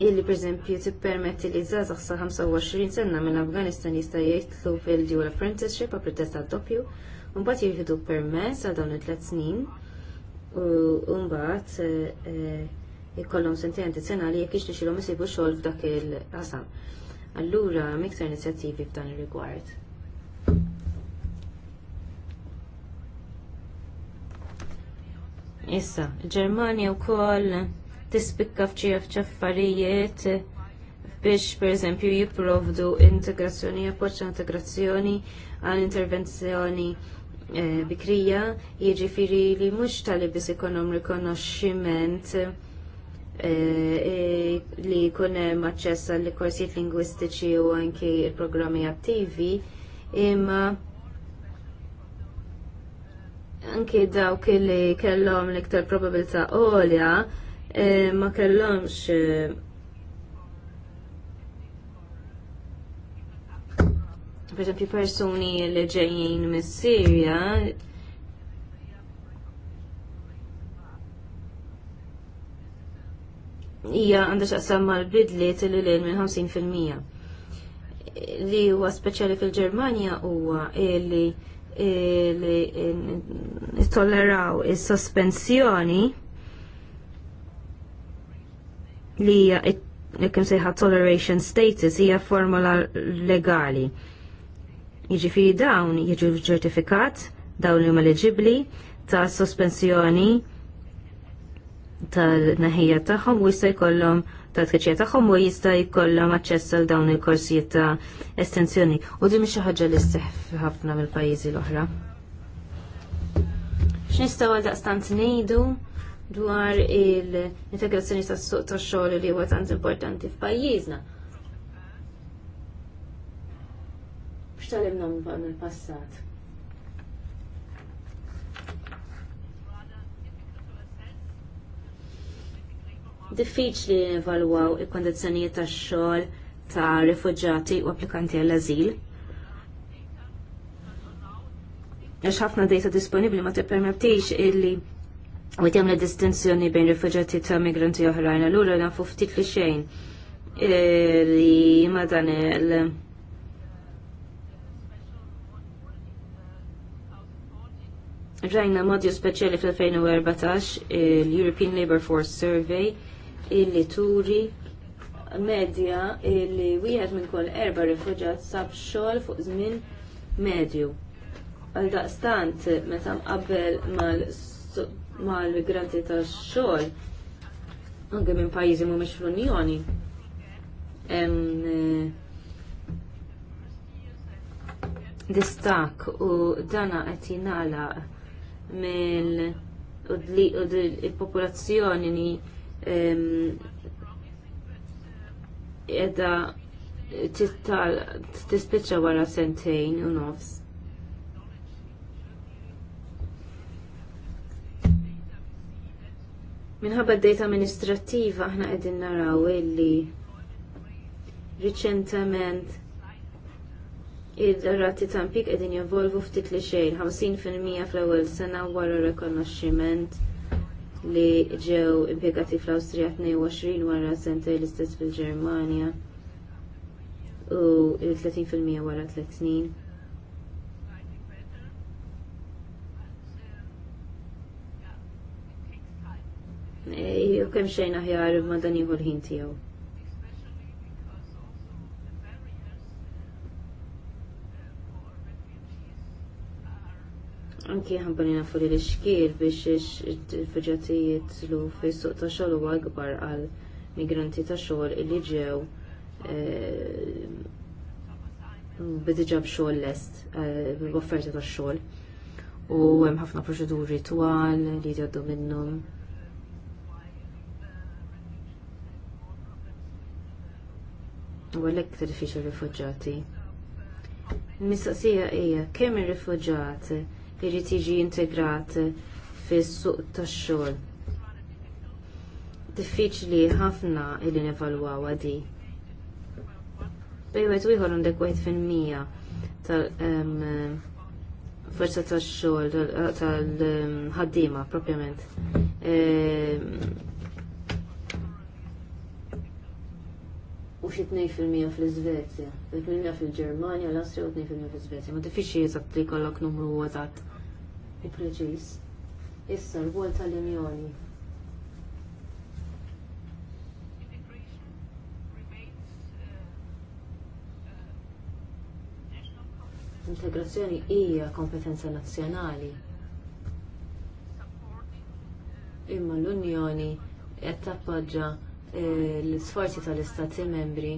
illi ti tippermetti li zaza sa 25 sena minn Afganistan jista' jgħidlu fil-dual apprenticeship għal pretest doppju Mbagħad jirħidu permess għal dawn it-tliet snin u mbagħad eh, ikollhom sentejn addizzjonali jekk jixtieqilhom isibu xogħol f'dak il-qasam. Allura miktar inizjattivi f'dan ir-rigward. Issa, il u wkoll tispikka f'ċi ċ'affarijiet biex per eżempju jiprovdu integrazzjoni, appoċċa integrazzjoni għal intervenzjoni Eh, bikrija, jiġifieri li mhux talib biss ikonom rikonoxximent eh, eh, li jkun hemm aċċess għall korsijiet lingwistiċi u anki il-programmi attivi, imma anki dawk li kellhom l-iktar probabilità għolja ma kellhomx Per persuni li ġejjin mis Sirja hija għandha x'aqsam mal-bidliet li lejn minn 50%. Li huwa speċjali fil-Ġermanja huwa li toleraw il is-sospensjoni li hija kemm sejħa toleration status hija formola legali. Jiġifieri dawn jiġu ċertifikat dawn li huma leġibbli ta' sospensjoni tal-naħija tagħhom u jista' jkollhom ta' tkeċija tagħhom u jista' jkollhom aċċess għal dawn il-korsijiet ta' estensjoni. U din mhix xi ħaġa li sseħħ ħafna mill-pajjiżi l-oħra. X'nistgħu għal daqstant ngħidu dwar il-integrazzjoni tas-suq tax-xogħol li huwa tant importanti f'pajjiżna X'talimna mill-passat? diffiċli nevalwaw il kondizjoniet tax-xogħol ta' rifugġati u applikanti għall ażil Għax ħafna data disponibbli ma tippermettix illi u la distinzjoni bejn rifugġati ta' migranti oħrajn għallura nafu ftit li xejn e, li ma dan il- Rajna modju speċjali fil 2014 l-European Labour Force Survey illi turi medja illi wieħed minn kull erba' rifuġat sab xogħol fuq żmien medju. Għal daqstant meta mqabbel mal-migranti tax-xogħol anke minn pajjiżi mhumiex fl-Unjoni. Eh, distak u dana qed jingħalaq mill il-popolazzjoni ni edha tispiċċa wara sentejn u nofs. Minħabba d data amministrattiva ħna qegħdin naraw illi riċentament id-rati t'ampik impjieg qegħdin ftit li xejn 50% fl-ewwel sena wara rikonoxximent li ġew impjegati fl-Awstrija 22 wara sentej l-istess fil-Ġermanja u il-30% wara 3 snin. Jew xejn aħjar ma dan jieħu l-ħin Anki ħambalina nafu li l-xkir biex il-fuġati jitlu fi suq ta' xogħol huwa akbar għal migranti ta' xogħol illi ġew eh, bidiġab xogħol lest eh, b'offerti ta' xogħol. U hemm ħafna proċeduri twal li jgħaddu minnhom. U għalhekk diffiċli rifuġġati. Mistaqsija hija kemm ir-rifuġġati li tiġi integrat fis-suq tax-xogħol. Diffiċli ħafna li nevalwaw għadi. Bejwet u jħor għandek 1% tal-forza tax-xogħol tal-ħaddiema propjament u xi tnejn fil-mija fl-Iżvezja, 8% fil-Ġermanja, l-Austria u 2% fil-Iżvezja. Ma diffiċli eżatt li jkollok numru eżatt u preċiż. Issa l-għol tal-Unjoni. Integrazzjoni hija kompetenza nazzjonali. Imma l-Unjoni qed tappoġġa Eh, l-sforzi tal-istati membri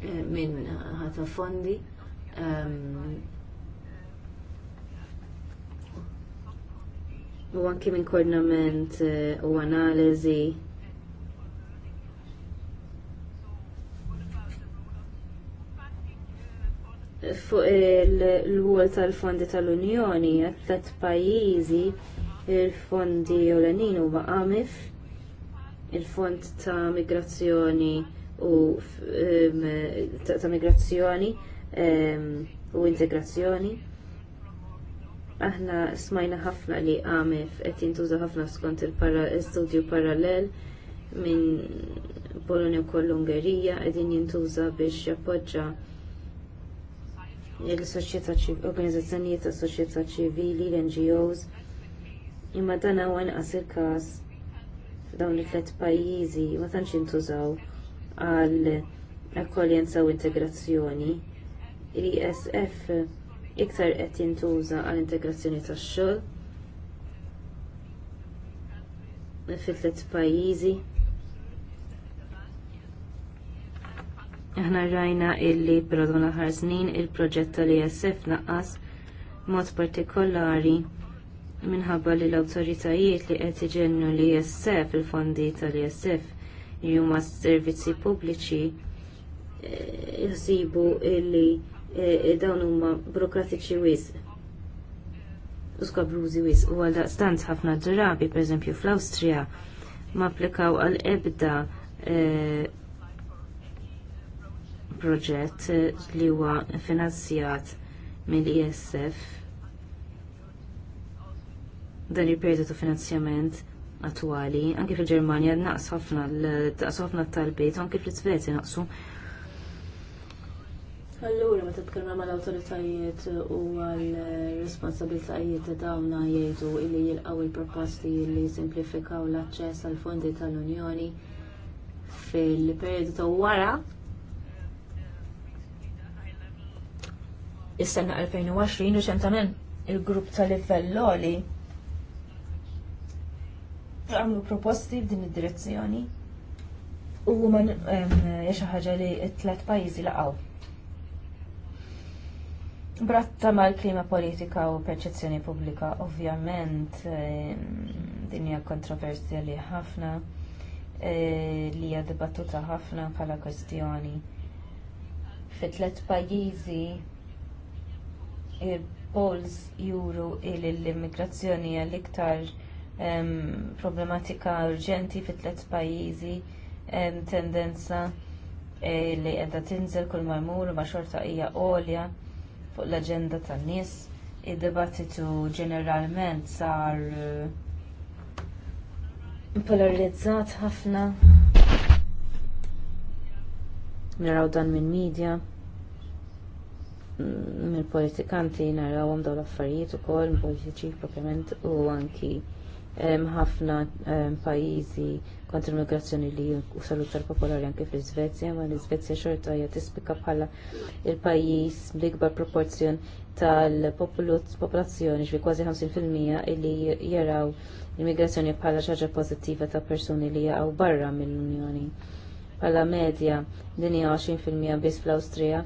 eh, minn ħata fondi ehm, u anki minn koordinament eh, u analizi fuq il-wol tal-fondi tal-Unjoni, għat-tlet pajizi il-fondi ewlenin huma għanin u baqamif il-fond ta' migrazzjoni u ta' migrazzjoni u integrazzjoni. Aħna smajna ħafna li għamif qed jintuża ħafna skont il-studju parallel minn Polonja u koll Ungerija qegħdin jintuża biex jappoġġa il-soċjetà organizzazzjonijiet ta' soċjetà ċivili, l-NGOs, imma dan huwa inqas il-każ dawn li tlet pajjiżi ma tantx jintużaw għal akkoljenza u integrazzjoni. ISF iktar qed jintuża għal integrazzjoni tax-xogħol fit-tliet pajjiżi. Aħna rajna illi per ħar snin il-proġett tal-ISF naqqas mod partikolari minħabba li l-awtoritajiet li qed iġennu li jessef il-fondi tal isf li huma servizzi pubbliċi eh, jħsibu illi eh, dawn huma burokratiċi wis u skabrużi wis u għal daqstant ħafna drabi, perempju fl awstrija ma applikaw għal ebda eh, proġett li huwa finanzjat mill-ISF dan il-periodu ta' finanzjament attwali, anke fil-Ġermanja naqs ħafna ħafna tal-bejt, anke fil-Svezja naqsu. Allura, meta tkellem mal awtoritajiet u għal-responsabiltajiet ta' dawna jgħidu illi jilqaw il-proposti li simplifikaw l-aċċess għal fondi tal-Unjoni fil-periodu ta' wara is-sena 2020 u ċentament il-grupp tal-livell għamlu proposti f'din id-direzzjoni u man xi ħaġa li t-tlet pajjiżi laqgħu. Bratta mal klima politika u perċezzjoni pubblika, ovvjament din hija kontroversjali ħafna eh, li hija dibattuta ħafna bħala kwestjoni. Fi tliet pajjiżi il-polls juru il immigrazzjoni għall-iktar problematika urġenti fit tliet pajjiżi tendenza eh, li qiegħda tinżel kull marmur ma' xorta hija għolja fuq l-aġenda tan-nies. Id-dibattitu ġeneralment sar eh, polarizzat ħafna. Naraw dan minn media mill-politikanti narawhom dawn l-affarijiet ukoll, politiċi propjament u anki ħafna pajjiżi kontra l-migrazzjoni li u salutar popolari anke fl-Iżvezja, ma l-Iżvezja xorta hija tispika bħala il-pajjiż l-ikbar proporzjon tal-popolazzjoni ġbi kważi 50% illi jaraw l-immigrazzjoni bħala ħaġa pożittiva ta' persuni li jaqgħu barra mill-Unjoni. Bħala medja din hija 20% biss fl-Awstrija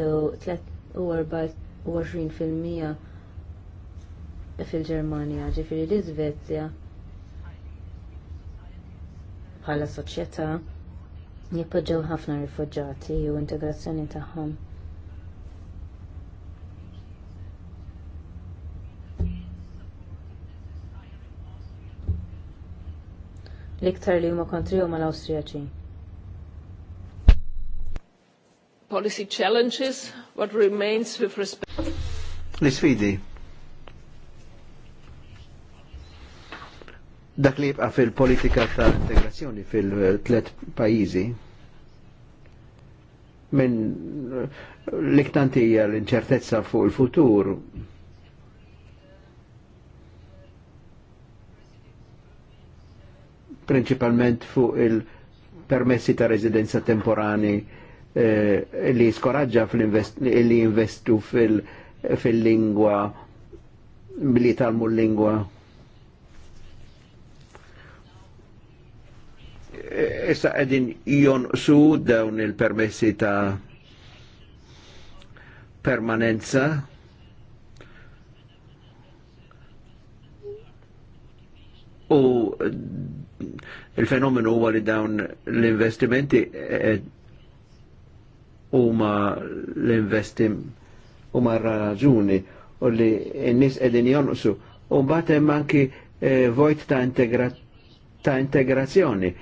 u 24% fil-Ġermanja, ġifiri l iżvezja bħala soċjetà jippoġġew ħafna rifuġġati u integrazzjoni tagħhom. L-iktar li huma kontri huma l-Awstrijaċi. Policy challenges, what remains with respect. L-sfidi dak li jibqa fil-politika ta' integrazzjoni fil-tlet pajizi minn liktantija l-inċertezza fuq il-futur principalment fuq il-permessi ta' residenza temporani eh, li skoraġġa li investu fil-lingwa fil li talmu l-lingwa. issa qegħdin su dawn il-permessi ta' permanenza u il-fenomenu huwa li dawn l-investimenti eh, huma l-investim huma raġuni u li n-nies qegħdin jonqsu u mbagħad hemm anki eh, vojt ta' integrazzjoni ta' integrazzjoni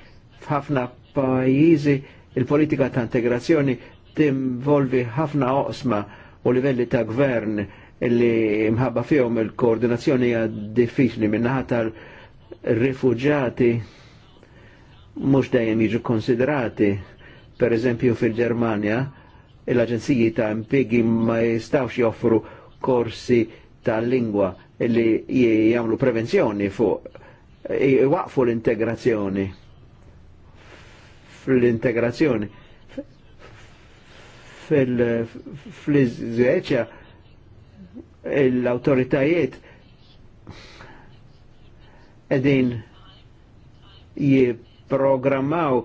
f'ħafna pajjiżi il-politika ta' integrazzjoni timvolvi ħafna oqsma u livelli ta' gvern li mħabba fihom il-koordinazzjoni hija diffiċli minnaħa tal-rifuġati mhux dejjem jiġu konsiderati. Per eżempju fil-Ġermanja, l-aġenziji ta' impjegi ma jistawx joffru korsi ta' lingwa li jagħmlu prevenzjoni fuq waqfu l-integrazzjoni fil integrazzjoni Fil-Zveċja, l-autoritajiet edin jiprogrammaw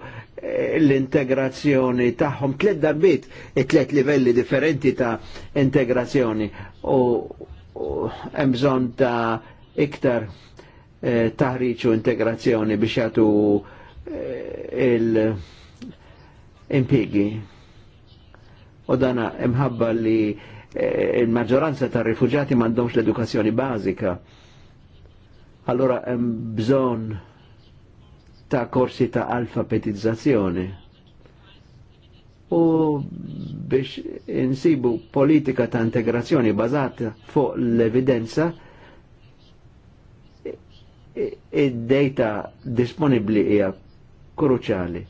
l-integrazzjoni tagħhom tliet darbit tliet livelli differenti ta' integrazzjoni u hemm bżonn ta' iktar eh, taħriġ integrazzjoni biex jagħtu il-impigi. U dana imħabba li eh, il-maġġoranza ta' rifugjati mandomx l-edukazzjoni bażika. Allora hemm bżonn ta' korsi ta' alfabetizzazzjoni. U biex insibu politika ta' integrazzjoni bazata fuq l-evidenza id-data disponibli hija kruċali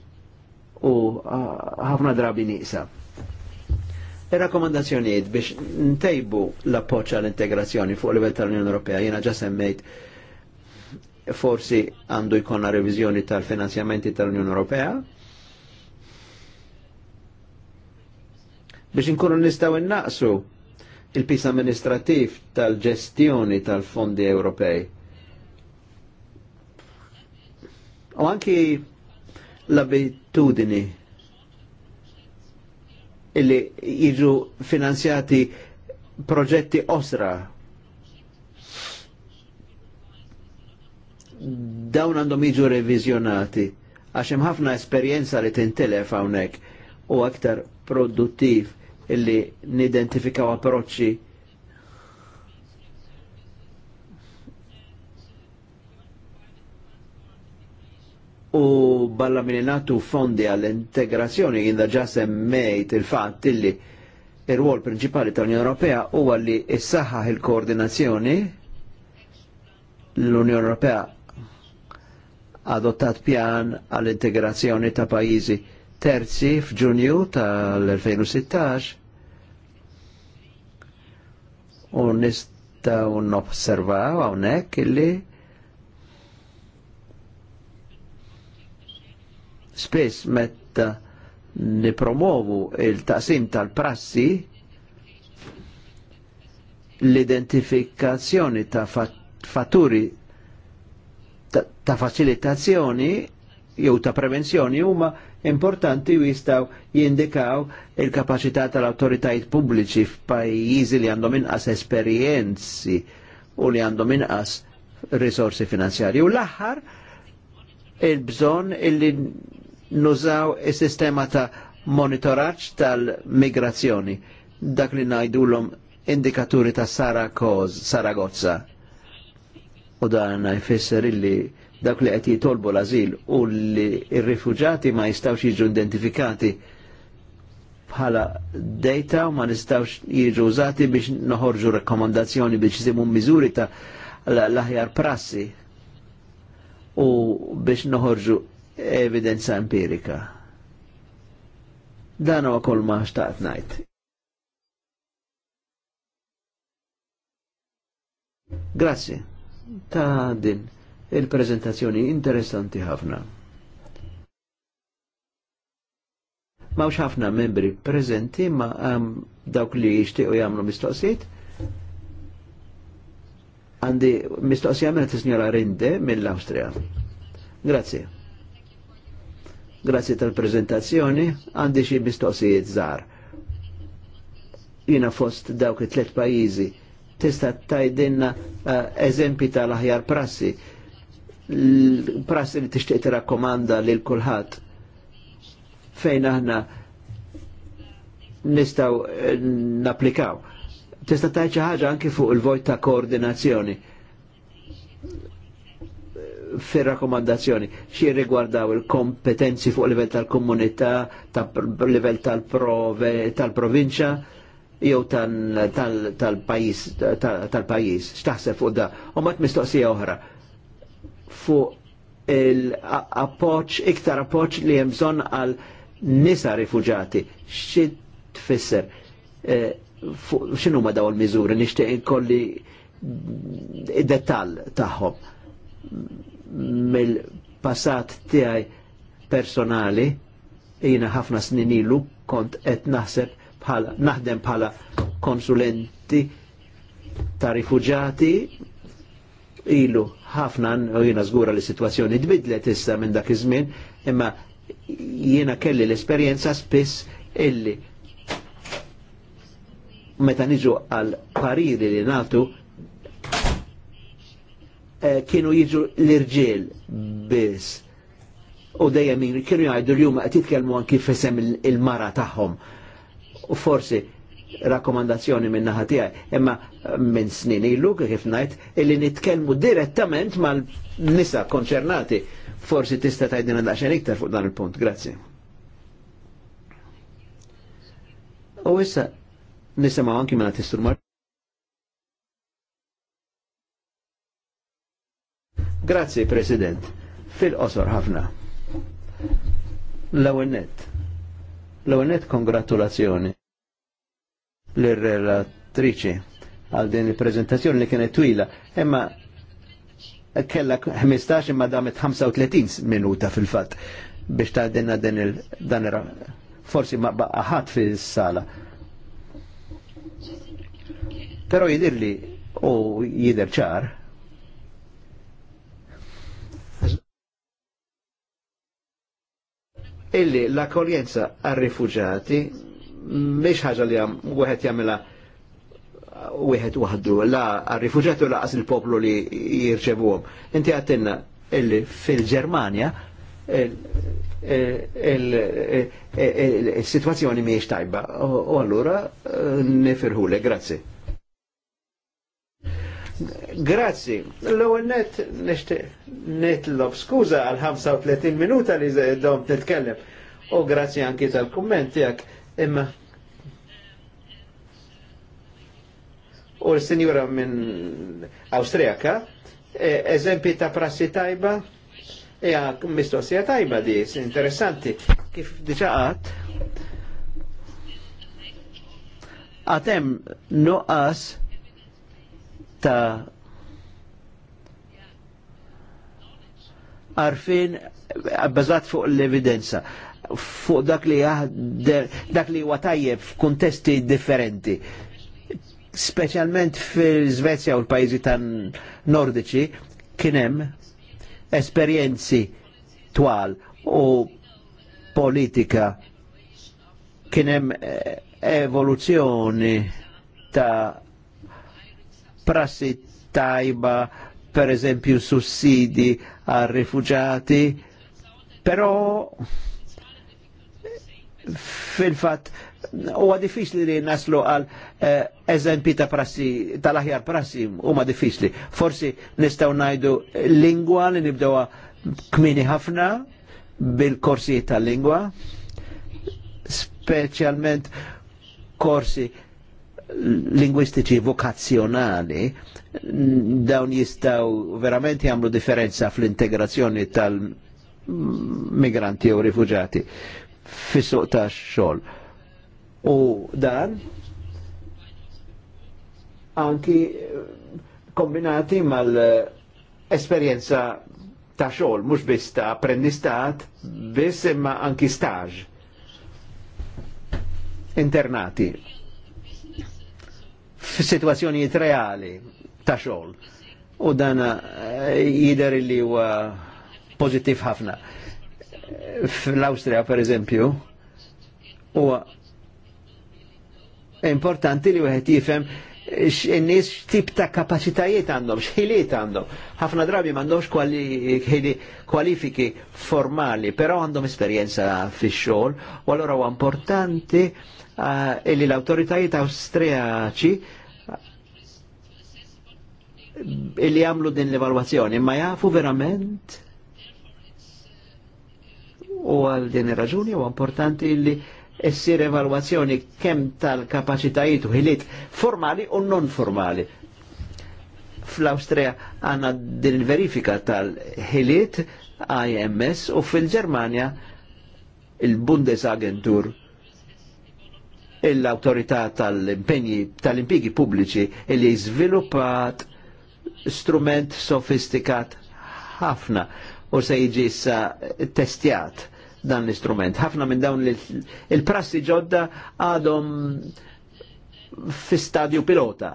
u ħafna drabi nisa. Il-rakkomandazzjonijiet biex ntejbu l-appoċ għall-integrazzjoni fuq livell tal-Unjoni Ewropea jiena ġa semmejt forsi għandu jkollna reviżjoni tal-finanzjamenti tal-Unjoni Ewropea biex inkunu nistgħu innaqsu il-pis amministrativ tal-ġestjoni tal-fondi Ewropej. U anki l-abitudini illi jiġu finanzjati proġetti osra. Dawn għandhom jiġu revizjonati għax hemm ħafna esperjenza li tintelef hawnhekk u aktar produttiv illi nidentifikaw approċċi u balla minnatu fondi għall-integrazzjoni jinda ġasem semmejt il-fatt illi il rwol principali tal-Unjoni u huwa li saha il-koordinazzjoni l-Unjoni Europea adottat pjan għall-integrazzjoni ta' pajjiżi terzi f'Ġunju tal-2016 u n observaw hawnhekk illi Spess metta nipromovu il-taqsim tal-prassi l-identifikazzjoni ta' fatturi ta', facilitazzjoni jew ta' prevenzjoni huma importanti u jistaw jindikaw il-kapacità tal-autoritajiet pubbliċi f'pajjiżi li għandhom inqas esperjenzi u li għandhom inqas risorsi finanzjarji. U l-aħħar il-bżonn illi nużaw is-sistema ta' monitoraċ tal-migrazzjoni dak li ngħidulhom indikaturi ta' Saragoz, Saragozza. U dan jfisser illi dak li qed jitolbu l-azil u li r rifugġati ma jistawx jiġu identifikati bħala data u ma nistawx jiġu użati biex noħorġu rekomandazzjoni biex jisimu miżuri ta' l-aħjar prassi u biex noħorġu evidenza empirika. Dan huwa kol ma xtaqt ngħid. Grazzi ta' din il-prezentazzjoni interessanti ħafna. Mawx ħafna membri prezenti ma' għam dawk li jixtiequ jagħmlu mistoqsijiet għandi mistoqsija minn mela t-signora Rinde mill-Austria. Grazie. Grazzi tal-prezentazzjoni, għandi xi mistoqsijiet żgħar. Jiena fost dawk it-tliet pajjiżi tista' tajdinna eh, eżempi tal-aħjar prassi. Prassi li tixtieq li lil kulħadd fejn aħna nistgħu eh, napplikaw. Tista' tajċa ħaġa anki fuq il-vojt ta' koordinazzjoni fir rakkomandazzjoni xie rigwardaw il-kompetenzi fuq livell tal-komunità, tal-livell tal tal-provinċa jew tal-pajis, tal-pajis, xtaħseb fuq da. U mat mistoqsija oħra fuq il-appoċ, iktar appoċ li jemżon għal nisa rifugġati, Xi tfisser? Eh, Xinu ma daw il-mizuri? Nishtiq inkolli id-detal taħħom mill-passat tiegħi personali jiena ħafna snin ilu kont qed naħseb bħala naħdem bħala konsulenti ta' rifuġati ilu ħafna u jiena żgura li situazzjoni tbidlet issa minn dak iż-żmien, imma jiena kelli l-esperjenza spiss illi meta niġu għal pariri li nagħtu. Eh, kienu jiġu l-irġiel biss. U dejjem kienu jgħidu l-jum qed jitkellmu anki fisem il-mara tagħhom. U forsi rakkomandazzjoni minn naħa tiegħi, imma minn snin ilu kif ngħid illi nitkellmu direttament mal-nisa konċernati. Forsi tista' tgħidilna daqsxejn iktar fuq dan il-punt. Grazzi. U issa nisimgħu anki minn tistur mar. Grazzi, President. Fil-qosor ħafna. L-għennet. L-għennet kongratulazzjoni l irrelatrici għal din il-prezentazzjoni li kienet twila, imma kella 15 imma damet 35 minuta fil-fat biex ta' dinna din il-dan forsi ma baqaħat fil-sala. Pero jidirli u jider ċar illi l-akkoljenza għal-rifuġati miex ħaġa li għam għuħet jamela wieħed waħdu, la għal-rifuġati u laqas il-poplu li għom. Inti għattinna illi fil-Germania il-situazzjoni miex tajba. U allura eh, nifirħule, grazie. Grazzi. L-ewwel net nixtieq nitlob skuża għal 35 minuta li dom titkellem. U grazzi anki tal-kumment tiegħek. Imma u l-sinjura minn Awstrijaka, e, eżempi ta' prassi tajba, hija e, mistoqsija tajba di, interessanti, kif diċaqat. Għatem nuqqas no ta' arfin eh, bazzat fuq l-evidenza fuq dak li jahder dak li huwa tajjeb f'kuntesti differenti specialment fil-Svezja u l-pajzi tan nordiċi kienem esperienzi twal u politika kienem eh, evoluzzjoni ta' prassi tajba, per eżempju sussidi għal rifugiati però fil-fat u diffiċli li naslu għal eh, eżempi ta' prassi, tal-aħjar prassi, u ma diffiċli. Forsi nistaw najdu lingwa li nibdewa kmini ħafna bil-korsi tal-lingwa, specialment korsi lingwistiċi vokazzjonali dawn jistaw verament jagħmlu differenza fl-integrazzjoni tal-migranti u rifugiati fis-suq ta' xogħol U dan anki kombinati mal-esperjenza ta' xogħol mhux biss ta' apprendistat, biss imma anki staġ internati f-situazzjonijiet reali ta' xogħol. U dan eh, jider li huwa pozittiv ħafna. Fl-Austria, per eżempju, huwa importanti li wieħed jifhem n-nis tip ta' kapacitajiet għandhom, xħiliet għandhom. ħafna drabi m'għandhomx kwali, kwalifiki formali, però għandhom esperienza fi xogħol u għallora huwa importanti eh, illi l autoritajiet austriaci illi għamlu din l evaluazzjoni ma jafu verament u għal din il raġuni u importanti illi essir evalwazzjoni kemm tal-kapacitajiet u ħiliet formali u non formali. Fl-Austria għanna din verifika tal-ħiliet IMS u fil-Germania il-Bundesagentur l-autorità tal-impegni tal-impigi pubbliċi li sviluppat strument sofistikat ħafna u se jiġi issa testjat dan l-istrument. Ħafna minn dawn il-prassi ġodda għadhom fi stadju pilota.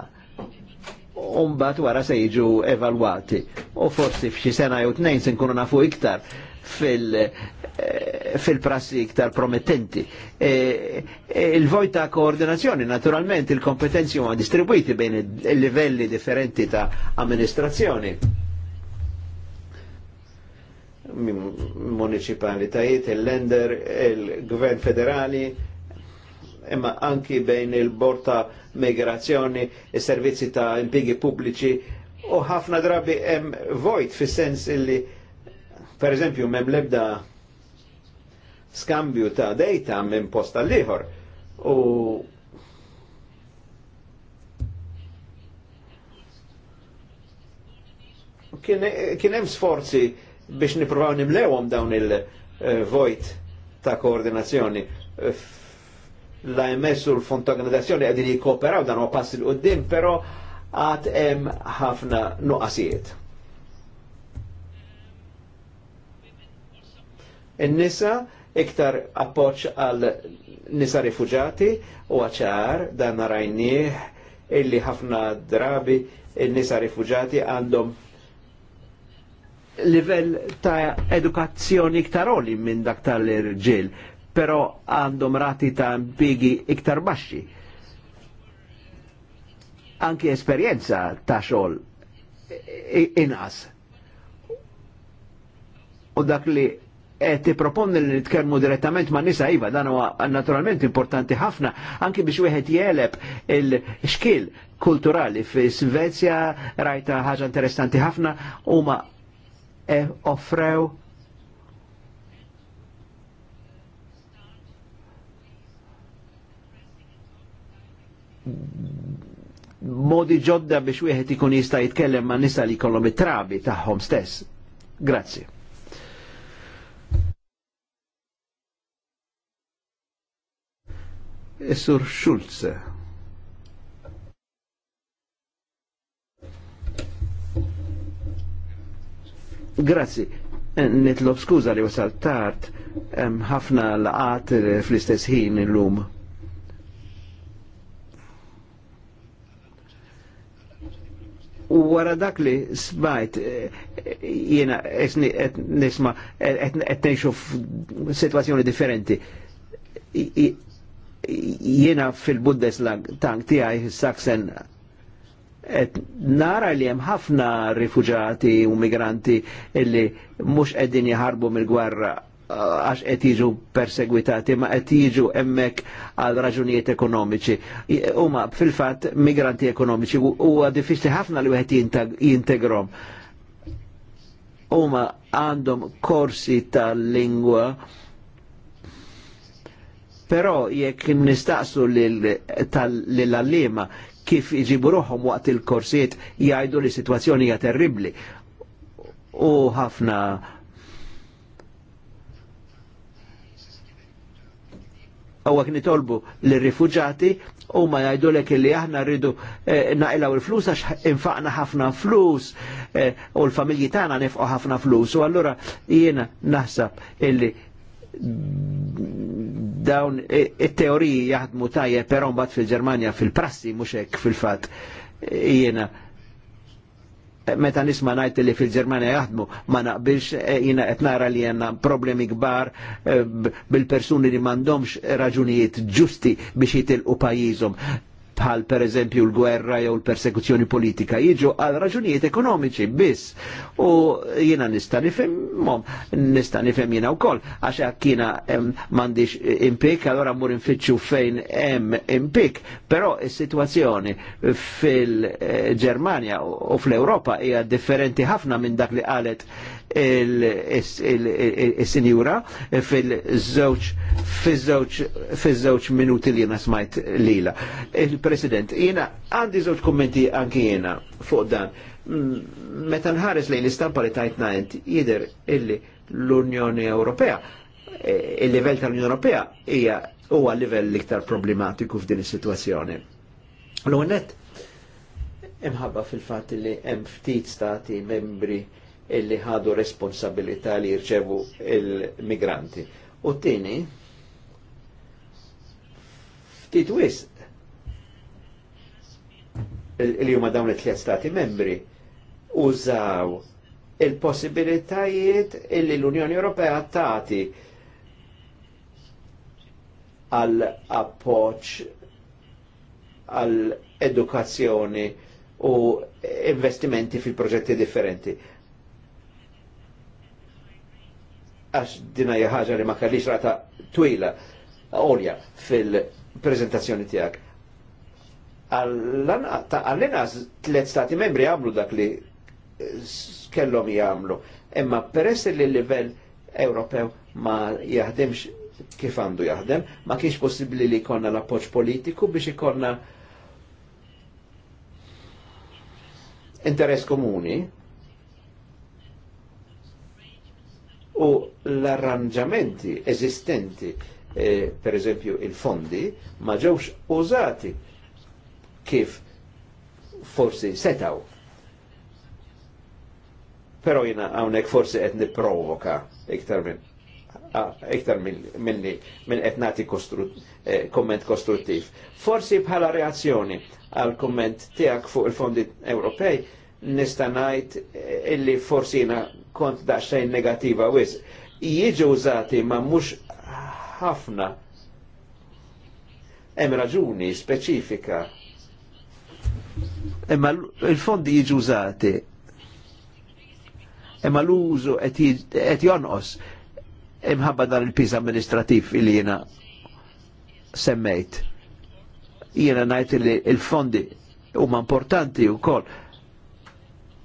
Umbat wara se jiġu evalwati. U forsi f'xi sena jew tnejn se nkunu nafu iktar eh, fil-prassi fil iktar promettenti. E, e, Il-vojta koordinazzjoni, naturalment, il-kompetenzi huma distribuiti bejn il-livelli differenti ta' amministrazzjoni municipalitajiet, il-lender, il-gvern federali, imma anki bejn il borta ta' migrazzjoni, il-servizzi ta' impigi pubbliċi u ħafna drabi hemm vojt fi sens illi per eżempju mem lebda skambju ta' data minn posta liħor u kien hemm sforzi biex niprofaw nimlewom dawn il-vojt eh, ta' koordinazzjoni. l jmessu l-Fond ta' Organizzazzjoni għedin jikoperaw dan u pass il-qoddim, pero għat hemm ħafna nuqasijiet. In-nisa iktar appoċ għal nisa rifugġati u għacħar dan rajnieh illi ħafna drabi il nisa rifugġati għandhom livell ta' edukazzjoni iktar oli minn dak tal-irġiel, però għandhom rati ta' impigi iktar baxxi. Anki esperjenza ta' xogħol inqas. U dak li qed proponni li nitkellmu direttament ma' nisa iva, dan huwa naturalment importanti ħafna anki biex wieħed jeleb il-xkil kulturali fi Svezja rajta ħaġa interessanti ħafna huma E offrew modi ġodda biex wieħed ikun jista' jitkellem ma' nisa li jkollhom it-trabi tagħhom stess. Grazzi. Is-Sur e Schulze. Grazzi. Eh, nitlob skuża li wasal tard, ħafna laqat eh, fl-istess ħin illum. U wara dak li smajt eh, jiena qed nisma' qed ngħixu f'sitwazzjoni differenti jiena fil-Bundesland tank tiegħi Saxen et nara li hemm ħafna rifuġati u migranti illi mhux qegħdin jaħarbu mill-gwerra eh, għax qed jiġu persegwitati ma qed jiġu hemmhekk għal raġunijiet ekonomiċi. Huma fil-fatt migranti ekonomiċi huwa diffiċli ħafna li wieħed jintegrom. Huma għandhom korsi tal-lingwa Però jekk nistaqsu lil tal-allima kif iġibu ruħom waqt il-korsiet jgħidu li situazzjoni hija terribli. U ħafna U għak nitolbu l-rifugġati u ma jajdu l li aħna rridu eh, naqilaw il-flus għax infaqna ħafna flus eh, u l-familji tagħna nifqo ħafna flus u allura jiena naħseb illi dawn it-teoriji jaħdmu tajje, però mbagħad fil-Ġermanja fil-prassi mhux hekk fil-fatt jiena meta nisma ngħid li fil-Ġermanja jaħdmu ma naqbilx eh, jiena qed nara li jenna problemi kbar eh, bil-persuni li m'għandhomx raġunijiet ġusti biex jitilqu pajjiżhom bħal per eżempju l-gwerra jew l-persekuzzjoni politika jiġu għal raġunijiet ekonomiċi biss. U jiena nista' nifhem mom, nista' nifhem jiena wkoll għax hekk jiena m'għandix impik, allora mmur infittxu fejn hemm impik, però is-sitwazzjoni fil-Ġermanja eh, u fl-Ewropa hija differenti ħafna minn dak li qalet il-sinjura fil-żewġ minuti li nasmajt lila. Il-President, jena għandi żewġ kommenti anki jena fuq dan. Meta nħares lejn l-istampa li tajt ent jider illi l-Unjoni Ewropea, e, il-livell tal-Unjoni Ewropea hija huwa livell iktar problematiku f'din is-sitwazzjoni. L-unet imħabba fil-fatt li hemm ftit stati membri illi ħadu responsabilità li jirċevu il-migranti. U t-tini, ftit wis, li huma dawn it-tliet stati membri, użaw il-possibilitajiet illi l-Unjoni Ewropea tagħti għal appoċ għal edukazzjoni u investimenti fil-proġetti differenti. għax dina ħaġa li ma kellix rata twila olja fil-prezentazzjoni tiegħek. għall tlet tliet stati membri għamlu dak li kellhom jagħmlu. Imma peress li l-livell Ewropew ma jaħdemx kif għandu jaħdem, ma kienx possibbli li jkollna l-appoġġ politiku biex ikonna interess komuni u l-arranġamenti eżistenti, eh, per eżempju il-fondi, ma ġewx użati kif forsi setaw. Pero jina għawnek forsi qed niprovoka iktar minn ah, iktar minni minn etnati eh, komment kostruttiv. Forsi bħala reazzjoni għal komment tijak fuq il-fondi Ewropej nistanajt eh, illi forsi jina kont daqsxejn negativa wis. Jieġu użati ma mux ħafna. Hemm raġuni speċifika. Imma il fond jiġu użati. Imma l-użu qed jonqos imħabba dan il-piż amministrativ li jiena semmejt. Jiena ngħid li l-fondi huma importanti wkoll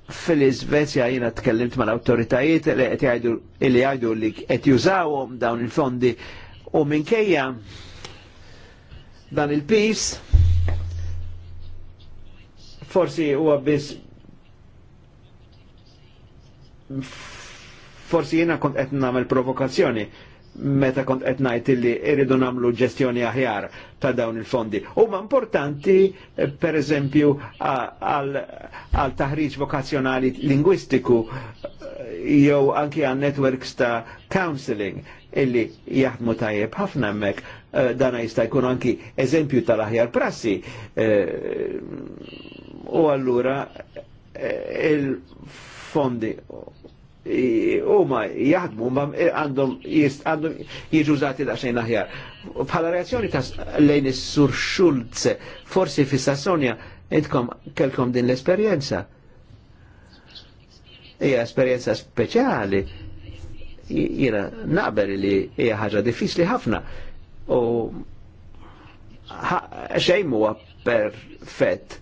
fil-Svezja jina tkellimt mal autoritajiet li qed jgħidu li jgħidu li qed jużawhom dawn il-fondi u minkejja dan il-pis forsi huwa biss forsi jiena kont qed nagħmel provokazzjoni meta kont qed ngħid li irridu nagħmlu ġestjoni aħjar ta' dawn il-fondi. Huma importanti, eh, per eżempju, għal taħriġ vokazzjonali lingwistiku eh, jew anki għal networks ta' counseling illi jaħdmu tajjeb ħafna hemmhekk eh, dana jista' jkun anki eżempju tal-aħjar prassi. U allura il-fondi huma jaħdmu ma għandhom għandhom jiġu użati daqsxejn aħjar. Bħala reazzjoni ta' lejn is-Sur Schulz, forsi fi Sassonja intkom kelkom din l-esperjenza. Hija esperjenza speċjali. Jiena naqbel li hija ħaġa diffiċli ħafna. U xejn huwa perfett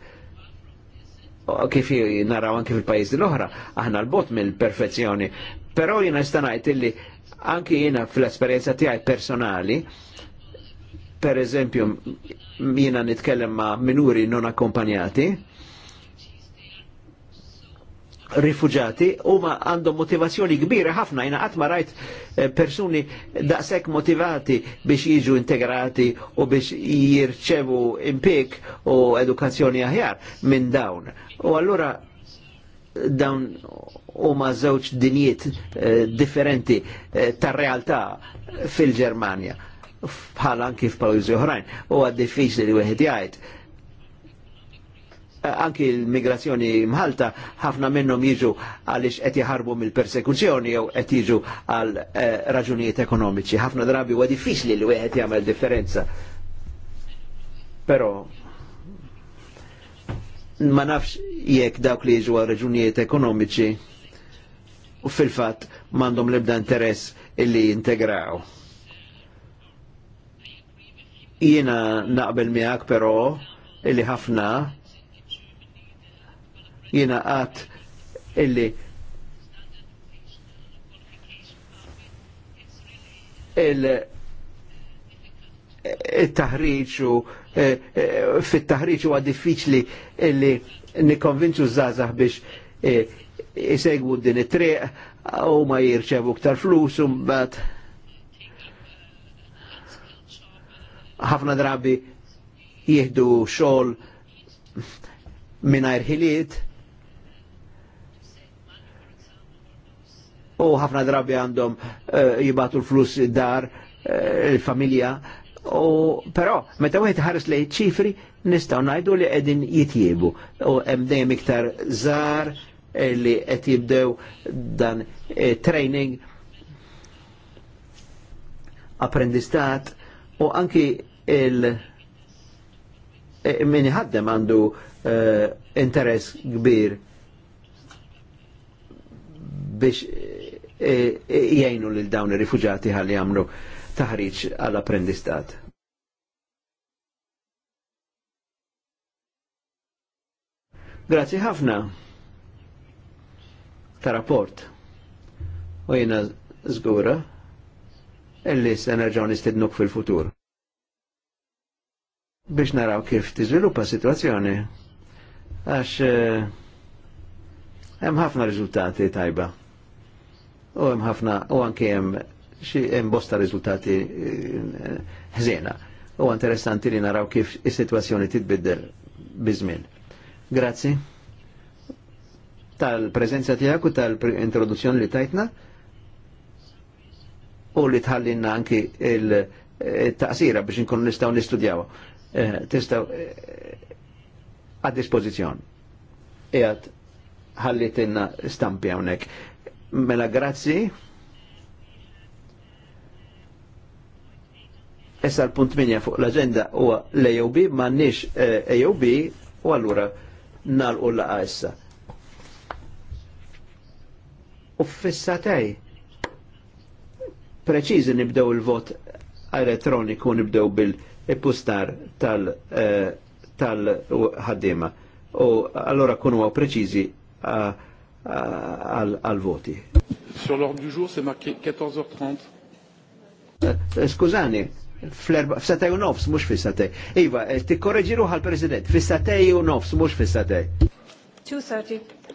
kif naraw anki fil pajis l-oħra, aħna l-bot mill-perfezzjoni. Però jina stanajt illi anki jina fil-esperienza tijaj personali, per eżempju, jina nitkellem ma' minuri non akkompanjati, rifugjati huma għandhom motivazzjoni kbira ħafna jina qatt ma rajt eh, persuni daqshekk motivati biex jiġu integrati u biex jirċevu impik u edukazzjoni aħjar minn dawn. U allura dawn huma żewġ dinjiet eh, differenti eh, tar-realtà fil germania bħal anki f'pajjiżi oħrajn. Huwa diffiċli li wieħed jgħid anki l-migrazzjoni mħalta ħafna minnhom jiġu għaliex qed jaħarbu mill-persekuzzjoni jew qed jiġu għal eh, raġunijiet ekonomiċi. Ħafna drabi huwa diffiċli li wieħed jagħmel differenza. Però ma nafx jekk dawk li jiġu għal raġunijiet ekonomiċi u fil-fatt m'għandhom l-ebda interess illi jintegraw. Jiena naqbel miegħek però illi ħafna jina għat illi il-taħriċu eh, fit-taħriċu għad diffiċli illi nikonvinċu zazah biex jisegwu eh, din it-triq u ma jirċevu ktar flus u bat ħafna drabi jihdu xol minna ħiliet u ħafna drabi għandhom eh, jibatu l-flus dar eh, il-familja u però meta wieħed ħares lejn ċifri nistgħu ngħidu li qegħdin jitjiebu u hemm dejjem iktar żgħar eh, li qed jibdew dan training apprendistat u anki il- min ħaddem għandu interess kbir biex E, e, jgħinu lil dawn ir-rifuġati ħalli jagħmlu taħriġ għall apprendistat Grazzi ħafna ta' rapport. U jena zgura illi se nerġgħu nistednuk fil-futur. Biex naraw kif tiżviluppa situazzjoni għax eh, hemm ħafna riżultati tajba u hemm ħafna u anke hemm xi hemm bosta riżultati eh, ħżiena. U interessanti li naraw kif is-sitwazzjoni titbiddel biżmien. Grazzi tal-prezenza tiegħek u tal-introduzzjoni li tajtna u li tħallinna anki il-taqsira biex nkunu nistgħu nistudjaw. Eh, Tistgħu għad eh, dispożizzjoni. Ejat ħallitinna stampi hawnhekk. Mela grazzi. Issa l-punt minja fuq l-agenda huwa l-AOB ma nix eh, AOB u allura nalqu laqa issa. U fissatej, preċiżi nibdew il-vot elettroniku nibdew bil ipustar eh, tal-ħaddima. Tal, uh, u allora kunu għaw preċiżi uh, għal-voti. Sur l'ordre du jour, c'est marqué 14h30. Eh, skużani, f'satej u nofs, mux f'satej. Iva, eh, ti korreġi ruħal president, f'satej u nofs, mux f'satej. 2.30.